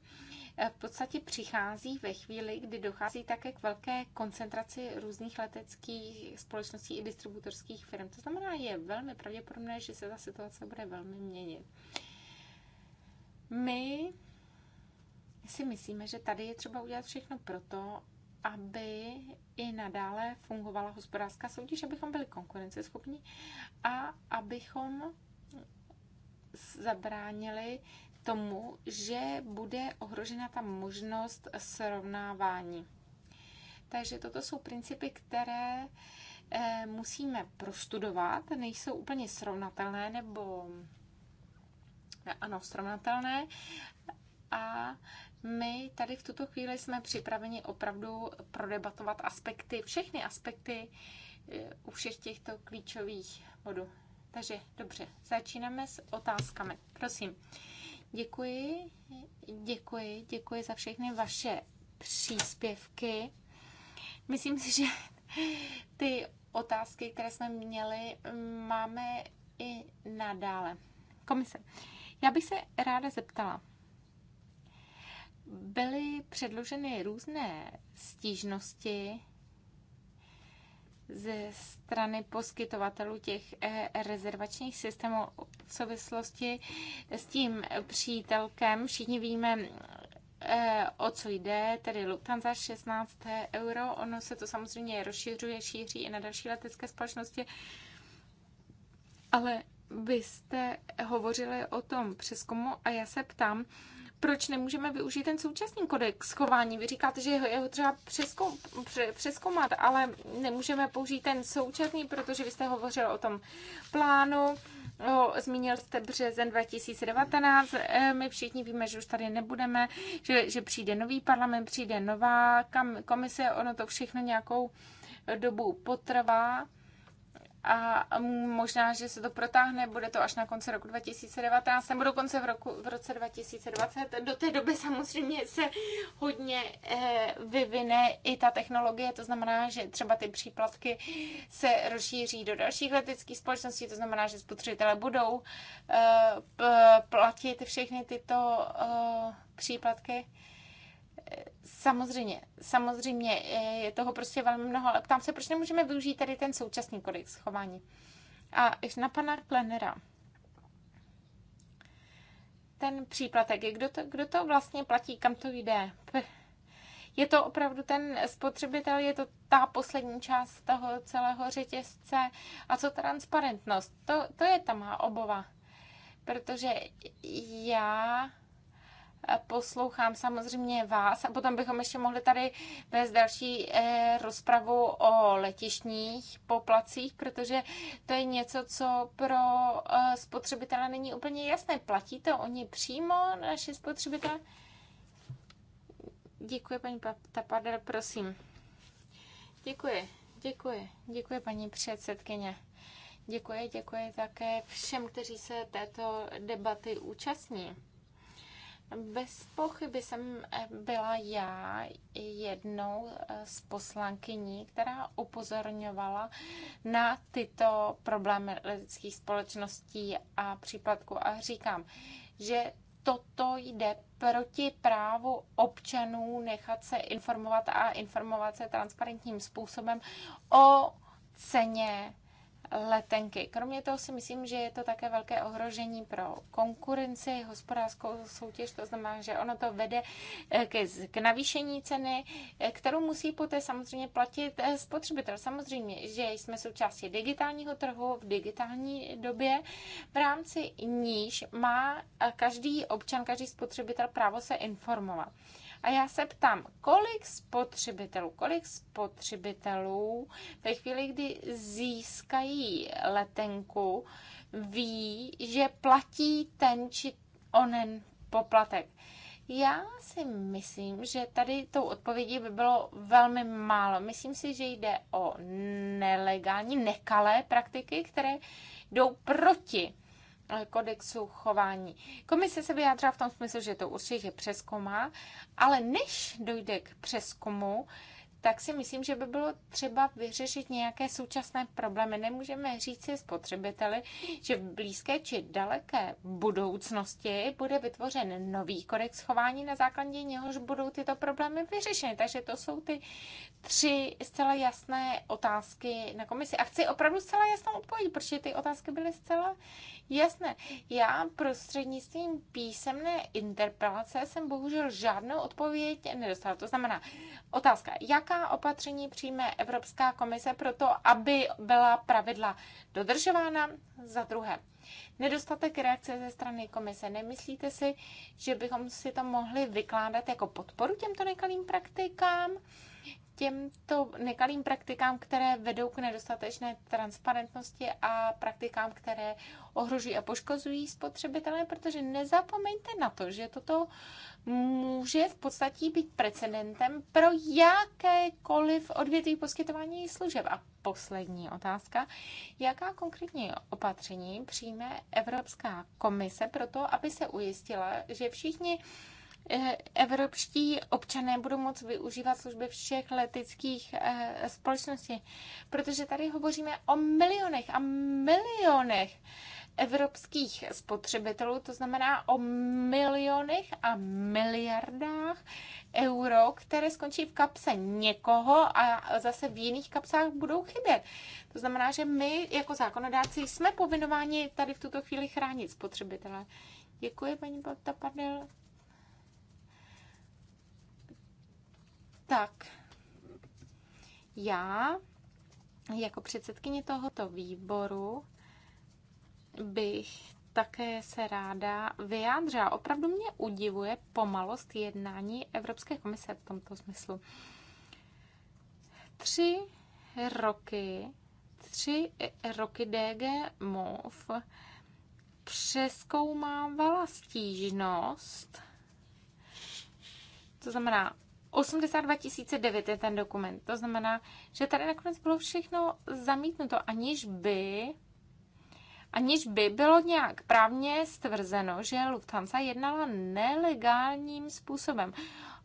E, v podstatě přichází ve chvíli, kdy dochází také k velké koncentraci různých leteckých společností i distributorských firm. To znamená, je velmi pravděpodobné, že se ta situace bude velmi měnit. My si myslíme, že tady je třeba udělat všechno proto, aby i nadále fungovala hospodářská soutěž, abychom byli konkurenceschopní a abychom zabránili tomu, že bude ohrožena ta možnost srovnávání. Takže toto jsou principy, které eh, musíme prostudovat, nejsou úplně srovnatelné nebo ano, srovnatelné. A my tady v tuto chvíli jsme připraveni opravdu prodebatovat aspekty, všechny aspekty eh, u všech těchto klíčových bodů. Takže dobře, začínáme s otázkami. Prosím. Děkuji, děkuji, děkuji za všechny vaše příspěvky. Myslím si, že ty otázky, které jsme měli, máme i nadále. Komise, já bych se ráda zeptala. Byly předloženy různé stížnosti ze strany poskytovatelů těch eh, rezervačních systémů v souvislosti s tím přítelkem. Všichni víme, eh, o co jde, tedy Lufthansa 16 euro. Ono se to samozřejmě rozšiřuje, šíří i na další letecké společnosti. Ale vy jste hovořili o tom přeskumu a já se ptám, proč nemůžeme využít ten současný kodex chování. Vy říkáte, že jeho, jeho třeba přeskou, přeskoumat, ale nemůžeme použít ten současný, protože vy jste hovořil o tom plánu, o, zmínil jste březen 2019, e, my všichni víme, že už tady nebudeme, že, že přijde nový parlament, přijde nová kam, komise, ono to všechno nějakou dobu potrvá a možná, že se to protáhne, bude to až na konci roku 2019 nebo dokonce v, roku, v roce 2020. Do té doby samozřejmě se hodně eh, vyvine i ta technologie, to znamená, že třeba ty příplatky se rozšíří do dalších leteckých společností, to znamená, že spotřebitelé budou eh, platit všechny tyto eh, příplatky. Eh, Samozřejmě, samozřejmě je toho prostě velmi mnoho, ale ptám se, proč nemůžeme využít tady ten současný kodex chování. A ještě na pana Klenera. Ten příplatek, kdo to, kdo to vlastně platí, kam to jde? Je to opravdu ten spotřebitel, je to ta poslední část toho celého řetězce. A co transparentnost? To, to je ta má obova. Protože já poslouchám samozřejmě vás a potom bychom ještě mohli tady vést další eh, rozpravu o letišních poplacích, protože to je něco, co pro eh, spotřebitele není úplně jasné. Platí to oni přímo naše spotřebitele? Děkuji, paní Tapadel, prosím. Děkuji, děkuji, děkuji, paní předsedkyně. Děkuji, děkuji také všem, kteří se této debaty účastní. Bez pochyby jsem eh, byla já jednou eh, z poslankyní, která upozorňovala na tyto problémy lidských společností a případku a říkám, že toto jde proti právu občanů nechat se informovat a informovat se transparentním způsobem o ceně letenky. Kromě toho si myslím, že je to také velké ohrožení pro konkurenci, hospodářskou soutěž, to znamená, že ono to vede eh, k, k navýšení ceny, eh, kterou musí poté samozřejmě platit eh, spotřebitel. Samozřejmě, že jsme součástí digitálního trhu v digitální době, v rámci níž má každý občan, každý spotřebitel právo se informovat. A já se ptám, kolik spotřebitelů, kolik spotřebitelů ve chvíli, kdy získají letenku, ví, že platí ten či onen poplatek. Já si myslím, že tady tou odpovědí by bylo velmi málo. Myslím si, že jde o nelegální, nekalé praktiky, které jdou proti Eh, kodexu chování. Komise se vyjádřila v tom smyslu, že to určitě přeskomá, ale než dojde k přeskumu, tak si myslím, že by bylo třeba vyřešit nějaké současné problémy. Nemůžeme říct si spotřebiteli, že v blízké či daleké budoucnosti bude vytvořen nový kodex chování, na základě něhož budou tyto problémy vyřešeny. Takže to jsou ty tři zcela jasné otázky na komisi. A chci opravdu zcela jasnou odpověď, protože ty otázky byly zcela jasné. Já prostřednictvím písemné interpelace jsem bohužel žádnou odpověď nedostala. To znamená, otázka, jaká jaká opatření přijme Evropská komise pro to, aby byla pravidla dodržována? Za druhé, nedostatek reakce ze strany komise. Nemyslíte si, že bychom si to mohli vykládat jako podporu těmto nekalým praktikám? těmto nekalým praktikám, které vedou k nedostatečné transparentnosti a praktikám, které ohrožují a poškozují spotřebitele, protože nezapomeňte na to, že toto může v podstatě být precedentem pro jakékoliv odvětví poskytování služeb. A poslední otázka. Jaká konkrétní opatření přijme Evropská komise pro to, aby se ujistila, že všichni Eh, evropští občané budou moct využívat služby všech leteckých eh, společností. Protože tady hovoříme o milionech a milionech evropských spotřebitelů, to znamená o milionech a miliardách euro, které skončí v kapse někoho a zase v jiných kapsách budou chybět. To znamená, že my jako zákonodáci jsme povinováni tady v tuto chvíli chránit spotřebitele. Děkuji, paní Tapardel. tak já jako předsedkyně tohoto výboru bych také se ráda vyjádřila. Opravdu mě udivuje pomalost jednání Evropské komise v tomto smyslu. Tři roky, tři roky DG MOV přeskoumávala stížnost, to znamená 82 009 je ten dokument. To znamená, že tady nakonec bylo všechno zamítnuto, aniž by aniž by bylo nějak právně stvrzeno, že Lufthansa jednala nelegálním způsobem.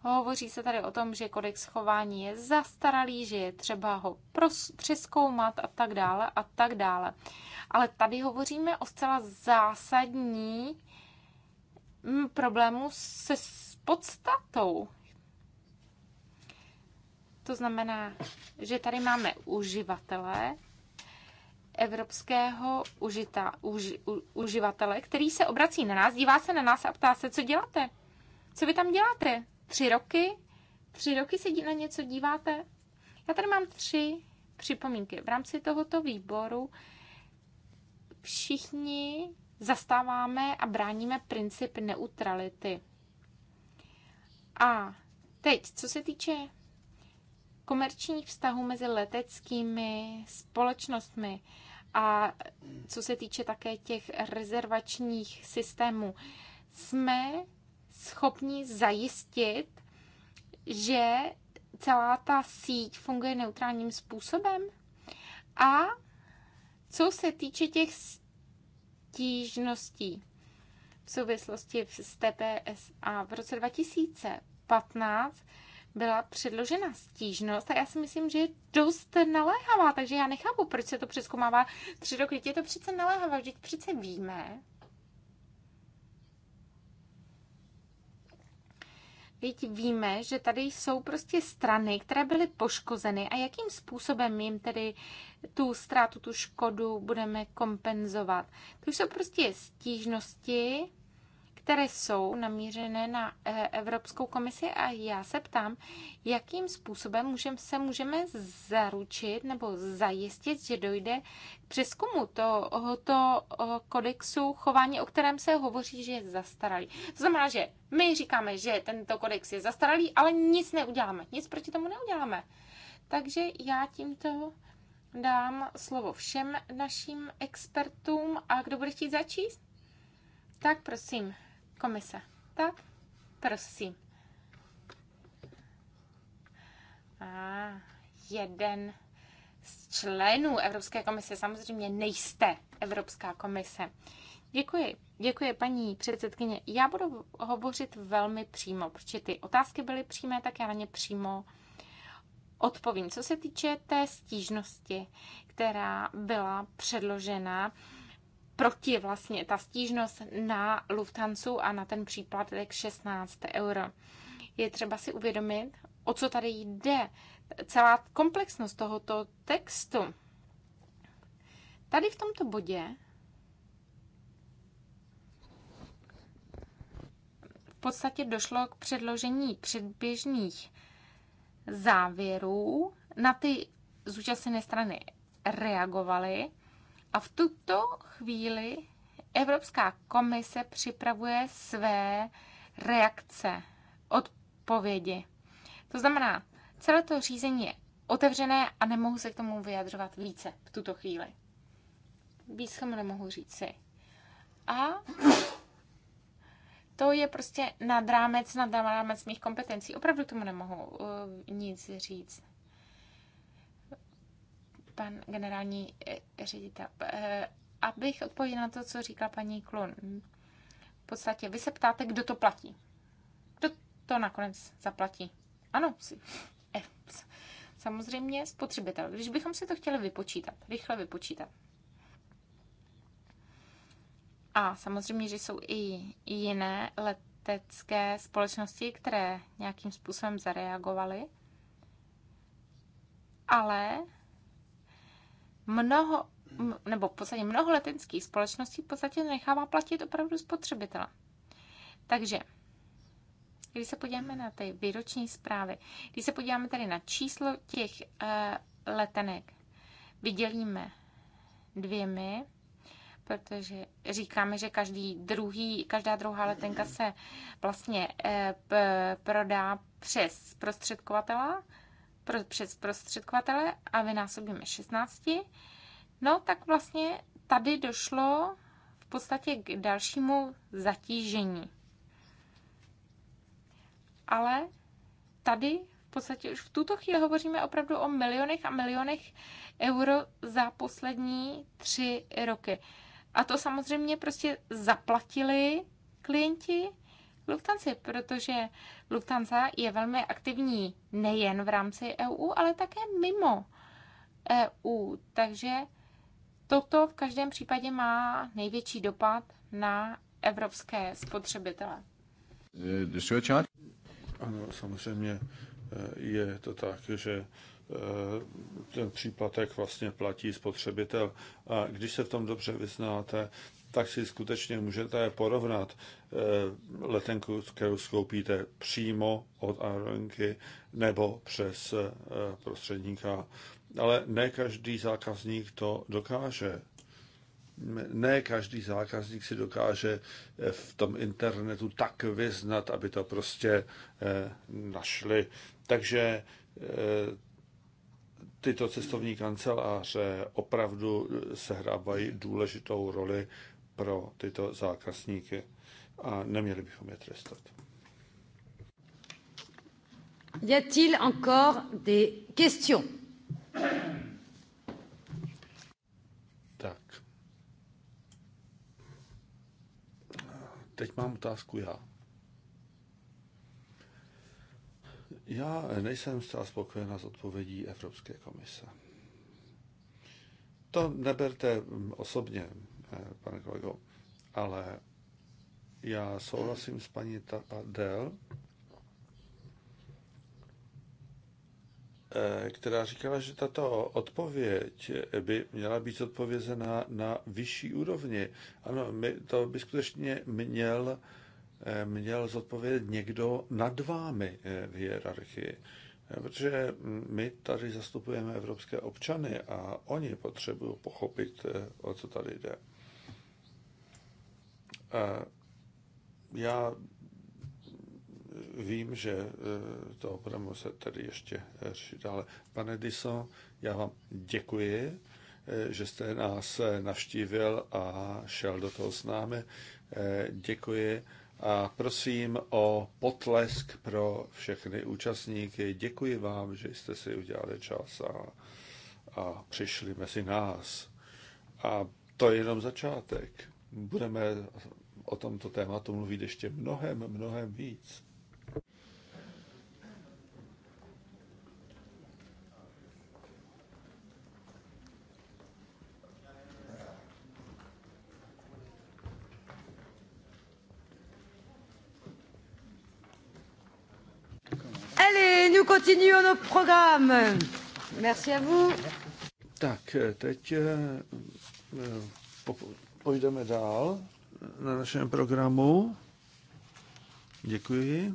Hovoří se tady o tom, že kodex chování je zastaralý, že je třeba ho přeskoumat a tak dále a tak dále. Ale tady hovoříme o zcela zásadní mm, problému se s podstatou to znamená, že tady máme uživatele, evropského užita, už, u, uživatele, který se obrací na nás, dívá se na nás a ptá se, co děláte? Co vy tam děláte? Tři roky? Tři roky se na něco díváte? Já tady mám tři připomínky. V rámci tohoto výboru všichni zastáváme a bráníme princip neutrality. A teď, co se týče komerčních vztahů mezi leteckými společnostmi a co se týče také těch rezervačních systémů, jsme schopni zajistit, že celá ta síť funguje neutrálním způsobem. A co se týče těch stížností v souvislosti s TPS a v roce 2015 byla předložena stížnost a já si myslím, že je dost naléhavá, takže já nechápu, proč se to přeskumává tři roky. Je to přece naléhavá, vždyť přece víme. Teď víme, že tady jsou prostě strany, které byly poškozeny a jakým způsobem jim tedy tu ztrátu, tu škodu budeme kompenzovat. To jsou prostě stížnosti, které jsou namířené na e, Evropskou komisi a já se ptám, jakým způsobem můžem, se můžeme zaručit nebo zajistit, že dojde k přeskumu tohoto e, kodexu chování, o kterém se hovoří, že je zastaralý. To znamená, že my říkáme, že tento kodex je zastaralý, ale nic neuděláme, nic proti tomu neuděláme. Takže já tímto dám slovo všem našim expertům a kdo bude chtít začíst? Tak prosím, Komise. Tak, prosím. A jeden z členů Evropské komise, samozřejmě nejste Evropská komise. Děkuji. Děkuji, paní předsedkyně. Já budu hovořit velmi přímo, protože ty otázky byly přímé, tak já na ně přímo odpovím. Co se týče té stížnosti, která byla předložena proti vlastně ta stížnost na Lufthansa a na ten příplatek 16 euro. Je třeba si uvědomit, o co tady jde. Celá komplexnost tohoto textu. Tady v tomto bodě v podstatě došlo k předložení předběžných závěrů. Na ty zúčastněné strany reagovaly a v tuto chvíli Evropská komise připravuje své reakce, odpovědi. To znamená, celé to řízení je otevřené a nemohu se k tomu vyjadřovat více v tuto chvíli. Víc tomu nemohu říct si. A to je prostě nad rámec, nad rámec mých kompetencí. Opravdu tomu nemohu uh, nic říct pan generální eh, ředitel. Eh, abych odpověděla na to, co říká paní Klun. V podstatě vy se ptáte, kdo to platí. Kdo to nakonec zaplatí? Ano, *laughs* samozřejmě spotřebitel. Když bychom si to chtěli vypočítat, rychle vypočítat, a samozřejmě, že jsou i jiné letecké společnosti, které nějakým způsobem zareagovaly. Ale mnoho, nebo v podstatě mnoho letenských společností v podstatě nechává platit opravdu spotřebitela. Takže když se podíváme na ty výroční zprávy, když se podíváme tady na číslo těch uh, letenek, vydělíme dvěmi, protože říkáme, že každý druhý, každá druhá letenka se vlastně uh, prodá přes prostředkovatela, pro, přes prostředkovatele a vynásobíme 16, no tak vlastně tady došlo v podstatě k dalšímu zatížení. Ale tady v podstatě už v tuto chvíli hovoříme opravdu o milionech a milionech euro za poslední tři roky. A to samozřejmě prostě zaplatili klienti, Lufthansa, protože Lufthansa je velmi aktivní nejen v rámci EU, ale také mimo EU. Takže toto v každém případě má největší dopad na evropské spotřebitele. Ano, samozřejmě eh, je to tak, že eh, ten příplatek vlastně platí spotřebitel. A když se v tom dobře vyznáte, tak si skutečně můžete porovnat eh, letenku, kterou skoupíte přímo od aerolinky nebo přes eh, prostředníka. Ale ne každý zákazník to dokáže. Ne každý zákazník si dokáže eh, v tom internetu tak vyznat, aby to prostě našli. Takže tyto cestovní kanceláře opravdu sehrávají důležitou roli pro tyto zákazníky a neměli bychom je trestat. Y a-t-il encore des questions? Tak. Teď mám otázku já. Já nejsem zcela spokojená s odpovědí Evropské komise. To neberte osobně. Eh, pane kolego, ale já souhlasím s paní Tapadel, eh, která říkala, že tato odpověď by měla být odpovězena na vyšší úrovni. Ano, to by skutečně měl, eh, měl zodpovědět někdo nad vámi v hierarchii. Protože my tady zastupujeme evropské občany a oni potřebují pochopit, o co tady jde. Já vím, že e, to budeme se tady ještě řešit ale Pane Diso, já vám děkuji, e, že jste nás e, navštívil a šel do toho s námi. Děkuji a prosím o potlesk pro všechny účastníky. Děkuji vám, že jste si udělali čas a, a přišli mezi nás. A to je jenom začátek. Budeme o tomto tématu mluvit ještě mnohem, mnohem víc. continuons nos programmes. Merci à vous. Tak, eh, teď eh, eh, půjdeme dál na našem programu. Děkuji.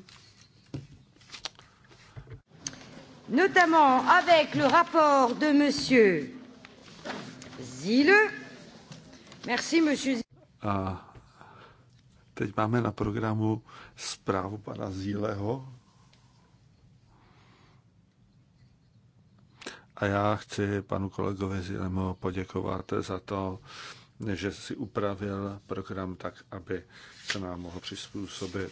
Notamment avec le rapport de monsieur Zille. Merci, monsieur Zille. A teď máme na programu zprávu pana Zíleho. A já chci panu kolegovi Zilemu poděkovat za to, že si upravil program tak, aby se nám mohl přizpůsobit.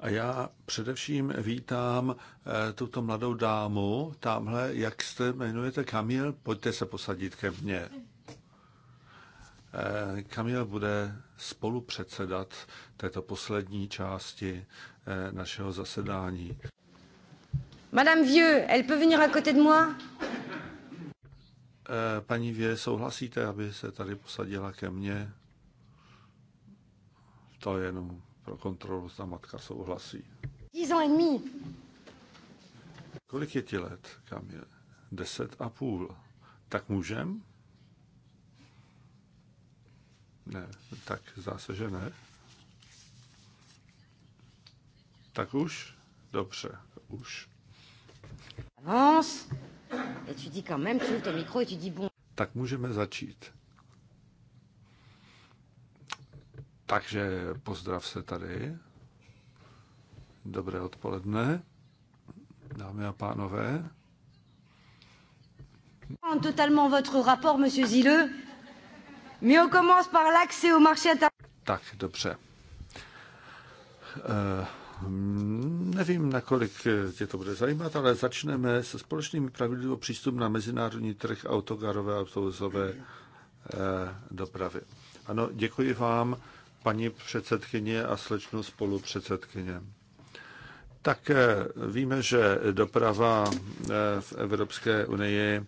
A já především vítám eh, tuto mladou dámu, tamhle, jak se jmenujete, Kamil, pojďte se posadit ke mně. Eh, Kamil bude spolu předsedat této poslední části eh, našeho zasedání. Madame Vieux, elle peut venir à côté de moi Eh, paní Vě, souhlasíte, aby se tady posadila ke mně? To je jenom pro kontrolu, zda matka souhlasí. Kolik je ti let, Kamil? Deset a půl. Tak můžem? Ne, tak zdá se, že ne. Tak už? Dobře, už. Avance. Tak můžeme začít. Takže pozdrav se tady. Dobré odpoledne, dámy a pánové. Totalement votre rapport, monsieur Zilleux. Mais on commence par l'accès au marché Tak, dobře. Uh Hmm, nevím, nakolik eh, tě to bude zajímat, ale začneme se společnými pravidly o přístup na mezinárodní trh autogarové a autobusové eh, dopravy. Ano, děkuji vám, paní předsedkyně a slečno spolupředsedkyně. Tak eh, víme, že doprava v Evropské unii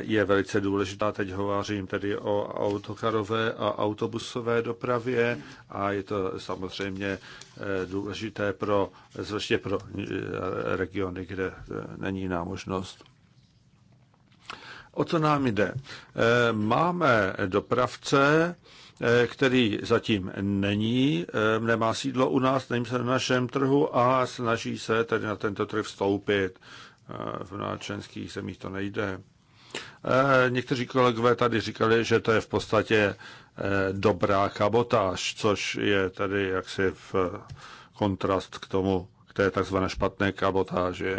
je velice důležitá. Teď hovořím tedy o autokarové a autobusové dopravě a je to samozřejmě eh, důležité pro, zvláště pro eh, regiony, kde eh, není námožnost. O co nám jde? Máme dopravce, který zatím není, nemá sídlo u nás, není se na našem trhu a snaží se tedy na tento trh vstoupit. V náčenských zemích to nejde. Eh, někteří kolegové tady říkali, že to je v podstatě eh, dobrá kabotáž, což je tady jaksi v eh, kontrast k tomu, k té takzvané špatné kabotáži.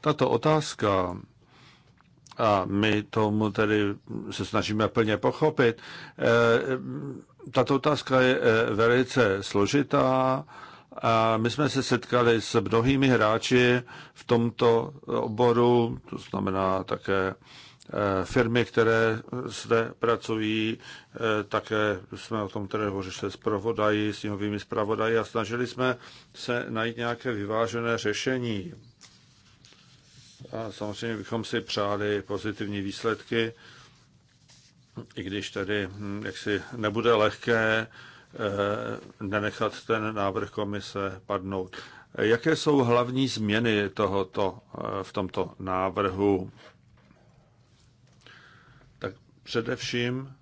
Tato otázka, a my tomu tedy se snažíme plně pochopit, tato otázka je velice složitá a my jsme se setkali s mnohými hráči v tomto oboru, to znamená také eh, firmy, které zde pracují, eh, také jsme o tom které hořešili s provodají, s novými zpravodají a snažili jsme se najít nějaké vyvážené řešení. A samozřejmě bychom si přáli pozitivní výsledky, i když tedy hm, jaksi nebude lehké Eh, nenechat ten návrh komise padnout. Jaké jsou hlavní změny tohoto, eh, v tomto návrhu? Tak především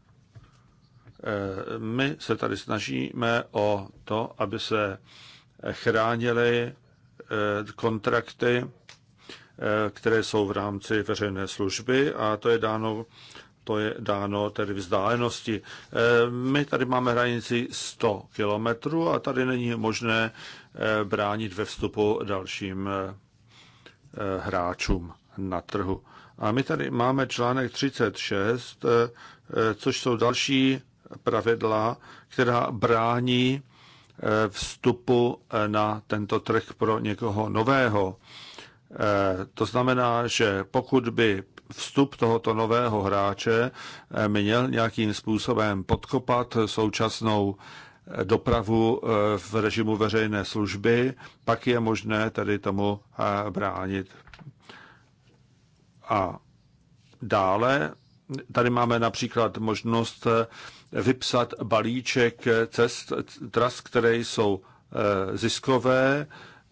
eh, my se tady snažíme o to, aby se chránily kontrakty, které jsou v rámci veřejné služby a to je dáno to je dáno tedy vzdálenosti. Eh, my tady máme hranici 100 kilometrů a tady není možné eh, bránit ve vstupu dalším eh, hráčům na trhu. A my tady máme článek 36, což jsou další pravidla, která brání vstupu na tento trh pro někoho nového. To znamená, že pokud by vstup tohoto nového hráče eh, měl nějakým způsobem podkopat současnou eh, dopravu eh, v režimu veřejné služby, pak je možné tedy tomu bránit. A dále tady máme například možnost vypsat balíček cest, tras, které jsou ziskové,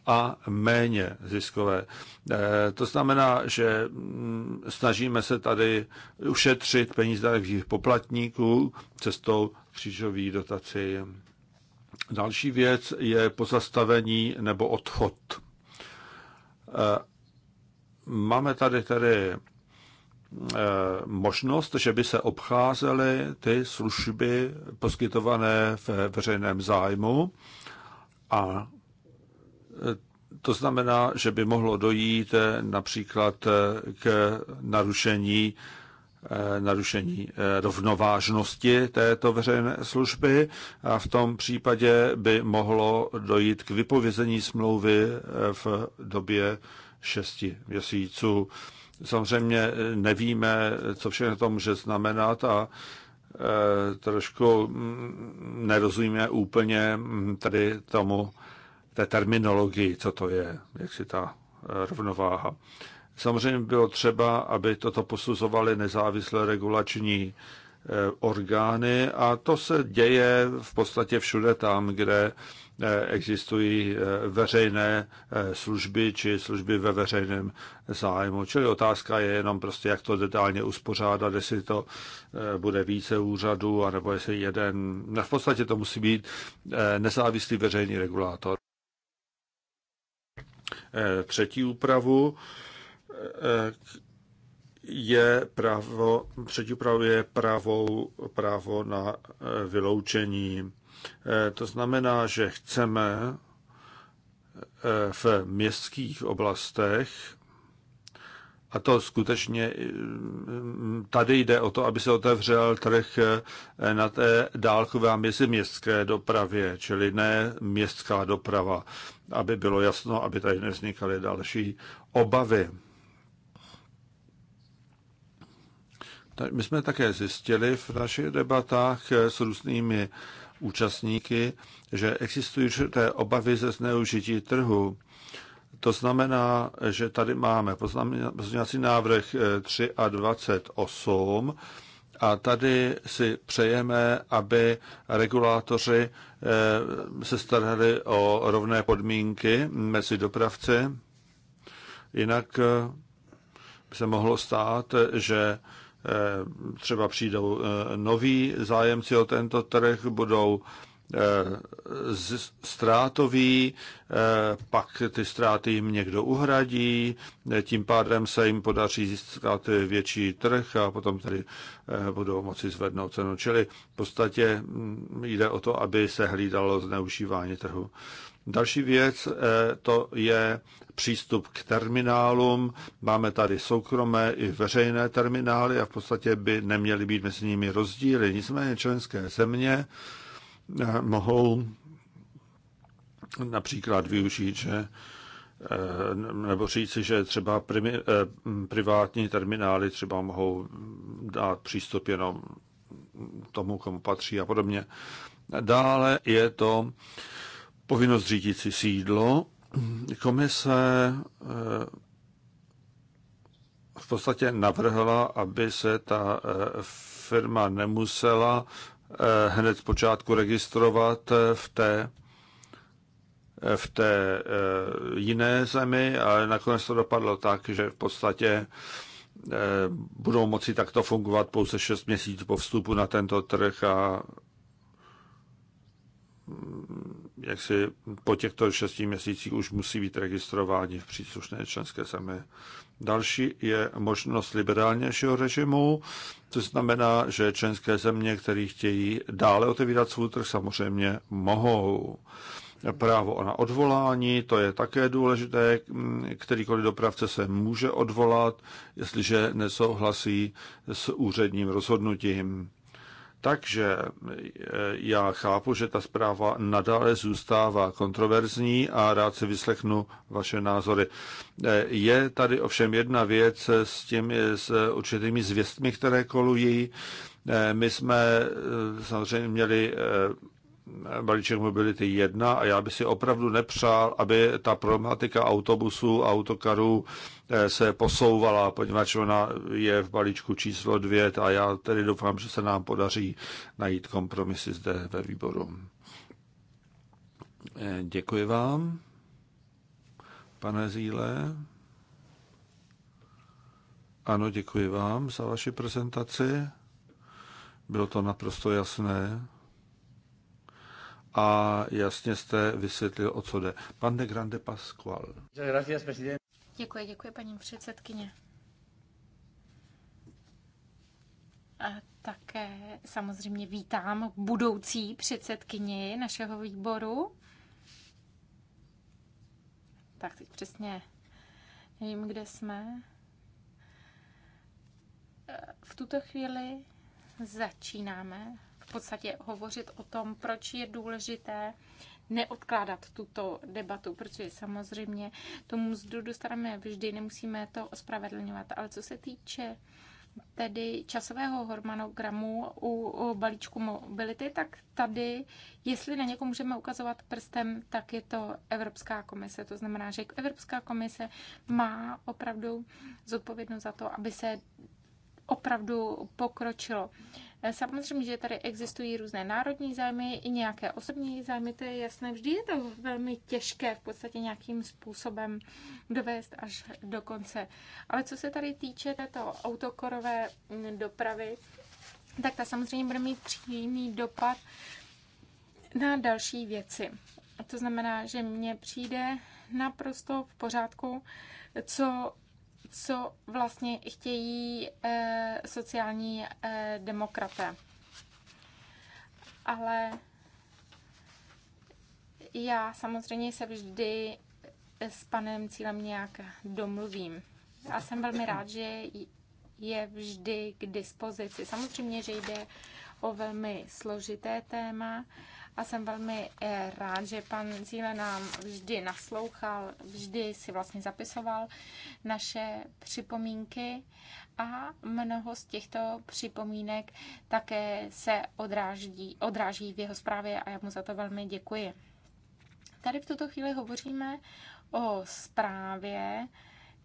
a méně ziskové. Eh, to znamená, že mm, snažíme se tady ušetřit peníze daných poplatníků cestou křížový dotaci. Další věc je pozastavení nebo odchod. Eh, máme tady tedy eh, možnost, že by se obcházely ty služby poskytované ve veřejném zájmu a to znamená, že by mohlo dojít eh, například eh, k narušení eh, narušení rovnovážnosti této veřejné služby a v tom případě by mohlo dojít k vypovězení smlouvy v době šesti měsíců. Samozřejmě nevíme, co všechno to může znamenat a trošku mm, nerozumíme úplně mm, tady tomu té terminologii, co to je, jak si ta e, rovnováha. Samozřejmě bylo třeba, aby toto posuzovali nezávislé regulační e, orgány a to se děje v podstatě všude tam, kde e, existují veřejné služby či služby ve veřejném zájmu. Čili otázka je jenom prostě, jak to detailně uspořádat, jestli to bude více úřadů, anebo jestli jeden. No v podstatě to musí být nezávislý veřejný regulátor. Eh, třetí úpravu eh, je právo, třetí úpravu je právo, právo na eh, vyloučení. To znamená, že chceme v městských oblastech a to skutečně mm, tady jde o to, aby se otevřel trh na té dálkové a městské dopravě, čili ne městská doprava aby bylo jasno, aby tady nevznikaly další obavy. My jsme také zjistili v našich debatách s různými účastníky, že existují určité obavy ze zneužití trhu. To znamená, že tady máme pozměňovací návrh 3 a 28, a tady si přejeme, aby regulátoři eh, se starali o rovné podmínky mezi dopravci. Jinak eh, by se mohlo stát, že eh, třeba přijdou noví zájemci o tento trh, budou Eh, ztrátový, eh, pak ty ztráty jim někdo uhradí, eh, tím pádem se jim podaří získat větší trh a potom tedy budou moci zvednout cenu. Čili v podstatě mm, jde o to, aby se hlídalo zneužívání trhu. Další věc to je přístup k terminálům. Máme tady soukromé i veřejné terminály a v podstatě by neměly být mezi nimi rozdíly. Nicméně členské země Eh, mohou například využít, že eh, nebo říci, že třeba primi, eh, privátní terminály třeba mohou dát přístup jenom tomu, komu patří a podobně. Dále je to povinnost řídit si sídlo. Komise v podstatě navrhla, aby se ta firma nemusela Eh, hned z počátku registrovat eh, v té, eh, v té jiné zemi, ale nakonec to dopadlo tak, že v podstatě budou moci takto fungovat pouze 6 měsíců po vstupu na tento trh a mm, jak si po těchto šesti měsících už musí být registrováni v příslušné členské zemi. Další je možnost liberálnějšího režimu, to znamená, že členské země, které chtějí dále otevírat svůj trh, samozřejmě mohou. Právo na odvolání, to je také důležité, kterýkoliv dopravce se může odvolat, jestliže nesouhlasí s úředním rozhodnutím. Takže eh, já chápu, že ta zpráva nadále zůstává kontroverzní a rád si vyslechnu vaše názory. Eh, je tady ovšem jedna věc s těmi s eh, určitými zvěstmi, které kolují. My jsme samozřejmě měli balíček mobility 1 a já bych si opravdu nepřál, aby ta problematika autobusů, autokarů eh, se posouvala, poněvadž ona je v balíčku číslo 2 a já tedy doufám, že se nám podaří najít kompromisy zde ve výboru. Eh, děkuji vám, pane Zíle. Ano, děkuji vám za vaši prezentaci. Bylo to naprosto jasné a jasně jste vysvětlil, o co jde. Pan de Grande Pascual. Děkuji, děkuji, paní předsedkyně. A také samozřejmě vítám budoucí předsedkyni našeho výboru. Tak teď přesně nevím, kde jsme. Eh, v tuto chvíli začínáme podstatě hovořit o tom, proč je důležité neodkládat tuto debatu, protože samozřejmě tomu mzdu dostaneme vždy, nemusíme to ospravedlňovat. Ale co se týče tedy časového hormonogramu u, u balíčku mobility, tak tady, jestli na někoho můžeme ukazovat prstem, tak je to Evropská komise. To znamená, že Evropská komise má opravdu zodpovědnost za to, aby se opravdu pokročilo. Samozřejmě, že tady existují různé národní zájmy i nějaké osobní zájmy, to je jasné. Vždy je to velmi těžké v podstatě nějakým způsobem dovést až do konce. Ale co se tady týče této autokorové dopravy, tak ta samozřejmě bude mít přímý dopad na další věci. To znamená, že mně přijde naprosto v pořádku, co co vlastně chtějí eh, sociální eh, demokraté. Ale já samozřejmě se vždy s panem Cílem nějak domluvím. Já jsem velmi rád, že je vždy k dispozici. Samozřejmě, že jde o velmi složité téma a jsem velmi eh, rád, že pan Zíle nám vždy naslouchal, vždy si vlastně zapisoval naše připomínky a mnoho z těchto připomínek také se odráží, odráží v jeho zprávě a já mu za to velmi děkuji. Tady v tuto chvíli hovoříme o zprávě,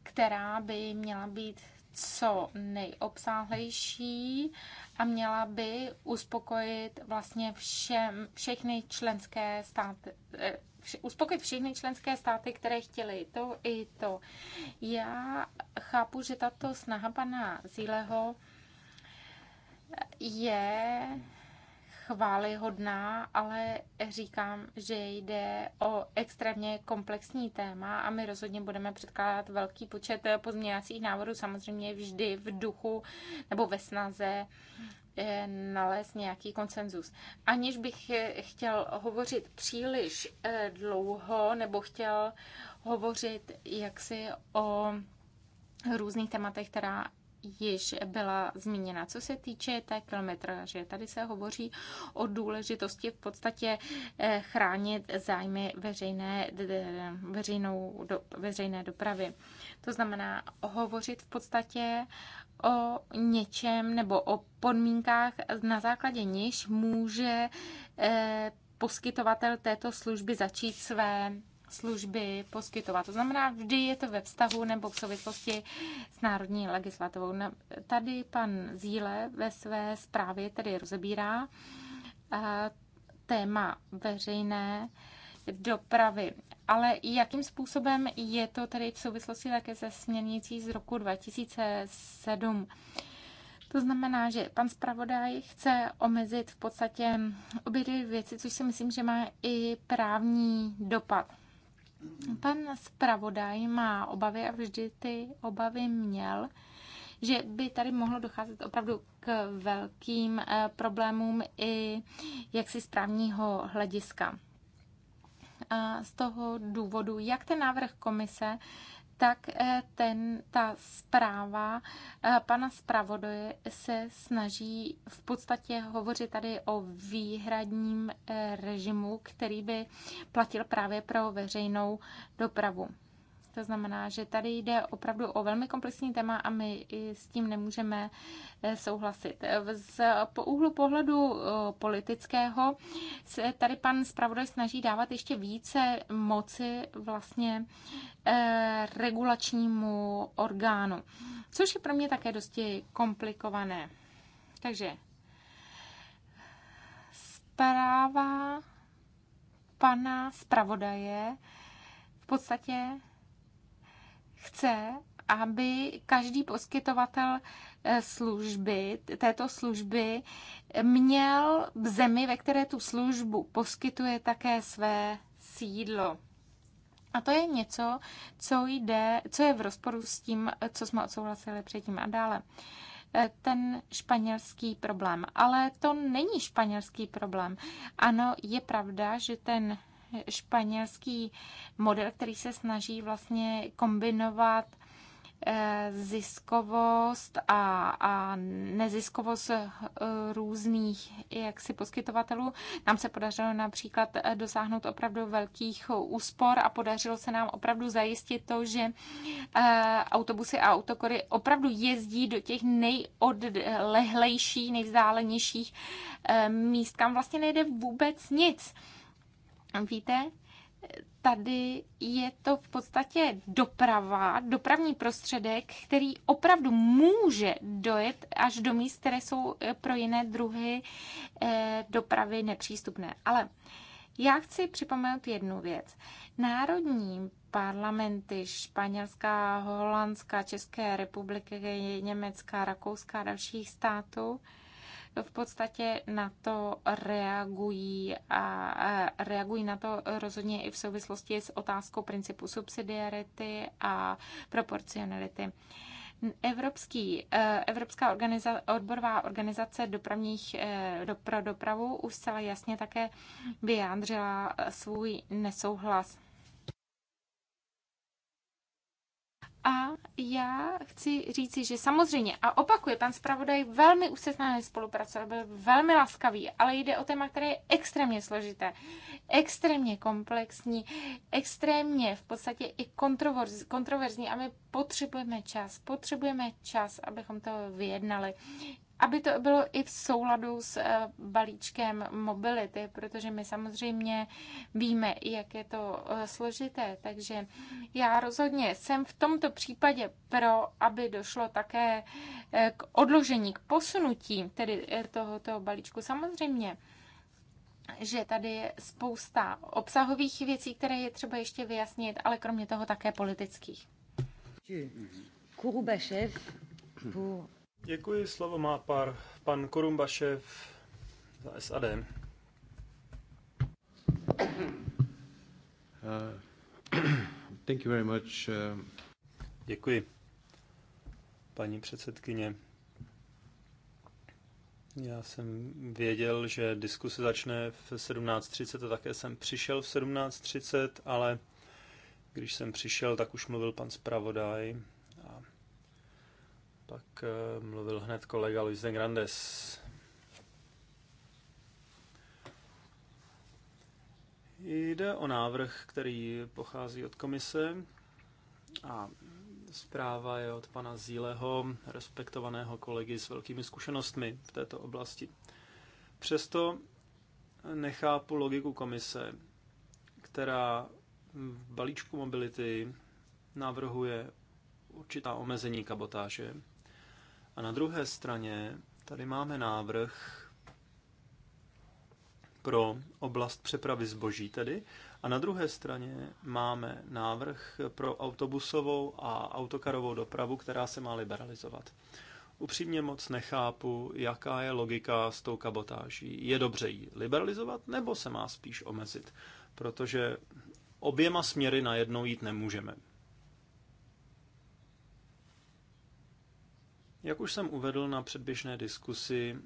která by měla být co nejobsáhlejší a měla by uspokojit vlastně všem, všechny členské státy, eh, uspokojit všechny členské státy, které chtěly to i to. Já chápu, že tato snaha pana Zíleho je chválihodná, ale říkám, že jde o extrémně komplexní téma a my rozhodně budeme předkládat velký počet pozměňovacích návodů, samozřejmě vždy v duchu nebo ve snaze eh, nalézt nějaký konsenzus. Aniž bych eh, chtěl hovořit příliš eh, dlouho nebo chtěl hovořit jaksi o různých tématech, která již byla zmíněna. Co se týče té kilometraže, tady se hovoří o důležitosti v podstatě eh, chránit zájmy veřejné, veřejnou, do, veřejné dopravy. To znamená hovořit v podstatě o něčem nebo o podmínkách, na základě níž může eh, poskytovatel této služby začít své služby poskytovat. To znamená, vždy je to ve vztahu nebo v souvislosti s národní legislativou. Tady pan Zíle ve své zprávě tedy rozebírá eh, téma veřejné dopravy. Ale jakým způsobem je to tedy v souvislosti také se směrnicí z roku 2007? To znamená, že pan zpravodaj chce omezit v podstatě obě dvě věci, což si myslím, že má i právní dopad. Pan zpravodaj má obavy a vždy ty obavy měl, že by tady mohlo docházet opravdu k velkým eh, problémům i jaksi správního hlediska. A z toho důvodu, jak ten návrh komise tak eh, ten, ta zpráva eh, pana zpravodaje se snaží v podstatě hovořit tady o výhradním eh, režimu, který by platil právě pro veřejnou dopravu. To znamená, že tady jde opravdu o velmi komplexní téma a my s tím nemůžeme eh, souhlasit. Z po úhlu pohledu eh, politického se tady pan zpravodaj snaží dávat ještě více moci vlastně eh, regulačnímu orgánu, což je pro mě také dosti komplikované. Takže zpráva pana zpravodaje v podstatě chce, aby každý poskytovatel eh, služby, této služby měl v zemi, ve které tu službu poskytuje také své sídlo. A to je něco, co, jde, co je v rozporu s tím, co jsme odsouhlasili předtím a dále. Eh, ten španělský problém. Ale to není španělský problém. Ano, je pravda, že ten španělský model, který se snaží vlastně kombinovat eh, ziskovost a, a neziskovost eh, různých jaksi poskytovatelů. Nám se podařilo například eh, dosáhnout opravdu velkých úspor a podařilo se nám opravdu zajistit to, že autobusy a autokory opravdu jezdí do těch nejodlehlejších, nejvzdálenějších míst, kam vlastně nejde vůbec nic. Víte, tady je to v podstatě doprava, dopravní prostředek, který opravdu může dojet až do míst, které jsou eh, pro jiné druhy eh, dopravy nepřístupné. Ale já chci připomenout jednu věc. Národní parlamenty Španělská, Holandská, České republiky, Německá, Rakouská a dalších států v podstatě na to reagují a reagují na to rozhodně i v souvislosti s otázkou principu subsidiarity a proporcionality. Evropský, eh, Evropská organiza, odborová organizace dopravních, eh, do, pro dopravu už zcela jasně také vyjádřila svůj nesouhlas A já chci říci, že samozřejmě, a opakuje, pan zpravodaj velmi úzce s spolupracoval, byl velmi laskavý, ale jde o téma, které je extrémně složité, extrémně komplexní, extrémně v podstatě i kontroverzní a my potřebujeme čas, potřebujeme čas, abychom to vyjednali aby to bylo i v souladu s eh, balíčkem mobility, protože my samozřejmě víme, jak je to eh, složité. Takže já rozhodně jsem v tomto případě pro, aby došlo také eh, k odložení, k posunutí tedy tohoto balíčku. Samozřejmě, že tady je spousta obsahových věcí, které je třeba ještě vyjasnit, ale kromě toho také politických. Kurubašev pour Děkuji, slovo má pár, pan Korumbašev za SAD. Eh, *clears throat* thank you very much. Eh. Děkuji, paní předsedkyně. Já jsem věděl, že diskuse začne v 17.30 a také jsem přišel v 17.30, ale když jsem přišel, tak už mluvil pan zpravodaj pak eh, mluvil hned kolega Luis de Grandes. Jde o návrh, který pochází od komise a zpráva je od pana Zíleho, respektovaného kolegy s velkými zkušenostmi v této oblasti. Přesto nechápu logiku komise, která v balíčku mobility navrhuje určitá omezení kabotáže, a na druhé straně tady máme návrh pro oblast přepravy zboží tedy. A na druhé straně máme návrh pro autobusovou a autokarovou dopravu, která se má liberalizovat. Upřímně moc nechápu, jaká je logika s tou kabotáží. Je dobře ji liberalizovat nebo se má spíš omezit? Protože oběma směry najednou jít nemůžeme. Jak už jsem uvedl na předběžné diskusi,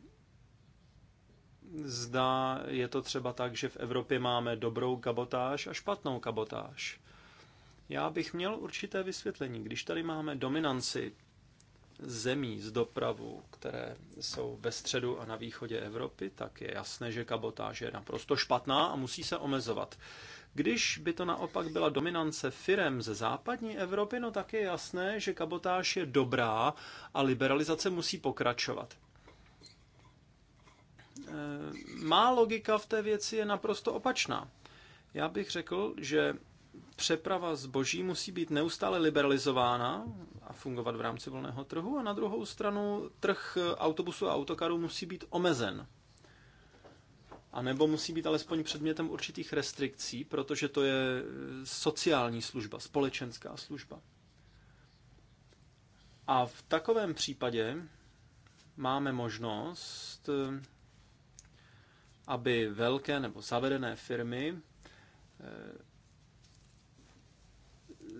zdá je to třeba tak, že v Evropě máme dobrou kabotáž a špatnou kabotáž. Já bych měl určité vysvětlení. Když tady máme dominanci zemí z dopravu, které jsou ve středu a na východě Evropy, tak je jasné, že kabotáž je naprosto špatná a musí se omezovat. Když by to naopak byla dominance firem ze západní Evropy, no tak je jasné, že kabotáž je dobrá a liberalizace musí pokračovat. Eh, má logika v té věci je naprosto opačná. Já bych řekl, že přeprava zboží musí být neustále liberalizována a fungovat v rámci volného trhu a na druhou stranu trh autobusů a autokarů musí být omezen. A nebo musí být alespoň předmětem určitých restrikcí, protože to je eh, sociální služba, společenská služba. A v takovém případě máme možnost, eh, aby velké nebo zavedené firmy eh,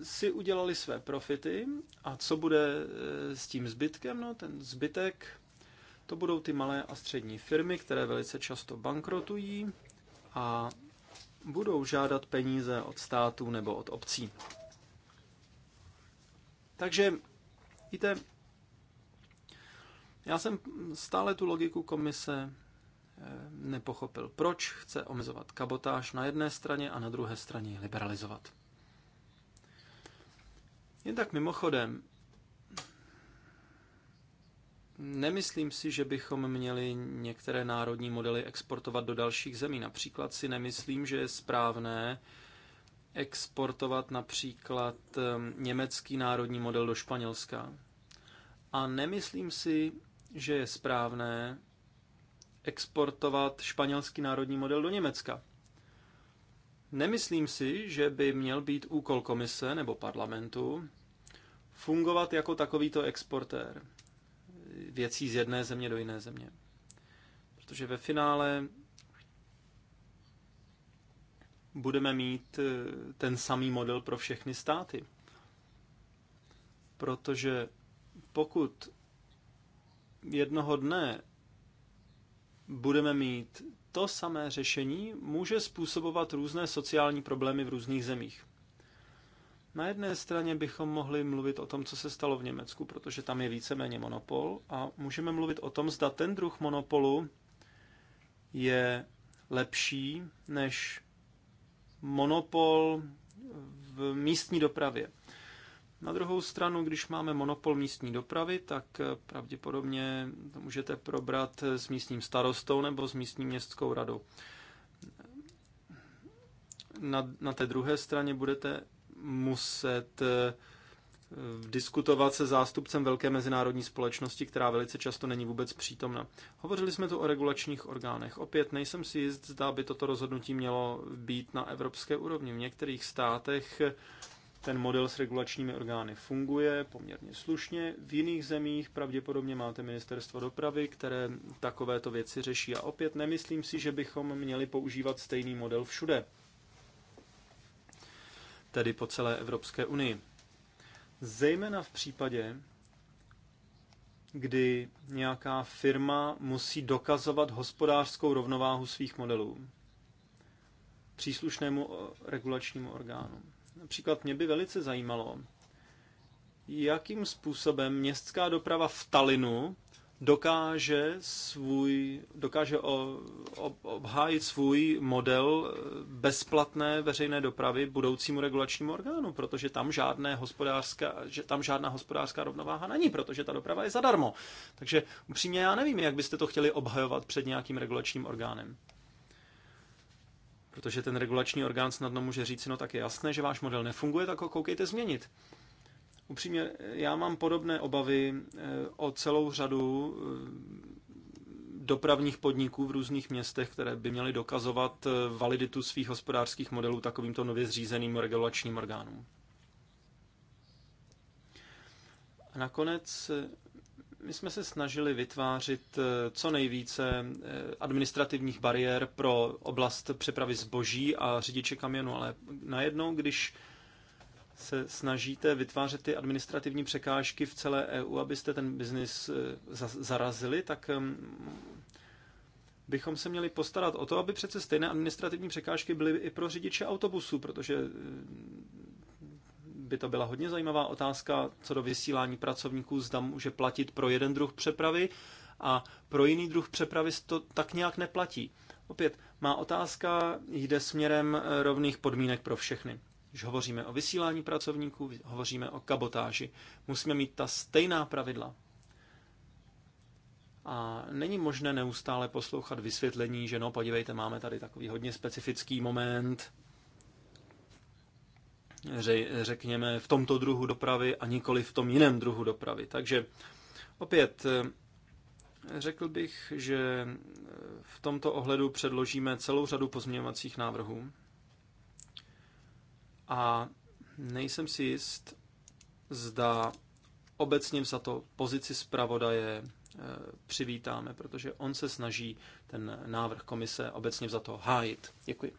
si udělali své profity a co bude s tím zbytkem? No, ten zbytek to budou ty malé a střední firmy, které velice často bankrotují a budou žádat peníze od států nebo od obcí. Takže, víte, já jsem stále tu logiku komise eh, nepochopil, proč chce omezovat kabotáž na jedné straně a na druhé straně liberalizovat. Jen tak mimochodem, Nemyslím si, že bychom měli některé národní modely exportovat do dalších zemí. Například si nemyslím, že je správné exportovat například ehm, německý národní model do Španělska. A nemyslím si, že je správné exportovat španělský národní model do Německa. Nemyslím si, že by měl být úkol komise nebo parlamentu fungovat jako takovýto exportér věcí z jedné země do jiné země. Protože ve finále budeme mít eh, ten samý model pro všechny státy. Protože pokud jednoho dne budeme mít to samé řešení, může způsobovat různé sociální problémy v různých zemích. Na jedné straně bychom mohli mluvit o tom, co se stalo v Německu, protože tam je víceméně monopol, a můžeme mluvit o tom, zda ten druh monopolu je lepší než monopol v místní dopravě. Na druhou stranu, když máme monopol místní dopravy, tak pravděpodobně to můžete probrat s místním starostou nebo s místní městskou radou. Na, na té druhé straně budete muset eh, eh, diskutovat se zástupcem velké mezinárodní společnosti, která velice často není vůbec přítomna. Hovořili jsme tu o regulačních orgánech. Opět nejsem si jist, zda by toto rozhodnutí mělo být na evropské úrovni. V některých státech eh, ten model s regulačními orgány funguje poměrně slušně. V jiných zemích pravděpodobně máte ministerstvo dopravy, které takovéto věci řeší. A opět nemyslím si, že bychom měli používat stejný model všude tedy po celé Evropské unii. Zejména v případě, kdy nějaká firma musí dokazovat hospodářskou rovnováhu svých modelů příslušnému eh, regulačnímu orgánu. Například mě by velice zajímalo, jakým způsobem městská doprava v Talinu dokáže, svůj, dokáže obhájit svůj model eh, bezplatné veřejné dopravy budoucímu regulačnímu orgánu, protože tam, žádné hospodářská, že tam žádná hospodářská rovnováha není, protože ta doprava je zadarmo. Takže upřímně já nevím, jak byste to chtěli obhajovat před nějakým regulačním orgánem. Protože ten regulační orgán snadno může říct, no tak je jasné, že váš model nefunguje, tak ho koukejte změnit. Upřímně, já mám podobné obavy eh, o celou řadu eh, dopravních podniků v různých městech, které by měly dokazovat eh, validitu svých hospodářských modelů takovýmto nově zřízeným regulačním orgánům. A nakonec my jsme se snažili vytvářit co nejvíce administrativních bariér pro oblast přepravy zboží a řidiče kamionu, ale najednou, když se snažíte vytvářet ty administrativní překážky v celé EU, abyste ten biznis eh, zarazili, tak ehm, bychom se měli postarat o to, aby přece stejné administrativní překážky byly i pro řidiče autobusů, protože eh, by to byla hodně zajímavá otázka co do vysílání pracovníků, zda může platit pro jeden druh přepravy a pro jiný druh přepravy to tak nějak neplatí. Opět, má otázka jde směrem eh, rovných podmínek pro všechny. Když hovoříme o vysílání pracovníků, hovoříme o kabotáži. Musíme mít ta stejná pravidla. A není možné neustále poslouchat vysvětlení, že no, podívejte, máme tady takový hodně specifický moment, řekněme, v tomto druhu dopravy a nikoli v tom jiném druhu dopravy. Takže opět řekl bych, že v tomto ohledu předložíme celou řadu pozměňovacích návrhů a nejsem si jist, zda obecně za to pozici zpravodaje eh, přivítáme, protože on se snaží ten návrh komise obecně za to hájit. Děkuji.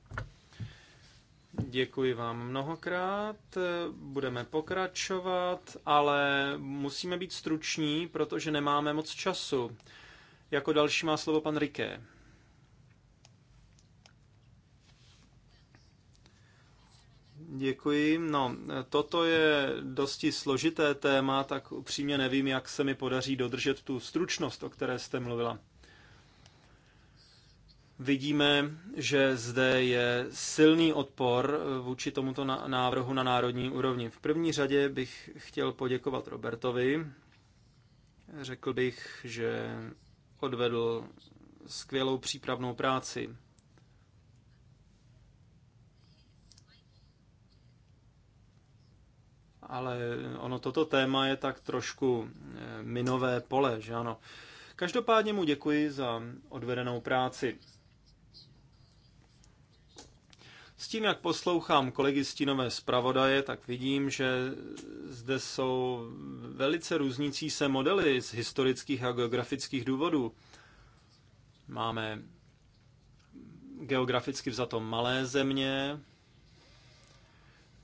Děkuji vám mnohokrát. Budeme pokračovat, ale musíme být struční, protože nemáme moc času. Jako další má slovo pan Riké. Děkuji. No, toto je dosti složité téma, tak upřímně nevím, jak se mi podaří dodržet tu stručnost, o které jste mluvila. Vidíme, že zde je silný odpor vůči tomuto návrhu na národní úrovni. V první řadě bych chtěl poděkovat Robertovi. Řekl bych, že odvedl skvělou přípravnou práci ale ono toto téma je tak trošku eh, minové pole, že ano. Každopádně mu děkuji za odvedenou práci. S tím, jak poslouchám kolegy stínové zpravodaje, tak vidím, že zde jsou velice různící se modely z historických a geografických důvodů. Máme geograficky vzato malé země,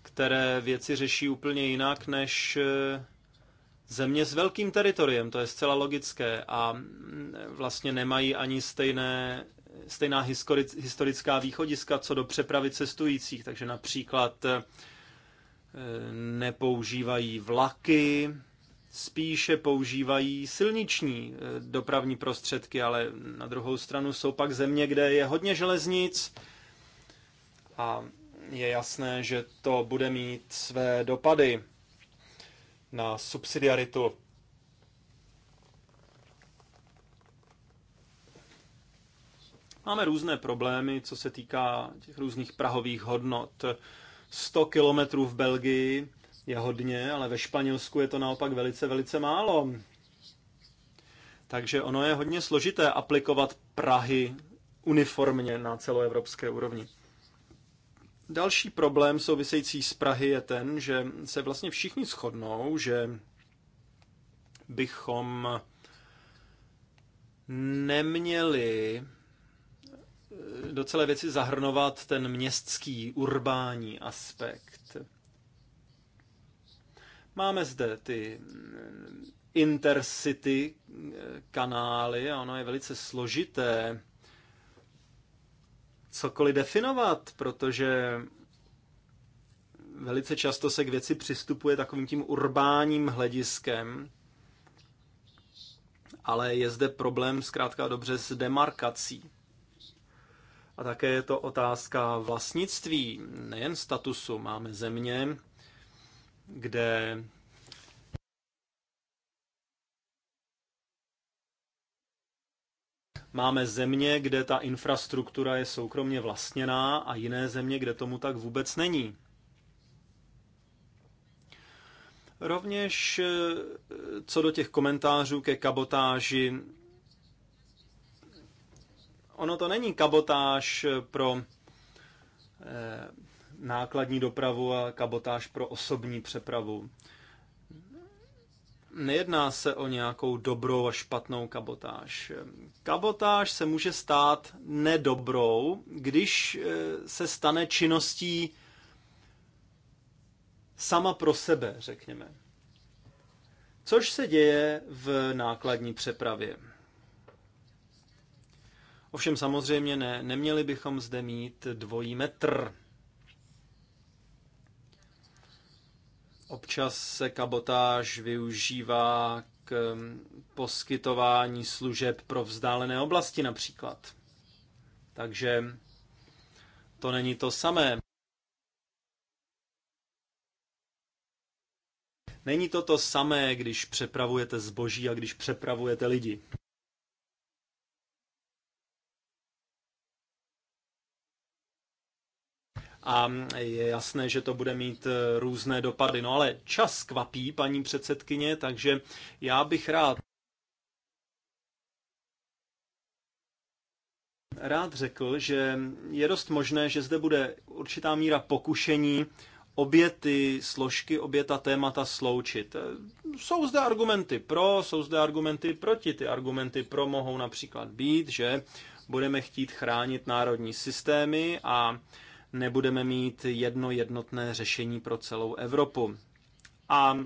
které věci řeší úplně jinak než eh, země s velkým teritoriem, to je zcela logické a mm, vlastně nemají ani stejné, stejná historická východiska co do přepravy cestujících, takže například eh, nepoužívají vlaky, spíše používají silniční eh, dopravní prostředky, ale na druhou stranu jsou pak země, kde je hodně železnic a je jasné, že to bude mít své dopady na subsidiaritu. Máme různé problémy, co se týká těch různých prahových hodnot. 100 kilometrů v Belgii je hodně, ale ve Španělsku je to naopak velice, velice málo. Takže ono je hodně složité aplikovat Prahy uniformně na celoevropské úrovni. Další problém související s Prahy je ten, že se vlastně všichni shodnou, že bychom neměli eh, do celé věci zahrnovat ten městský, urbání aspekt. Máme zde ty eh, intercity eh, kanály a ono je velice složité cokoliv definovat, protože velice často se k věci přistupuje takovým tím urbáním hlediskem, ale je zde problém zkrátka dobře s demarkací. A také je to otázka vlastnictví, nejen statusu. Máme země, kde Máme země, kde ta infrastruktura je soukromně vlastněná a jiné země, kde tomu tak vůbec není. Rovněž eh, co do těch komentářů ke kabotáži, ono to není kabotáž eh, pro eh, nákladní dopravu a kabotáž pro osobní přepravu. Nejedná se o nějakou dobrou a špatnou kabotáž. Kabotáž se může stát nedobrou, když eh, se stane činností sama pro sebe, řekněme. Což se děje v nákladní přepravě. Ovšem samozřejmě ne, neměli bychom zde mít dvojí metr. Občas se kabotáž využívá k mm, poskytování služeb pro vzdálené oblasti například. Takže to není to samé. Není to to samé, když přepravujete zboží a když přepravujete lidi. a je jasné, že to bude mít eh, různé dopady. No ale čas kvapí, paní předsedkyně, takže já bych rád rád řekl, že je dost možné, že zde bude určitá míra pokušení obě ty složky, obě ta témata sloučit. Eh, jsou zde argumenty pro, jsou zde argumenty proti. Ty argumenty pro mohou například být, že budeme chtít chránit národní systémy a nebudeme mít jedno jednotné řešení pro celou Evropu. A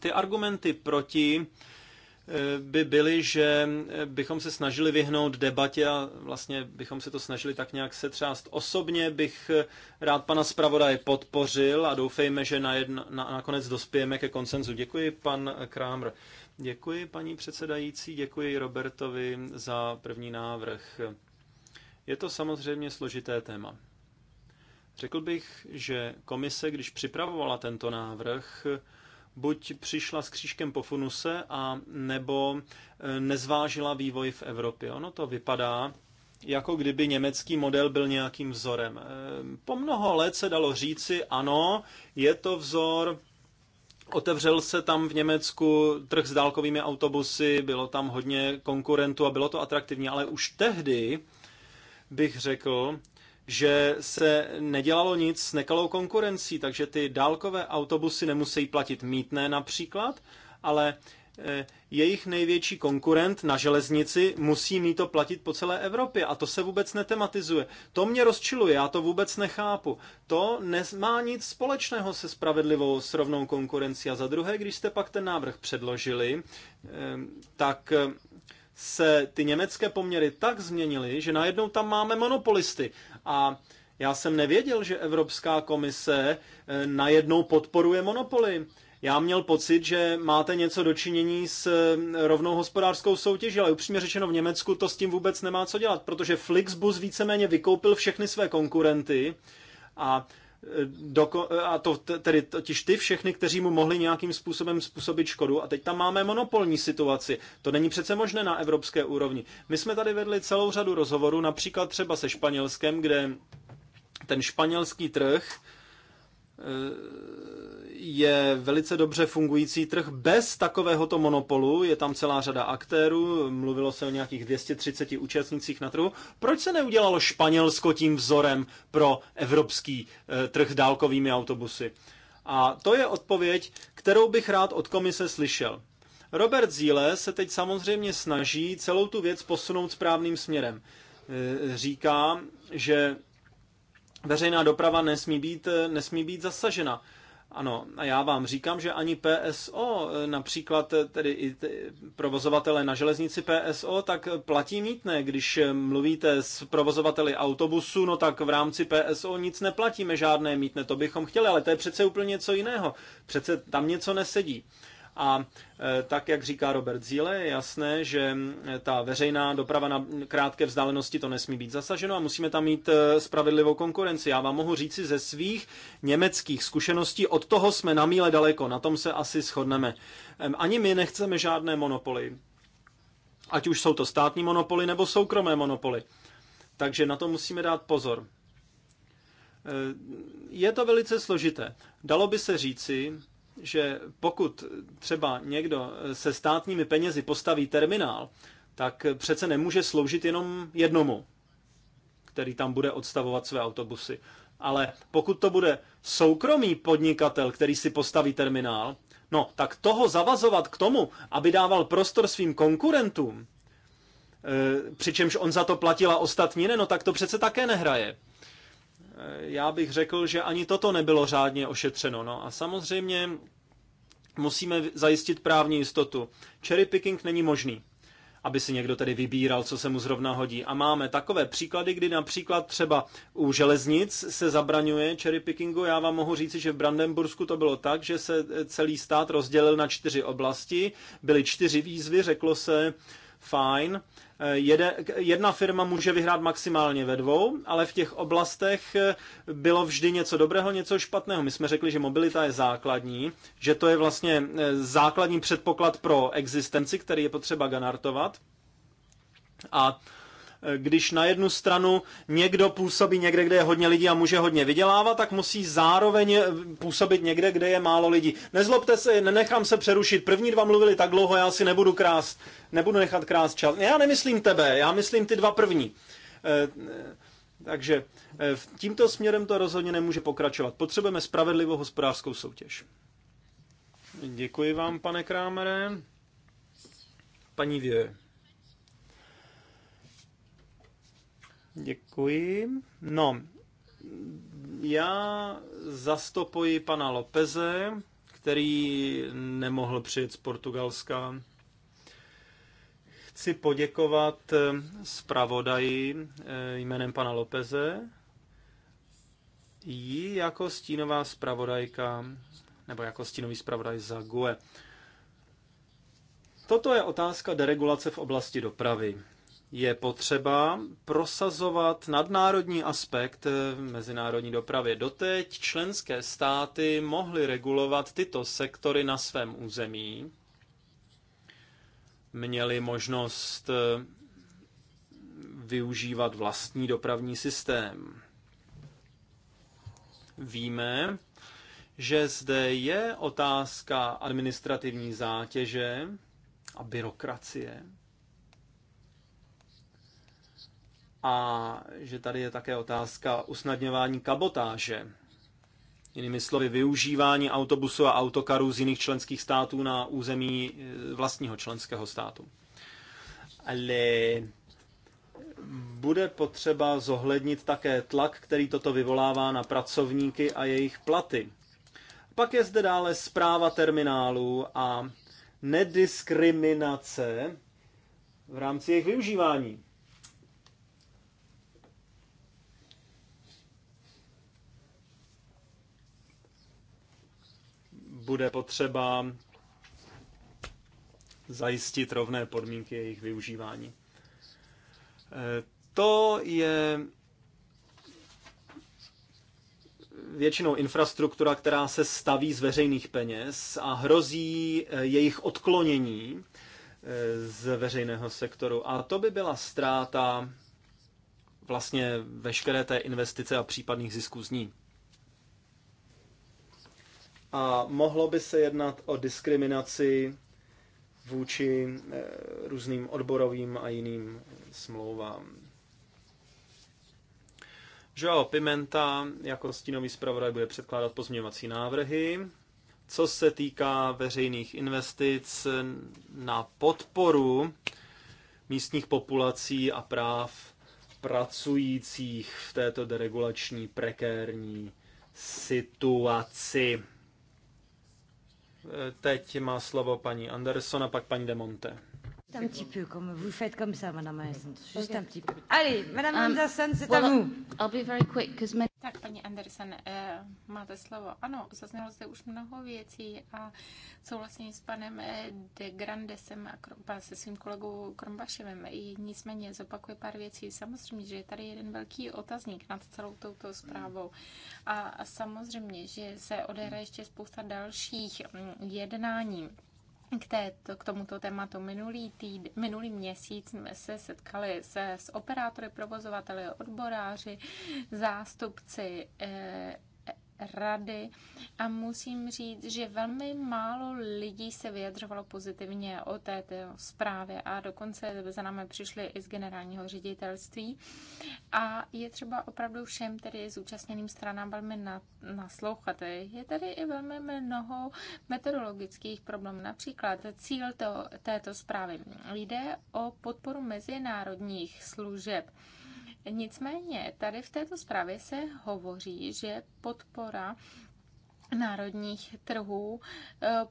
ty argumenty proti eh, by byly, že eh, bychom se snažili vyhnout debatě a vlastně bychom se to snažili tak nějak setřást. Osobně bych eh, rád pana zpravodaje podpořil a doufejme, že na jedna, na, nakonec dospějeme ke konsenzu. Děkuji, pan Krámr. Děkuji, paní předsedající, děkuji Robertovi za první návrh. Je to samozřejmě složité téma. Řekl bych, že komise, když připravovala tento návrh, buď přišla s křížkem po funuse a nebo e, nezvážila vývoj v Evropě. Ono to vypadá, jako kdyby německý model byl nějakým vzorem. E, po mnoho let se dalo říci, ano, je to vzor, Otevřel se tam v Německu trh s dálkovými autobusy, bylo tam hodně konkurentů a bylo to atraktivní, ale už tehdy bych řekl, že se nedělalo nic s nekalou konkurencí, takže ty dálkové autobusy nemusí platit mítné například, ale e, jejich největší konkurent na železnici musí mít to platit po celé Evropě a to se vůbec netematizuje. To mě rozčiluje, já to vůbec nechápu. To nemá nic společného se spravedlivou srovnou konkurencí. A za druhé, když jste pak ten návrh předložili, e, tak e, se ty německé poměry tak změnily, že najednou tam máme monopolisty. A já jsem nevěděl, že Evropská komise eh, najednou podporuje monopoly. Já měl pocit, že máte něco dočinění s eh, rovnou hospodářskou soutěží, ale upřímně řečeno v Německu to s tím vůbec nemá co dělat, protože Flixbus víceméně vykoupil všechny své konkurenty a Doko- a to tedy totiž ty všechny, kteří mu mohli nějakým způsobem způsobit škodu. A teď tam máme monopolní situaci. To není přece možné na evropské úrovni. My jsme tady vedli celou řadu rozhovorů, například třeba se Španělskem, kde ten španělský trh je velice dobře fungující trh bez takovéhoto monopolu. Je tam celá řada aktérů, mluvilo se o nějakých 230 účastnících na trhu. Proč se neudělalo Španělsko tím vzorem pro evropský eh, trh dálkovými autobusy? A to je odpověď, kterou bych rád od komise slyšel. Robert Zíle se teď samozřejmě snaží celou tu věc posunout správným směrem. Eh, říká, že veřejná doprava nesmí být, eh, nesmí být zasažena. Ano, a já vám říkám, že ani PSO, e, například e, tedy i provozovatele na železnici PSO, tak platí mítné. Když e, mluvíte s provozovateli autobusu, no tak v rámci PSO nic neplatíme, žádné mítné, to bychom chtěli, ale to je přece úplně něco jiného. Přece tam něco nesedí. A e, tak, jak říká Robert Zíle, je jasné, že e, ta veřejná doprava na krátké vzdálenosti to nesmí být zasaženo a musíme tam mít e, spravedlivou konkurenci. Já vám mohu říci ze svých německých zkušeností, od toho jsme na míle daleko, na tom se asi shodneme. Ani my nechceme žádné monopoly, ať už jsou to státní monopoly nebo soukromé monopoly. Takže na to musíme dát pozor. Je to velice složité. Dalo by se říci, že pokud třeba někdo se státními penězi postaví terminál, tak přece nemůže sloužit jenom jednomu, který tam bude odstavovat své autobusy. Ale pokud to bude soukromý podnikatel, který si postaví terminál, no tak toho zavazovat k tomu, aby dával prostor svým konkurentům, eh, přičemž on za to platila ostatní ne, no tak to přece také nehraje. Eh, já bych řekl, že ani toto nebylo řádně ošetřeno. No a samozřejmě musíme zajistit právní jistotu. Cherry picking není možný aby si někdo tedy vybíral, co se mu zrovna hodí. A máme takové příklady, kdy například třeba u železnic se zabraňuje cherry pickingu. Já vám mohu říci, že v Brandenbursku to bylo tak, že se eh, celý stát rozdělil na čtyři oblasti. Byly čtyři výzvy, řeklo se, fajn. Eh, jedna firma může vyhrát maximálně ve dvou, ale v těch oblastech eh, bylo vždy něco dobrého, něco špatného. My jsme řekli, že mobilita je základní, že to je vlastně eh, základní předpoklad pro existenci, který je potřeba ganartovat. A když na jednu stranu někdo působí někde, kde je hodně lidí a může hodně vydělávat, tak musí zároveň eh, působit někde, kde je málo lidí. Nezlobte se, nenechám se přerušit. První dva mluvili tak dlouho, já si nebudu krást, nebudu nechat krást čas. Já nemyslím tebe, já myslím ty dva první. Eh, eh, takže tímto směrem to rozhodně nemůže pokračovat. Potřebujeme spravedlivou hospodářskou soutěž. Děkuji vám, pane Krámere. Paní Vě. Děkuji. No, já zastopuji pana Lopeze, který nemohl přijet z Portugalska. Chci poděkovat eh, zpravodaji eh, jménem pana Lopeze. Jí jako stínová zpravodajka, nebo jako stínový zpravodaj za GUE. Toto je otázka deregulace v oblasti dopravy je potřeba prosazovat nadnárodní aspekt mezinárodní dopravy. Doteď členské státy mohly regulovat tyto sektory na svém území, měli možnost eh, využívat vlastní dopravní systém. Víme, že zde je otázka administrativní zátěže a byrokracie, a že tady je také otázka usnadňování kabotáže. Jinými slovy, využívání autobusu a autokarů z jiných členských států na území eh, vlastního členského státu. Ale bude potřeba zohlednit také tlak, který toto vyvolává na pracovníky a jejich platy. Pak je zde dále zpráva terminálu a nediskriminace v rámci jejich využívání. bude potřeba zajistit rovné podmínky jejich využívání. E, to je většinou infrastruktura, která se staví z veřejných peněz a hrozí e, jejich odklonění e, z veřejného sektoru. A to by byla ztráta vlastně veškeré té investice a případných zisků z ní a mohlo by se jednat o diskriminaci vůči eh, různým odborovým a jiným smlouvám. Joao Pimenta jako stínový zpravodaj bude předkládat pozměňovací návrhy. Co se týká veřejných investic na podporu místních populací a práv pracujících v této deregulační prekérní situaci. Teď má slovo paní Anderson a pak paní Demonte. Juste Un petit peu, comme vous faites comme ça, Madame Anderson. Juste okay. un petit peu. Allez, Madame um, Anderson, c'est well, à vous. I'll be very quick, because my... Tak, paní Anderson, eh, máte slovo. Ano, zaznělo zde už mnoho věcí a souhlasím s panem eh, de Grandesem a Kromba, se svým kolegou Krombaševem. I nicméně zopakuje pár věcí. Samozřejmě, že je tady jeden velký otazník nad celou touto zprávou. A, a samozřejmě, že se odehraje ještě spousta dalších mm, jednání k, této, k tomuto tématu. Minulý, týd, minulý měsíc jsme se setkali se s operátory, provozovateli, odboráři, zástupci e, rady a musím říct, že velmi málo lidí se vyjadřovalo pozitivně o této zprávě a dokonce za námi přišli i z generálního ředitelství. A je třeba opravdu všem tedy zúčastněným stranám velmi naslouchat. Je tady i velmi mnoho metodologických problémů. Například cíl to, této zprávy. Jde o podporu mezinárodních služeb. Nicméně tady v této zprávě se hovoří, že podpora národních trhů eh,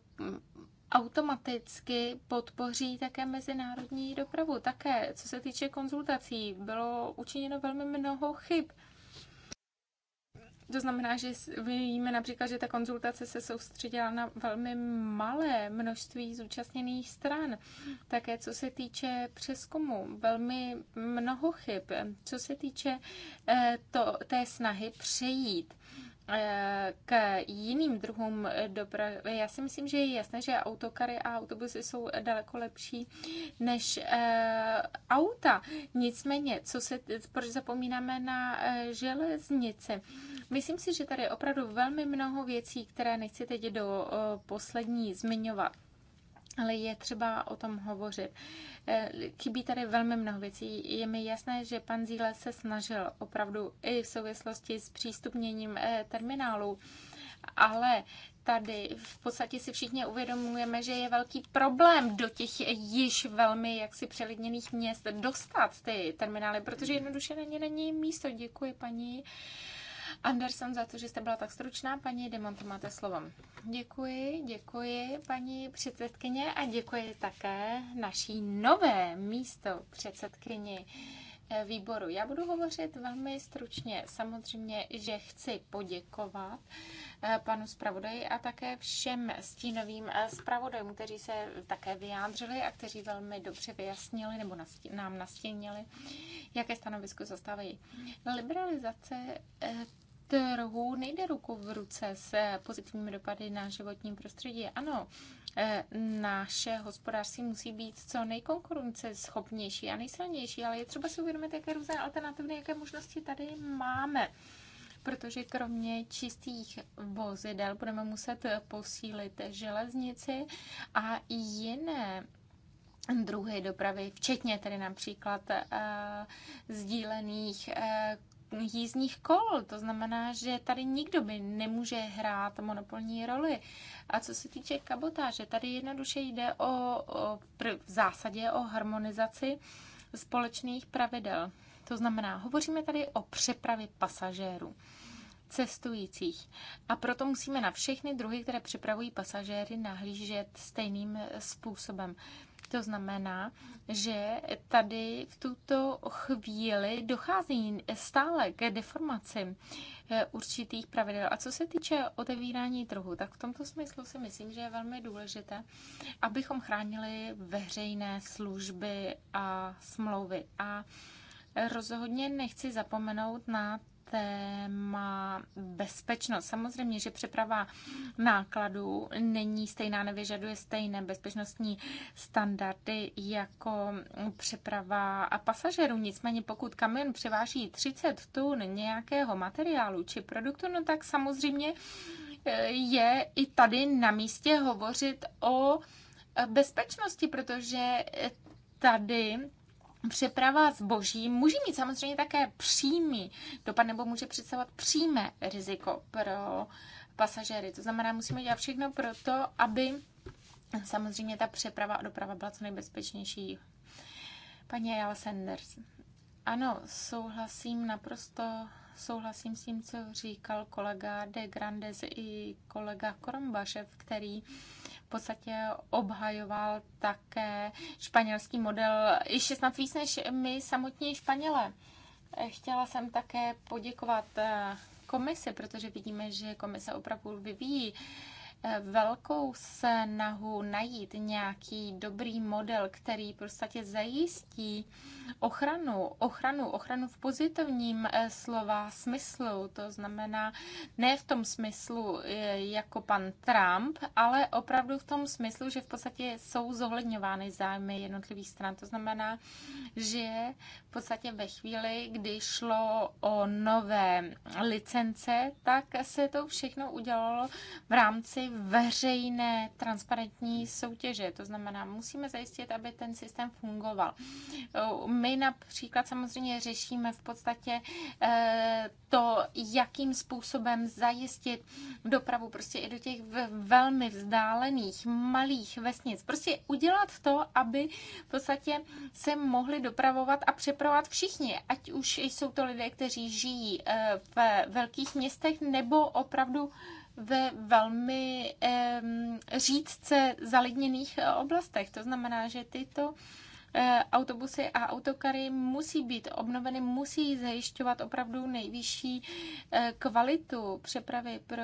automaticky podpoří také mezinárodní dopravu. Také, co se týče konzultací, bylo učiněno velmi mnoho chyb. To znamená, že víme například, že ta konzultace se soustředila na velmi malé množství zúčastněných stran. Také co se týče přeskumu, velmi mnoho chyb. Co se týče eh, to, té snahy přejít E, k jiným druhům dopravy. Já si myslím, že je jasné, že autokary a autobusy jsou daleko lepší než e, auta. Nicméně, co se, proč zapomínáme na e, železnice? Myslím si, že tady je opravdu velmi mnoho věcí, které nechci teď do poslední zmiňovat ale je třeba o tom hovořit. Eh, chybí tady velmi mnoho věcí. Je mi jasné, že pan Zíle se snažil opravdu i v souvislosti s přístupněním eh, terminálu, ale tady v podstatě si všichni uvědomujeme, že je velký problém do těch již velmi jaksi přelidněných měst dostat ty terminály, protože jednoduše na ně není místo. Děkuji paní Anderson za to, že jste byla tak stručná. Paní Demont, máte slovo. Děkuji, děkuji paní předsedkyně a děkuji také naší nové místo předsedkyni eh, výboru. Já budu hovořit velmi stručně. Samozřejmě, že chci poděkovat eh, panu zpravodaji a také všem stínovým eh, zpravodajům, kteří se také vyjádřili a kteří velmi dobře vyjasnili nebo nám nastínili, jaké stanovisko zastávají. Liberalizace trhu nejde ruku v ruce s eh, pozitivními dopady na životní prostředí. Ano, eh, naše hospodářství musí být co schopnější a nejsilnější, ale je třeba si uvědomit, jaké různé alternativy, jaké možnosti tady máme protože kromě čistých vozidel budeme muset posílit železnici a jiné druhy dopravy, včetně tedy například uh, sdílených uh, jízdních kol. To znamená, že tady nikdo by nemůže hrát monopolní roli. A co se týče kabotáže, tady jednoduše jde o, o pr- v zásadě o harmonizaci společných pravidel. To znamená, hovoříme tady o přepravě pasažérů cestujících. A proto musíme na všechny druhy, které připravují pasažéry, nahlížet stejným způsobem. To znamená, že tady v tuto chvíli dochází stále k deformaci eh, určitých pravidel. A co se týče otevírání trhu, tak v tomto smyslu si myslím, že je velmi důležité, abychom chránili veřejné služby a smlouvy. A rozhodně nechci zapomenout na téma bezpečnost. Samozřejmě, že přeprava nákladů není stejná, nevyžaduje stejné bezpečnostní standardy jako přeprava a pasažerů. Nicméně, pokud kamion převáží 30 tun nějakého materiálu či produktu, no tak samozřejmě eh, je i tady na místě hovořit o bezpečnosti, protože tady Přeprava zboží může mít samozřejmě také přímý dopad nebo může představovat přímé riziko pro pasažéry. To znamená, musíme dělat všechno pro to, aby samozřejmě ta přeprava a doprava byla co nejbezpečnější. Paní Ayala Sanders. Ano, souhlasím naprosto, souhlasím s tím, co říkal kolega De Grandes i kolega Korombašev, který v podstatě obhajoval také španělský model i 16 víc než my samotní Španělé. Chtěla jsem také poděkovat eh, komisi, protože vidíme, že komise opravdu vyvíjí velkou snahu najít nějaký dobrý model, který v podstatě zajistí ochranu, ochranu, ochranu v pozitivním eh, slova smyslu, to znamená ne v tom smyslu eh, jako pan Trump, ale opravdu v tom smyslu, že v podstatě jsou zohledňovány zájmy jednotlivých stran. To znamená, že v podstatě ve chvíli, kdy šlo o nové licence, tak se to všechno udělalo v rámci veřejné transparentní soutěže. To znamená, musíme zajistit, aby ten systém fungoval. My například samozřejmě řešíme v podstatě eh, to, jakým způsobem zajistit dopravu prostě i do těch velmi vzdálených, malých vesnic. Prostě udělat to, aby v podstatě se mohli dopravovat a přepravovat všichni, ať už jsou to lidé, kteří žijí eh, v velkých městech nebo opravdu ve velmi řídce zalidněných eh, oblastech. To znamená, že tyto eh, autobusy a autokary musí být obnoveny, musí zajišťovat opravdu nejvyšší eh, kvalitu přepravy pro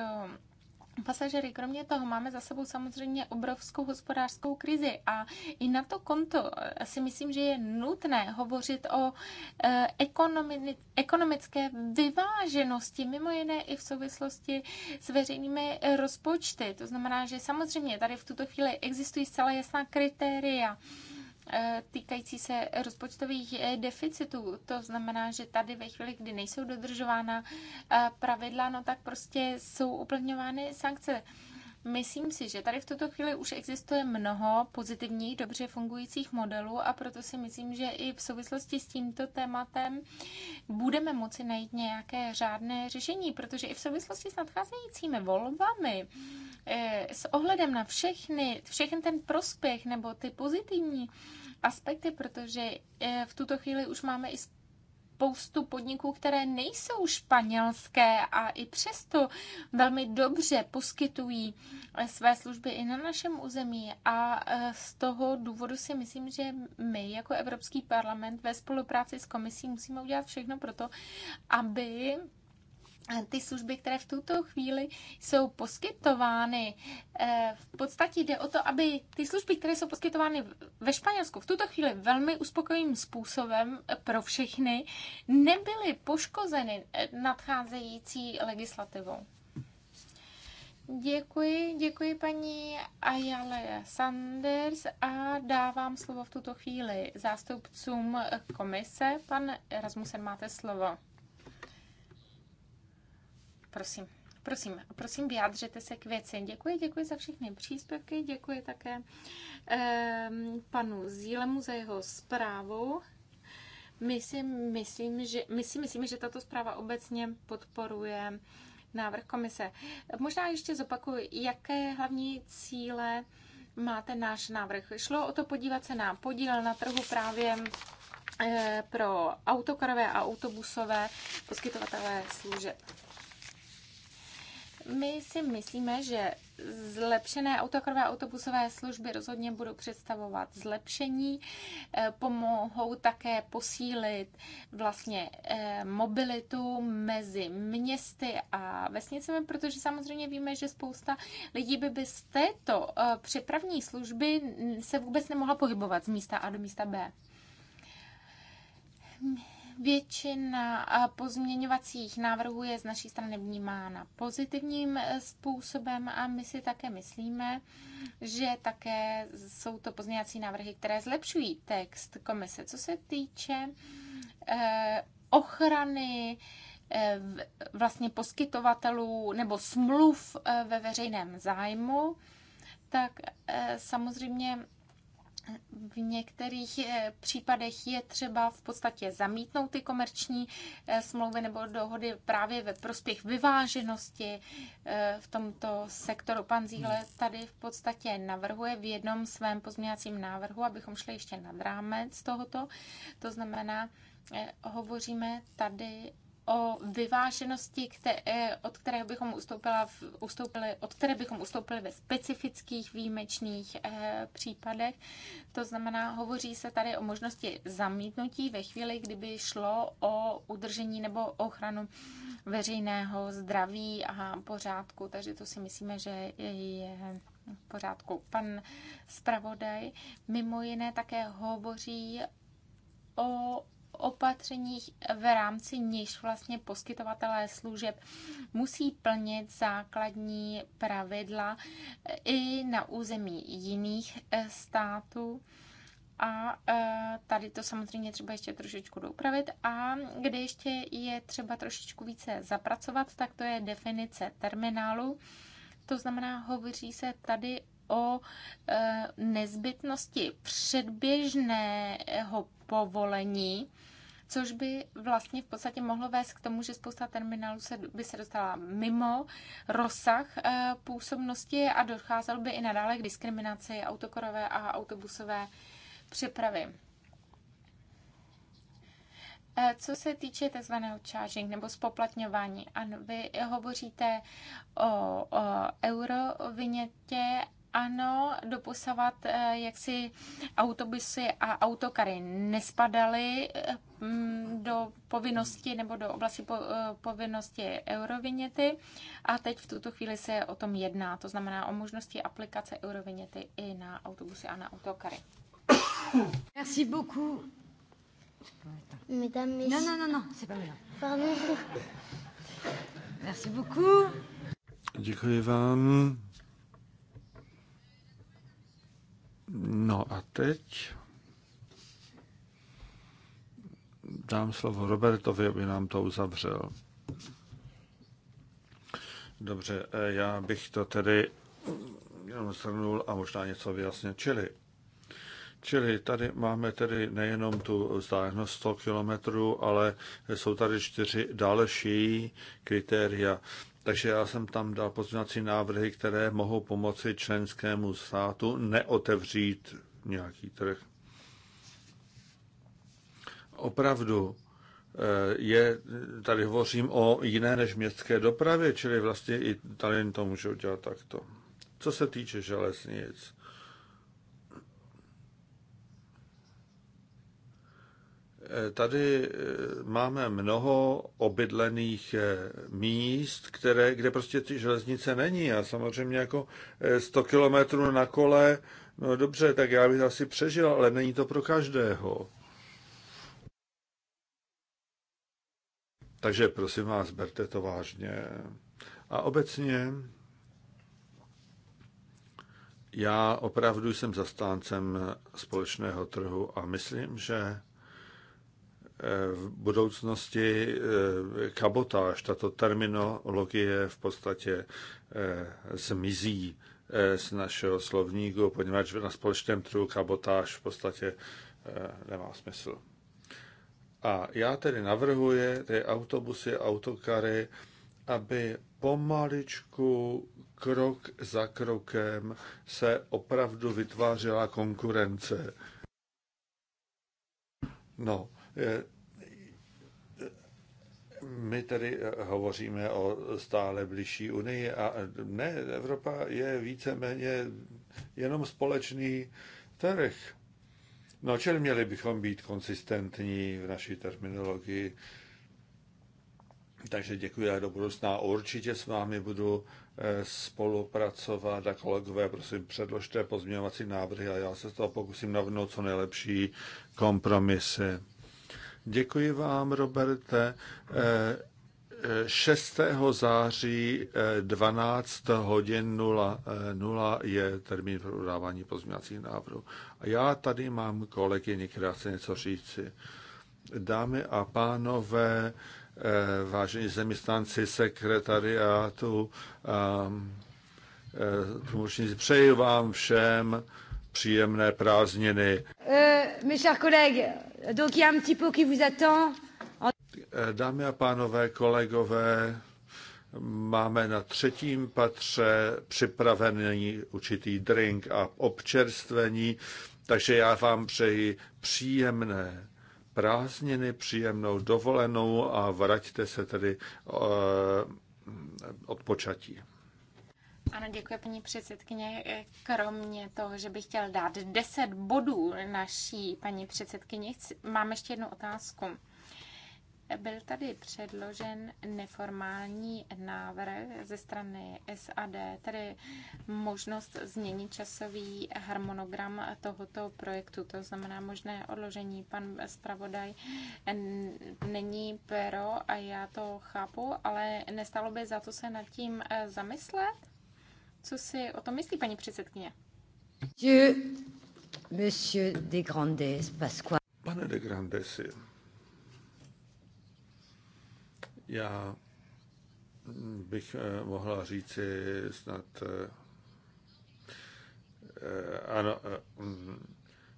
pasažery. Kromě toho máme za sebou samozřejmě obrovskou hospodářskou krizi a i na to konto si myslím, že je nutné hovořit o eh, ekonomické vyváženosti, mimo jiné i v souvislosti s veřejnými rozpočty. To znamená, že samozřejmě tady v tuto chvíli existují zcela jasná kritéria Eh, týkající se rozpočtových eh, deficitů. To znamená, že tady ve chvíli, kdy nejsou dodržována eh, pravidla, no tak prostě jsou uplatňovány sankce. Myslím si, že tady v tuto chvíli už existuje mnoho pozitivních, dobře fungujících modelů a proto si myslím, že i v souvislosti s tímto tématem budeme moci najít nějaké řádné řešení, protože i v souvislosti s nadcházejícími volbami, eh, s ohledem na všechny, všechen ten prospěch nebo ty pozitivní aspekty, protože eh, v tuto chvíli už máme i spoustu podniků, které nejsou španělské a i přesto velmi dobře poskytují eh, své služby i na našem území. A eh, z toho důvodu si myslím, že my jako Evropský parlament ve spolupráci s komisí musíme udělat všechno pro to, aby ty služby, které v tuto chvíli jsou poskytovány. Eh, v podstatě jde o to, aby ty služby, které jsou poskytovány ve Španělsku v tuto chvíli velmi uspokojivým způsobem pro všechny, nebyly poškozeny eh, nadcházející legislativou. Děkuji, děkuji paní Ayale Sanders a dávám slovo v tuto chvíli zástupcům komise. Pan Rasmussen, máte slovo. Prosím, prosím, prosím, vyjádřete se k věci. Děkuji, děkuji za všechny příspěvky, děkuji také eh, panu Zílemu za jeho zprávu. My si, myslím, že, my si myslíme, že tato zpráva obecně podporuje návrh komise. Možná ještě zopakuju, jaké hlavní cíle máte náš návrh. Šlo o to podívat se na podíl na trhu právě eh, pro autokarové a autobusové poskytovatelé služeb. My si myslíme, že zlepšené autokrové autobusové služby rozhodně budou představovat zlepšení, eh, pomohou také posílit eh, vlastně eh, mobilitu mezi městy a vesnicemi, protože samozřejmě víme, že spousta lidí by bez této přepravní služby se vůbec nemohla pohybovat z místa A do místa B Většina pozměňovacích návrhů je z naší strany vnímána pozitivním e, způsobem a my si také myslíme, že také jsou to pozměňovací návrhy, které zlepšují text komise. Co se týče e, ochrany e, vlastně poskytovatelů nebo smluv ve veřejném zájmu, tak samozřejmě v některých eh, případech je třeba v podstatě zamítnout ty komerční eh, smlouvy nebo dohody právě ve prospěch vyváženosti eh, v tomto sektoru. Pan Zíle tady v podstatě navrhuje v jednom svém pozměňovacím návrhu, abychom šli ještě nad rámec tohoto. To znamená, hovoříme tady o vyváženosti, které, od které bychom ustoupila v, ustoupili, od které bychom ustoupili ve specifických výjimečných eh, případech. To znamená, hovoří se tady o možnosti zamítnutí ve chvíli, kdyby šlo o udržení nebo ochranu veřejného zdraví a pořádku. Takže to si myslíme, že je v pořádku. Pan zpravodaj mimo jiné také hovoří o opatřeních, v rámci níž vlastně poskytovatelé služeb musí plnit základní pravidla i na území jiných eh, států. A eh, tady to samozřejmě třeba ještě trošičku doupravit. A kde ještě je třeba trošičku více zapracovat, tak to je definice terminálu. To znamená, hovoří se tady o eh, nezbytnosti předběžného povolení, což by vlastně v podstatě mohlo vést k tomu, že spousta terminálů se, by se dostala mimo rozsah eh, působnosti a docházelo by i nadále k diskriminaci autokorové a autobusové přepravy. Eh, co se týče tzv. charging nebo spoplatňování, ano, vy hovoříte o, o eurovinětě ano, doposavat eh, jaksi autobusy a autokary nespadaly eh, do povinnosti nebo do oblasti eh, povinnosti eurovinety a teď v tuto chvíli se o tom jedná, to znamená o možnosti aplikace eurovinety i na autobusy a na autokary. Merci beaucoup. Mesdames, messieurs. Non, non, non, non, c'est pas maintenant. Pardon. Merci beaucoup. Děkuji vám. No a teď dám slovo Robertovi, aby nám to uzavřel. Dobře, eh, já bych to tedy jenom zhrnul a možná něco vyjasnil. Čili, čili tady máme tedy nejenom tu vzdálenost 100 kilometrů, ale jsou tady čtyři další kritéria. Takže já jsem tam dal pozměňovací návrhy, které mohou pomoci členskému státu neotevřít nějaký trh. Opravdu eh, je, tady hovořím o jiné než městské dopravě, čili vlastně i Italien to může udělat takto. Co se týče železnic, Tady eh, máme mnoho obydlených eh, míst, které, kde prostě ty železnice není a samozřejmě jako 100 eh, kilometrů na kole, no dobře, tak já bych asi přežil, ale není to pro každého. Takže prosím vás, berte to vážně. A obecně já opravdu jsem zastáncem společného trhu a myslím, že v budoucnosti eh, kabotáž, tato terminologie v podstatě eh, zmizí eh, z našeho slovníku, poněvadž na společném trhu kabotáž v podstatě nemá smysl. A já tedy navrhuji ty autobusy, autokary, aby pomaličku, krok za krokem se opravdu vytvářela konkurence. No, my tedy eh, hovoříme o stále blížší unii a eh, ne, Evropa je víceméně jenom společný trh. No, čili měli bychom být konsistentní v naší terminologii. Takže děkuji a do budoucna určitě s vámi budu eh, spolupracovat a kolegové, prosím, předložte pozměňovací návrhy a já se z toho pokusím navrhnout co nejlepší kompromisy. Děkuji vám, Roberte. 6. Eh, eh, září 12 eh, hodin 0, 0 je termín pro udávání pozměňovacích návrhů. A já tady mám kolegy, některé chce něco říci. Dámy a pánové, vážení zeměstnanci sekretariátu, ehm, tlumočníci, přeji vám všem příjemné prázdniny. Uh, mes chers collègues, Eh, dámy a pánové, kolegové, máme na třetím patře připravený určitý drink a občerstvení, takže já vám přeji příjemné prázdniny, příjemnou dovolenou a vraťte se tedy eh, odpočatí. Ano, děkuji paní předsedkyně. Kromě toho, že bych chtěl dát 10 bodů naší paní předsedkyně, mám ještě jednu otázku. Byl tady předložen neformální návrh ze strany SAD, tedy možnost změnit časový harmonogram tohoto projektu, to znamená možné odložení. Pan zpravodaj není pero a já to chápu, ale nestalo by za to se nad tím zamyslet? Co si o tom myslí paní předsedkyně? Dieu, monsieur de Grandes, Pasqua. Pane de Grandesi, já bych eh, mohla říci snad eh, eh, ano, mm,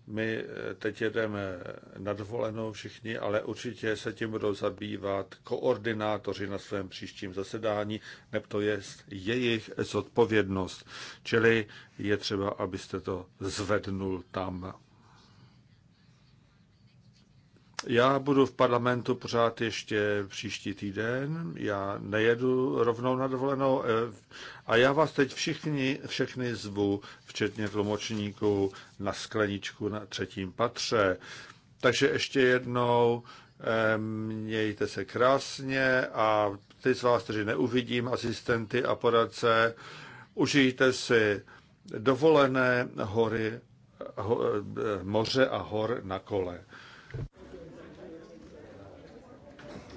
my eh, teď jedeme na dovolenou všichni, ale určitě se tím budou zabývat koordinátoři na svém příštím zasedání, neb to je jejich zodpovědnost. Čili je třeba, abyste to zvednul tam. Já budu v parlamentu pořád ještě příští týden. Já nejedu rovnou na dovolenou. Eh, a já vás teď všichni, všechny zvu, včetně tlumočníků, na skleničku na třetím patře. Takže ještě jednou eh, mějte se krásně a ty z vás, kteří neuvidím, asistenty a poradce, užijte si dovolené hory, ho, eh, moře a hor na kole.